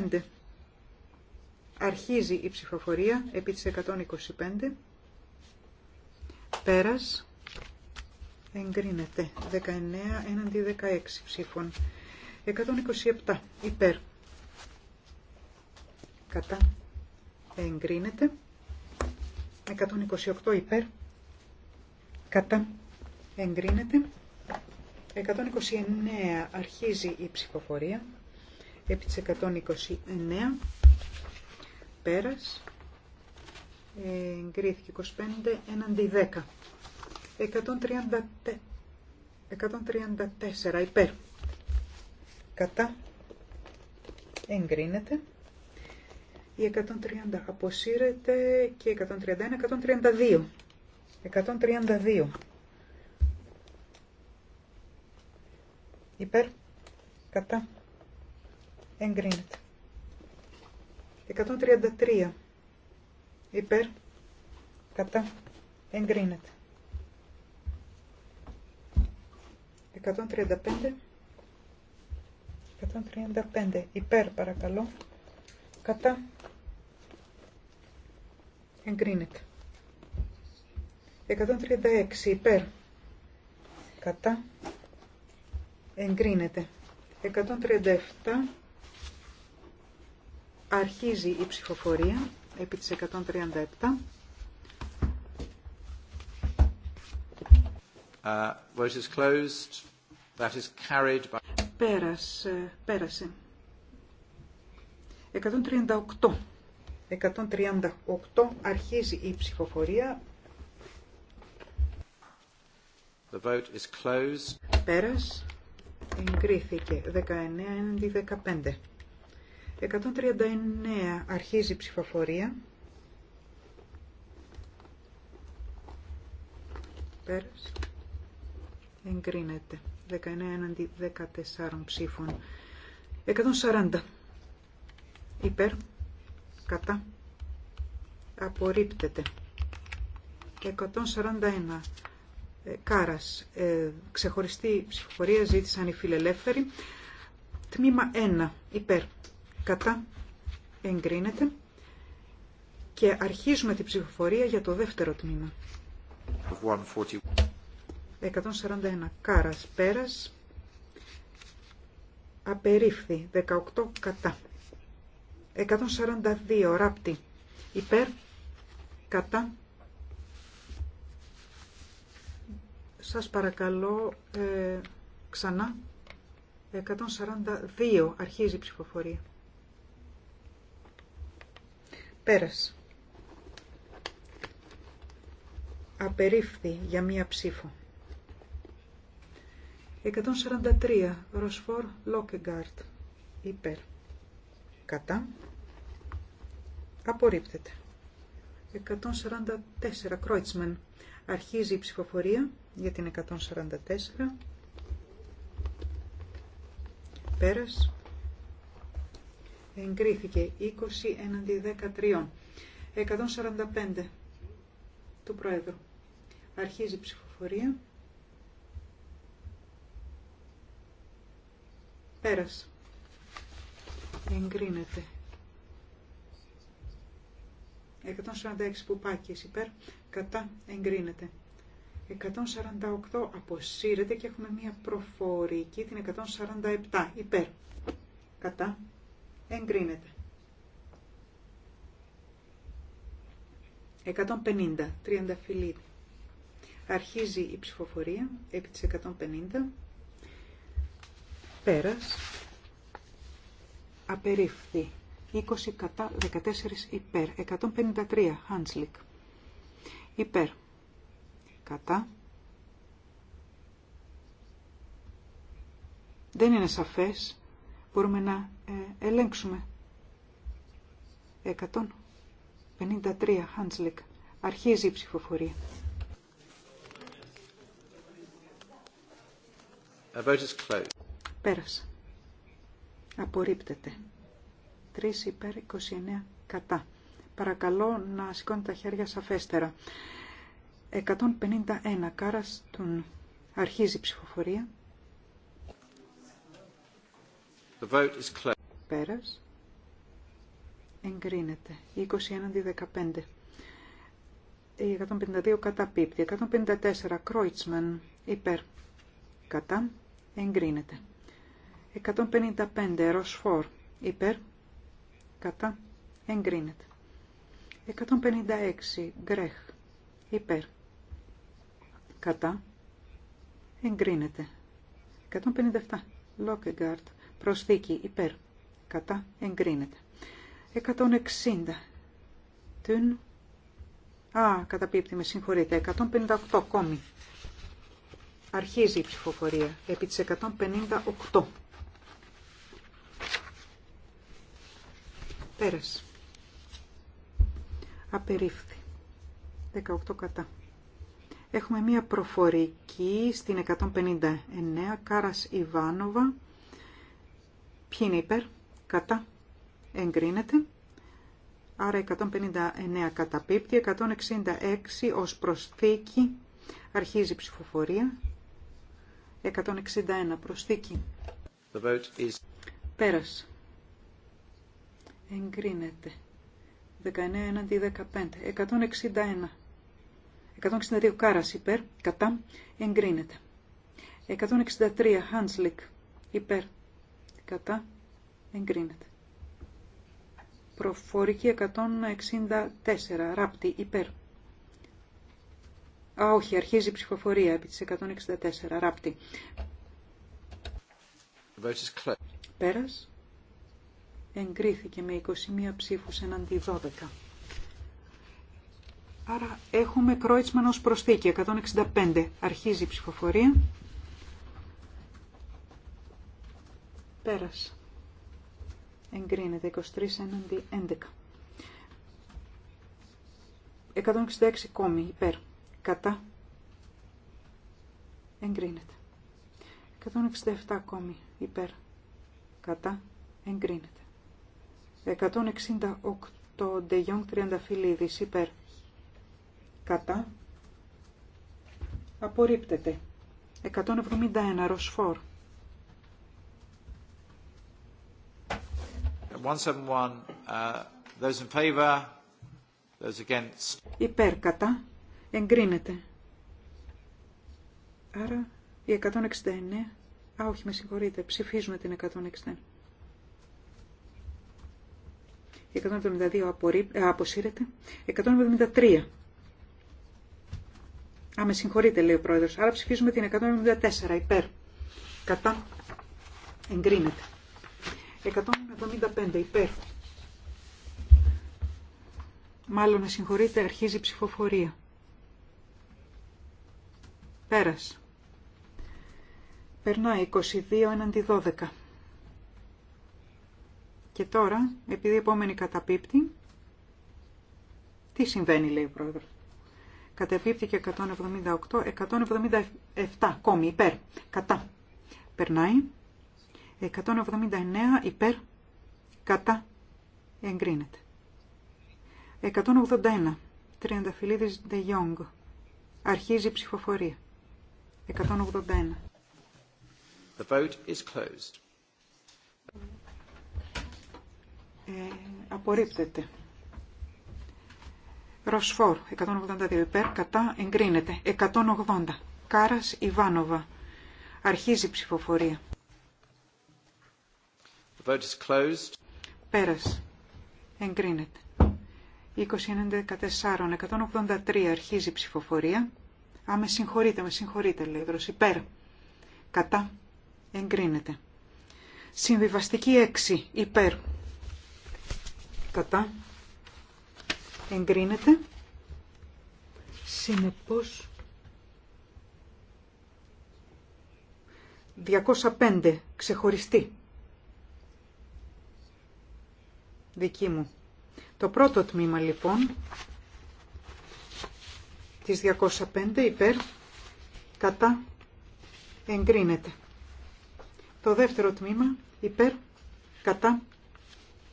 125 αρχίζει η ψηφοφορία επί της 125 πέρας εγκρίνεται 19 έναντι 16 ψήφων 127 υπέρ κατά εγκρίνεται 128 υπέρ, κατά, εγκρίνεται. 129 αρχίζει η ψηφοφορία, επί της 129, πέρας, εγκρίθηκε 25, έναντι 10. 134 υπέρ, κατά, εγκρίνεται. Η 130 αποσύρεται και 131, 132. 132. Υπέρ, κατά, εγκρίνεται. 133. Υπέρ, κατά, εγκρίνεται. 135. 135. Υπέρ παρακαλώ. Κατά Εγκρίνεται. 136 υπέρ. Κατά. Εγκρίνεται. 137 αρχίζει η ψηφοφορία επί της 137. Uh, That is carried by... Πέρασε. Πέρασε. 138 138 αρχίζει η ψηφοφορία. The vote is closed. Πέρας. Εγκρίθηκε. 19 15. 139 αρχίζει η ψηφοφορία. Πέρας. Εγκρίνεται. 19 14 ψήφων. 140 υπέρ κατά απορρίπτεται. 141. Ε, κάρας. Ε, ξεχωριστή ψηφοφορία ζήτησαν οι φιλελεύθεροι. Τμήμα 1. Υπέρ. Κατά. Εγκρίνεται. Και αρχίζουμε τη ψηφοφορία για το δεύτερο τμήμα. 141. Κάρας. Πέρας. Απερίφθη. 18. Κατά. 142 ράπτη υπέρ κατά σας παρακαλώ ε, ξανά 142 αρχίζει η ψηφοφορία πέρας απερίφθη για μία ψήφο 143 Ροσφόρ Λόκεγκάρτ υπέρ κατά Απορρίπτεται. 144. Κρόιτσμεν. Αρχίζει η ψηφοφορία για την 144. Πέρας. Εγκρίθηκε 20 έναντι 13. 145 του Πρόεδρου. Αρχίζει η ψηφοφορία. Πέρας. Εγκρίνεται 146 που πάκει υπέρ, κατά εγκρίνεται. 148 αποσύρεται και έχουμε μία προφορική, την 147 υπέρ, κατά εγκρίνεται. 150, 30 φιλί. Αρχίζει η ψηφοφορία επί της 150. Πέρας. Απερίφθη. 20 κατά 14 υπέρ. 153 Χάντσλικ. Υπέρ. Κατά. Δεν είναι σαφές. Μπορούμε να ε, ελέγξουμε. 153 Χάντσλικ. Αρχίζει η ψηφοφορία. Πέρασε. Απορρίπτεται. 3 υπέρ 29 κατά. Παρακαλώ να σηκώνει τα χέρια σαφέστερα. 151 κάρας τον αρχίζει η ψηφοφορία. The vote is Πέρας. Εγκρίνεται. 21 15. 152 κατά καταπίπτει. 154 Κρόιτσμαν υπέρ. Κατά. Εγκρίνεται. 155 Ροσφόρ υπέρ κατά εγκρίνεται. 156 γκρέχ υπέρ κατά εγκρίνεται. 157 Λόκεγκάρτ προσθήκη υπέρ κατά εγκρίνεται. 160 τουν Α, καταπίπτει, με συγχωρείτε. 158 κόμι. Αρχίζει η ψηφοφορία επί της 158. Πέρασε. Απερίφθη. 18 κατά. Έχουμε μία προφορική στην 159. Κάρας Ιβάνοβα. Ποιοι είναι υπέρ. Κατά. Εγκρίνεται. Άρα 159 καταπίπτει. 166 ως προσθήκη. Αρχίζει η ψηφοφορία. 161 προσθήκη. Πέρασε εγκρίνεται. 19 έναντι 15. 161. 162 κάρα υπέρ, κατά, εγκρίνεται. 163 Χάνσλικ υπέρ, κατά, εγκρίνεται. Προφορική 164 Ράπτη υπέρ. Α, όχι, αρχίζει η ψηφοφορία επί της 164 Ράπτη. Πέρας εγκρίθηκε με 21 ψήφους εναντί 12. Άρα έχουμε Κρόιτσμαν ως προσθήκη, 165. Αρχίζει η ψηφοφορία. Πέρασε. Εγκρίνεται 23 εναντί 11. 166 κόμι υπέρ. Κατά. Εγκρίνεται. 167 κόμι υπέρ. Κατά. Εγκρίνεται. 168 30 Φιλίδης υπέρ. Κατά. Απορρίπτεται. 171 Ροσφόρ. 171 ε, those in favor, those against. Υπέρ κατά. Εγκρίνεται. Άρα η 169. Α, όχι, με συγχωρείτε. Ψηφίζουμε την 169. 172 ε, αποσύρεται. 173. Α, με συγχωρείτε, λέει ο πρόεδρος. Άρα ψηφίζουμε την 174 υπέρ. Κατά. Εγκρίνεται. 175 υπέρ. Μάλλον, με συγχωρείτε, αρχίζει η ψηφοφορία. Πέρας. Περνάει 22 έναντι 12. Και τώρα, επειδή η επόμενη καταπίπτει, τι συμβαίνει λέει ο πρόεδρος. Καταπίπτει και 178, 177 κόμι υπέρ, κατά. Περνάει. 179 υπέρ, κατά. Εγκρίνεται. 181. Τριανταφυλλίδης de Γιόγκ. Αρχίζει η ψηφοφορία. 181. The vote is closed. Ε, απορρίπτεται. Ροσφόρ, 182 υπέρ, κατά, εγκρίνεται. 180. Κάρας Ιβάνοβα. Αρχίζει η ψηφοφορία. The closed. Πέρας. Εγκρίνεται. 2014. 183 αρχίζει η ψηφοφορία. Α, με συγχωρείτε, με συγχωρείτε, λέει ο Υπέρ. Κατά. Εγκρίνεται. Συμβιβαστική 6. Υπέρ κατά εγκρίνεται συνεπώς 205 ξεχωριστή δική μου το πρώτο τμήμα λοιπόν της 205 υπέρ κατά εγκρίνεται το δεύτερο τμήμα υπέρ κατά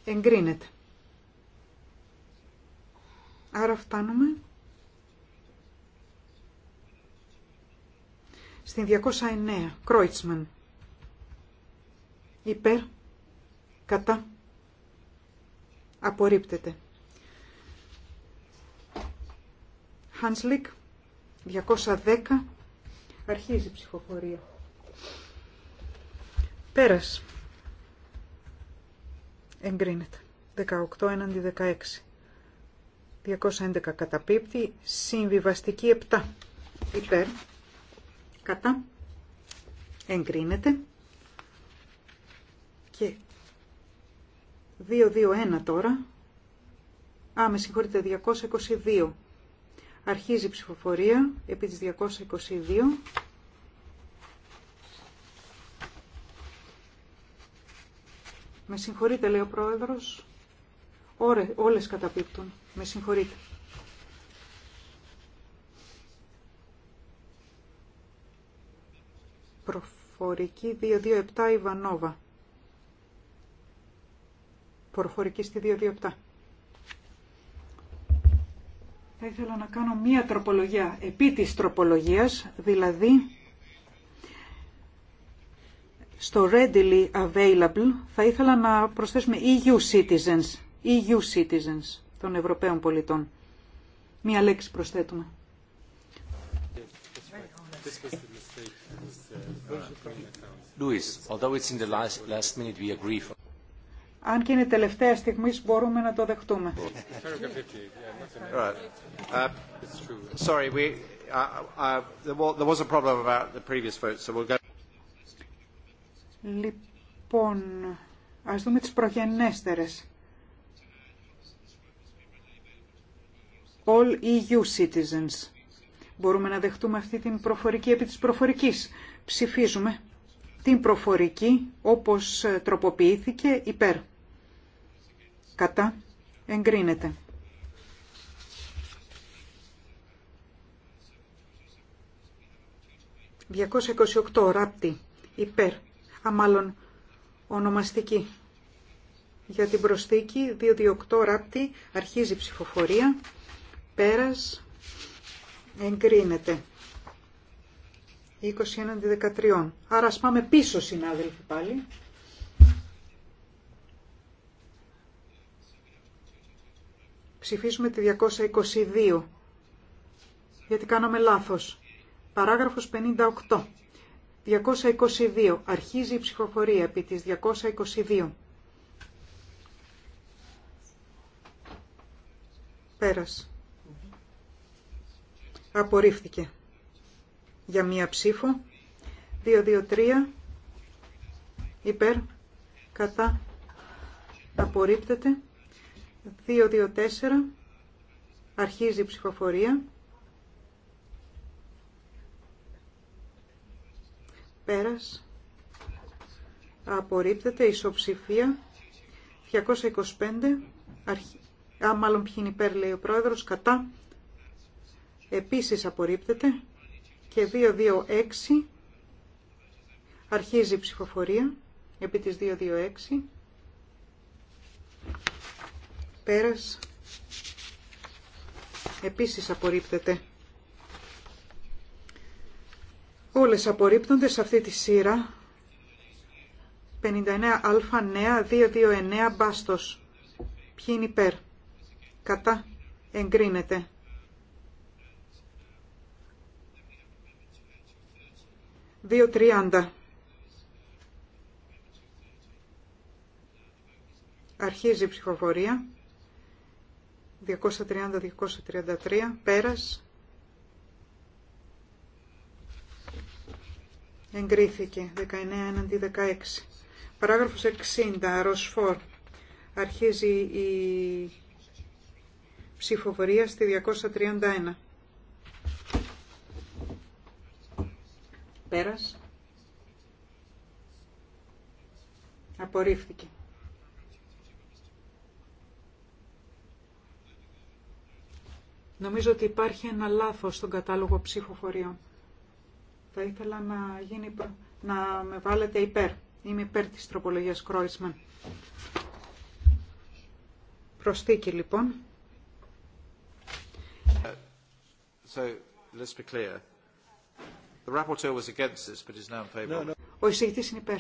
εγκρίνεται Άρα φτάνουμε στην 209. Κρόιτσμαν. Υπέρ. Κατά. Απορρίπτεται. Χάνσλικ. 210. Αρχίζει η ψυχοφορια Πέρας. Εγκρίνεται. 18 έναντι 16. 211 καταπίπτει, συμβιβαστική 7 υπέρ, κατά, εγκρίνεται και 221 τώρα, α με συγχωρείτε 222, αρχίζει η ψηφοφορία επί της 222, Με συγχωρείτε, λέει ο πρόεδρος, όλες καταπίπτουν με συγχωρείτε. Προφορική 227 Ιβανόβα. Προφορική στη 227. Θα ήθελα να κάνω μία τροπολογία επί της τροπολογίας, δηλαδή στο readily available θα ήθελα να προσθέσουμε EU citizens. EU citizens των Ευρωπαίων πολιτών. Μία λέξη προσθέτουμε. Αν και είναι τελευταία στιγμή, μπορούμε να το δεχτούμε. Λοιπόν, ας δούμε τις προγενέστερες. all EU citizens. Μπορούμε να δεχτούμε αυτή την προφορική επί της προφορικής. Ψηφίζουμε την προφορική όπως ε, τροποποιήθηκε υπέρ. Κατά εγκρίνεται. ...228 ράπτη υπέρ, αμάλλον ονομαστική. Για την προσθήκη 228 ράπτη αρχίζει ψηφοφορία. Πέρας εγκρίνεται. 21 13. Άρα ας πάμε πίσω συνάδελφοι πάλι. Ψηφίσουμε τη 222. Γιατί κάναμε λάθος. Παράγραφος 58. 222. Αρχίζει η ψυχοφορία επί της 222. Πέρας. Απορρίφθηκε. Για μία ψήφο. 2-2-3 υπέρ κατά απορρίπτεται. 2-2-4 αρχίζει η ψηφοφορία. Πέρας. Απορρίπτεται ισοψηφία. 225. Αρχι... Α, μάλλον ποιοι είναι υπέρ, λέει ο πρόεδρος, κατά επίσης απορρίπτεται και 226 αρχίζει η ψηφοφορία επί της 226 πέρας επίσης απορρίπτεται όλες απορρίπτονται σε αυτή τη σειρά 59α νέα 229 μπάστος ποιοι είναι υπέρ κατά εγκρίνεται 2.30. Αρχίζει η ψηφοφορία. 230-233. Πέρας. Εγκρίθηκε. 19 16. Παράγραφος 60. Ροσφόρ. Αρχίζει η ψηφοφορία στη 231. Πέρας. Απορρίφθηκε. Νομίζω ότι υπάρχει ένα λάθος στον κατάλογο ψηφοφοριών. Θα ήθελα να, γίνει, να με βάλετε υπέρ. Είμαι υπέρ της τροπολογίας Κρόισμαν. Προστίκη λοιπόν. Uh, so, let's be clear. The rapporteur was against this, but is now in favor. No, no. Ο εισηγητής είναι υπέρ.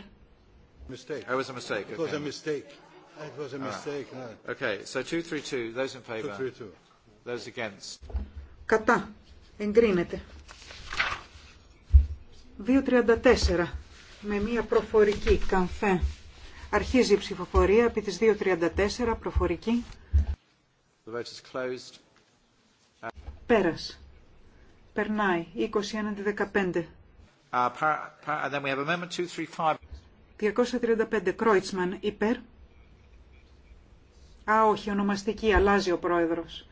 Mistake. it was a mistake. It was a mistake. It was a mistake. Okay, so 232, those in favor. 232. Those against. Κατά. Εγκρίνεται. 234 με μία προφορική καμφέ. Αρχίζει η ψηφοφορία επί της 234 προφορική. The vote is closed. Πέρας περναει 21 20-15. 235. Κρόιτσμαν υπέρ. Α, όχι, ονομαστική, αλλάζει ο πρόεδρος.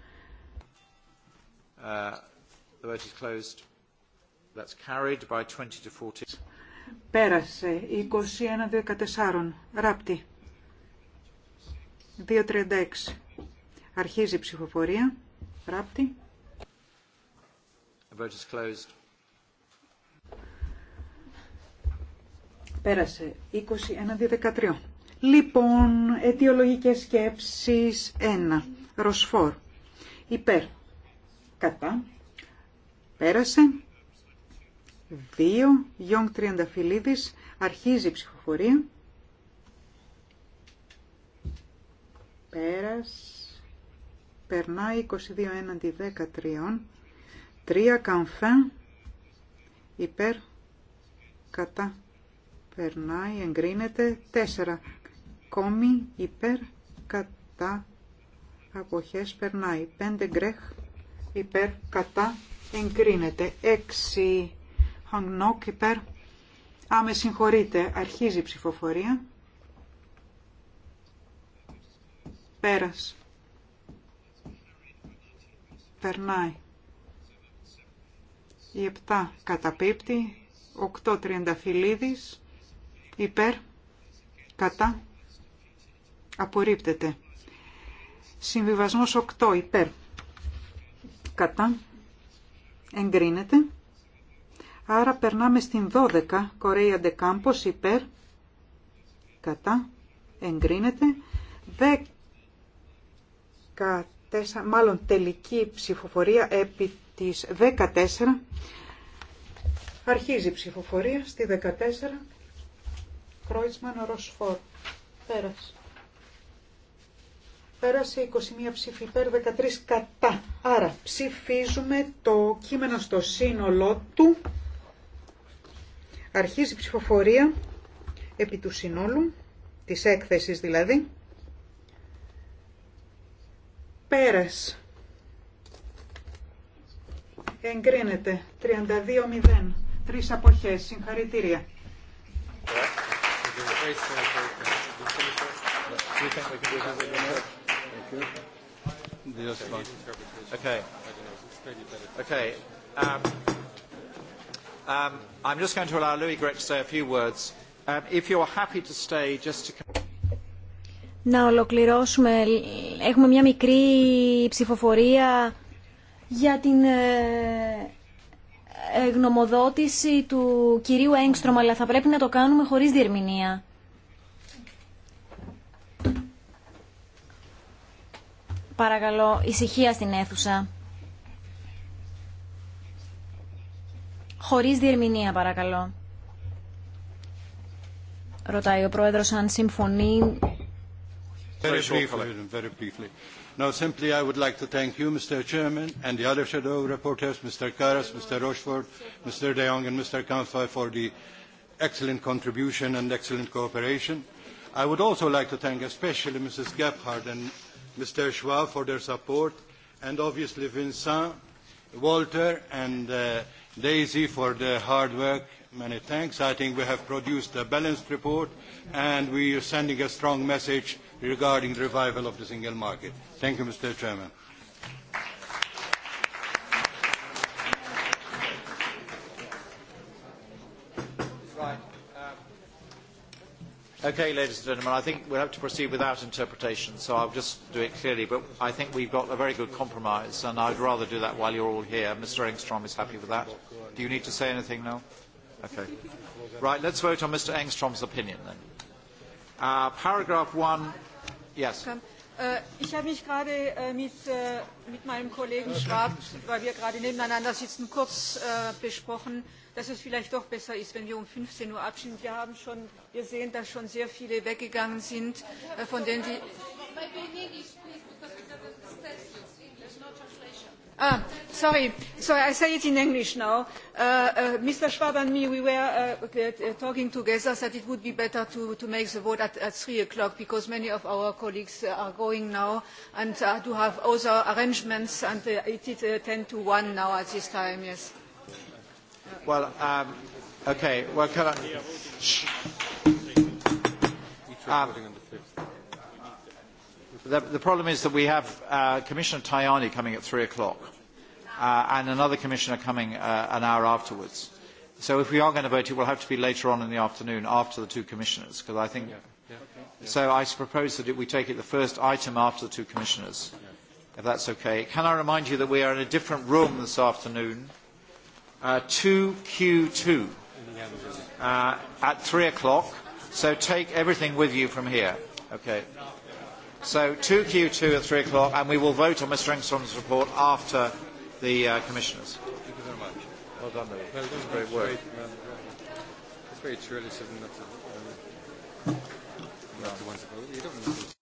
Uh, the vote is closed. That's carried by 20 to 40. Πέρασε. 21-14. Ράπτη. 236. Αρχίζει η ψηφοφορία. Ράπτη. Πέρασε 20 έναντι 13. Λοιπόν, αιτιολογικέ σκεψει 1. Ροσφόρ. Υπέρ. Κατά. Πέρασε. 2. Γιόγκ Τριανταφυλλίδη. Αρχίζει η ψηφοφορία. Πέρασε. Περνάει 22 έναντι 13. Τρία, καμφέ, υπέρ κατά περνάει, εγκρίνεται Τέσσερα, κόμι υπέρ κατά αποχές περνάει Πέντε, γκρέχ υπέρ κατά εγκρίνεται Έξι, χαγνόκ υπέρ άμε συγχωρείτε, αρχίζει η ψηφοφορία. Πέρας. Περνάει. Η 7 καταπίπτει. 8 τριανταφυλλίδης. Υπέρ. Κατά. Απορρίπτεται. Συμβιβασμός 8 υπέρ. Κατά. Εγκρίνεται. Άρα περνάμε στην 12. Κορέα Campos, υπέρ. Κατά. Εγκρίνεται. 14. Μάλλον τελική ψηφοφορία επί της 14. Αρχίζει η ψηφοφορία στη 14. Κρόιτσμαν, Ροσφόρ. Πέρασε. Πέρασε 21 ψήφοι υπέρ, 13 κατά. Άρα ψηφίζουμε το κείμενο στο σύνολό του. Αρχίζει η ψηφοφορία επί του συνόλου, της έκθεσης δηλαδή. Πέρασε. Εγκρίνεται. 32-0. Τρεις αποχές. Συγχαρητήρια. να ολοκληρώσουμε. Έχουμε μια μικρή ψηφοφορία για την ε, ε, γνωμοδότηση του κυρίου Έγκστρομ, αλλά θα πρέπει να το κάνουμε χωρίς διερμηνία. Παρακαλώ, ησυχία στην αίθουσα. Χωρίς διερμηνία, παρακαλώ. Ρωτάει ο πρόεδρος αν συμφωνεί. Now, simply I would like to thank you, Mr. Chairman, and the other shadow rapporteurs, Mr. Karas, Mr. Rochefort, Mr. De Jong, and Mr. Kanfai, for the excellent contribution and excellent cooperation. I would also like to thank especially Mrs. Gebhardt and Mr. Schwab for their support, and obviously Vincent, Walter, and Daisy for their hard work. Many thanks. I think we have produced a balanced report, and we are sending a strong message regarding the revival of the single market. Thank you, Mr. Chairman. Okay, ladies and gentlemen, I think we'll have to proceed without interpretation, so I'll just do it clearly. But I think we've got a very good compromise, and I'd rather do that while you're all here. Mr. Engstrom is happy with that. Do you need to say anything now? Okay. Right, let's vote on Mr. Engstrom's opinion then. Paragraph 1 Ich habe mich gerade mit meinem Kollegen Schwab, weil wir gerade nebeneinander sitzen, kurz besprochen, dass es vielleicht doch besser ist, wenn wir um 15 Uhr abstimmen. Wir haben schon, wir sehen, dass schon sehr viele weggegangen sind, von denen Sie. Sorry, I say it in English now. Mr. Schwab and me, we were talking together that it would be better to make the vote at 3 o'clock because many of our colleagues are going now and do have other arrangements and it is 10 to 1 now at this time, yes. Well, okay, The problem is that we have Commissioner Tajani coming at 3 o'clock and another commissioner coming an hour afterwards. So if we are going to vote, it will have to be later on in the afternoon after the two commissioners, because I think. So I propose that we take it the first item after the two commissioners, if that's okay. Can I remind you that we are in a different room this afternoon, 2Q2, at 3 o'clock. So take everything with you from here. Okay. So 2Q2 at 3 o'clock, and we will vote on Mr. Engstrom's report after the uh, commissioners. Thank you very much. Well done, Louis. Well done, great work. It's very true, it's not the ones that vote. You don't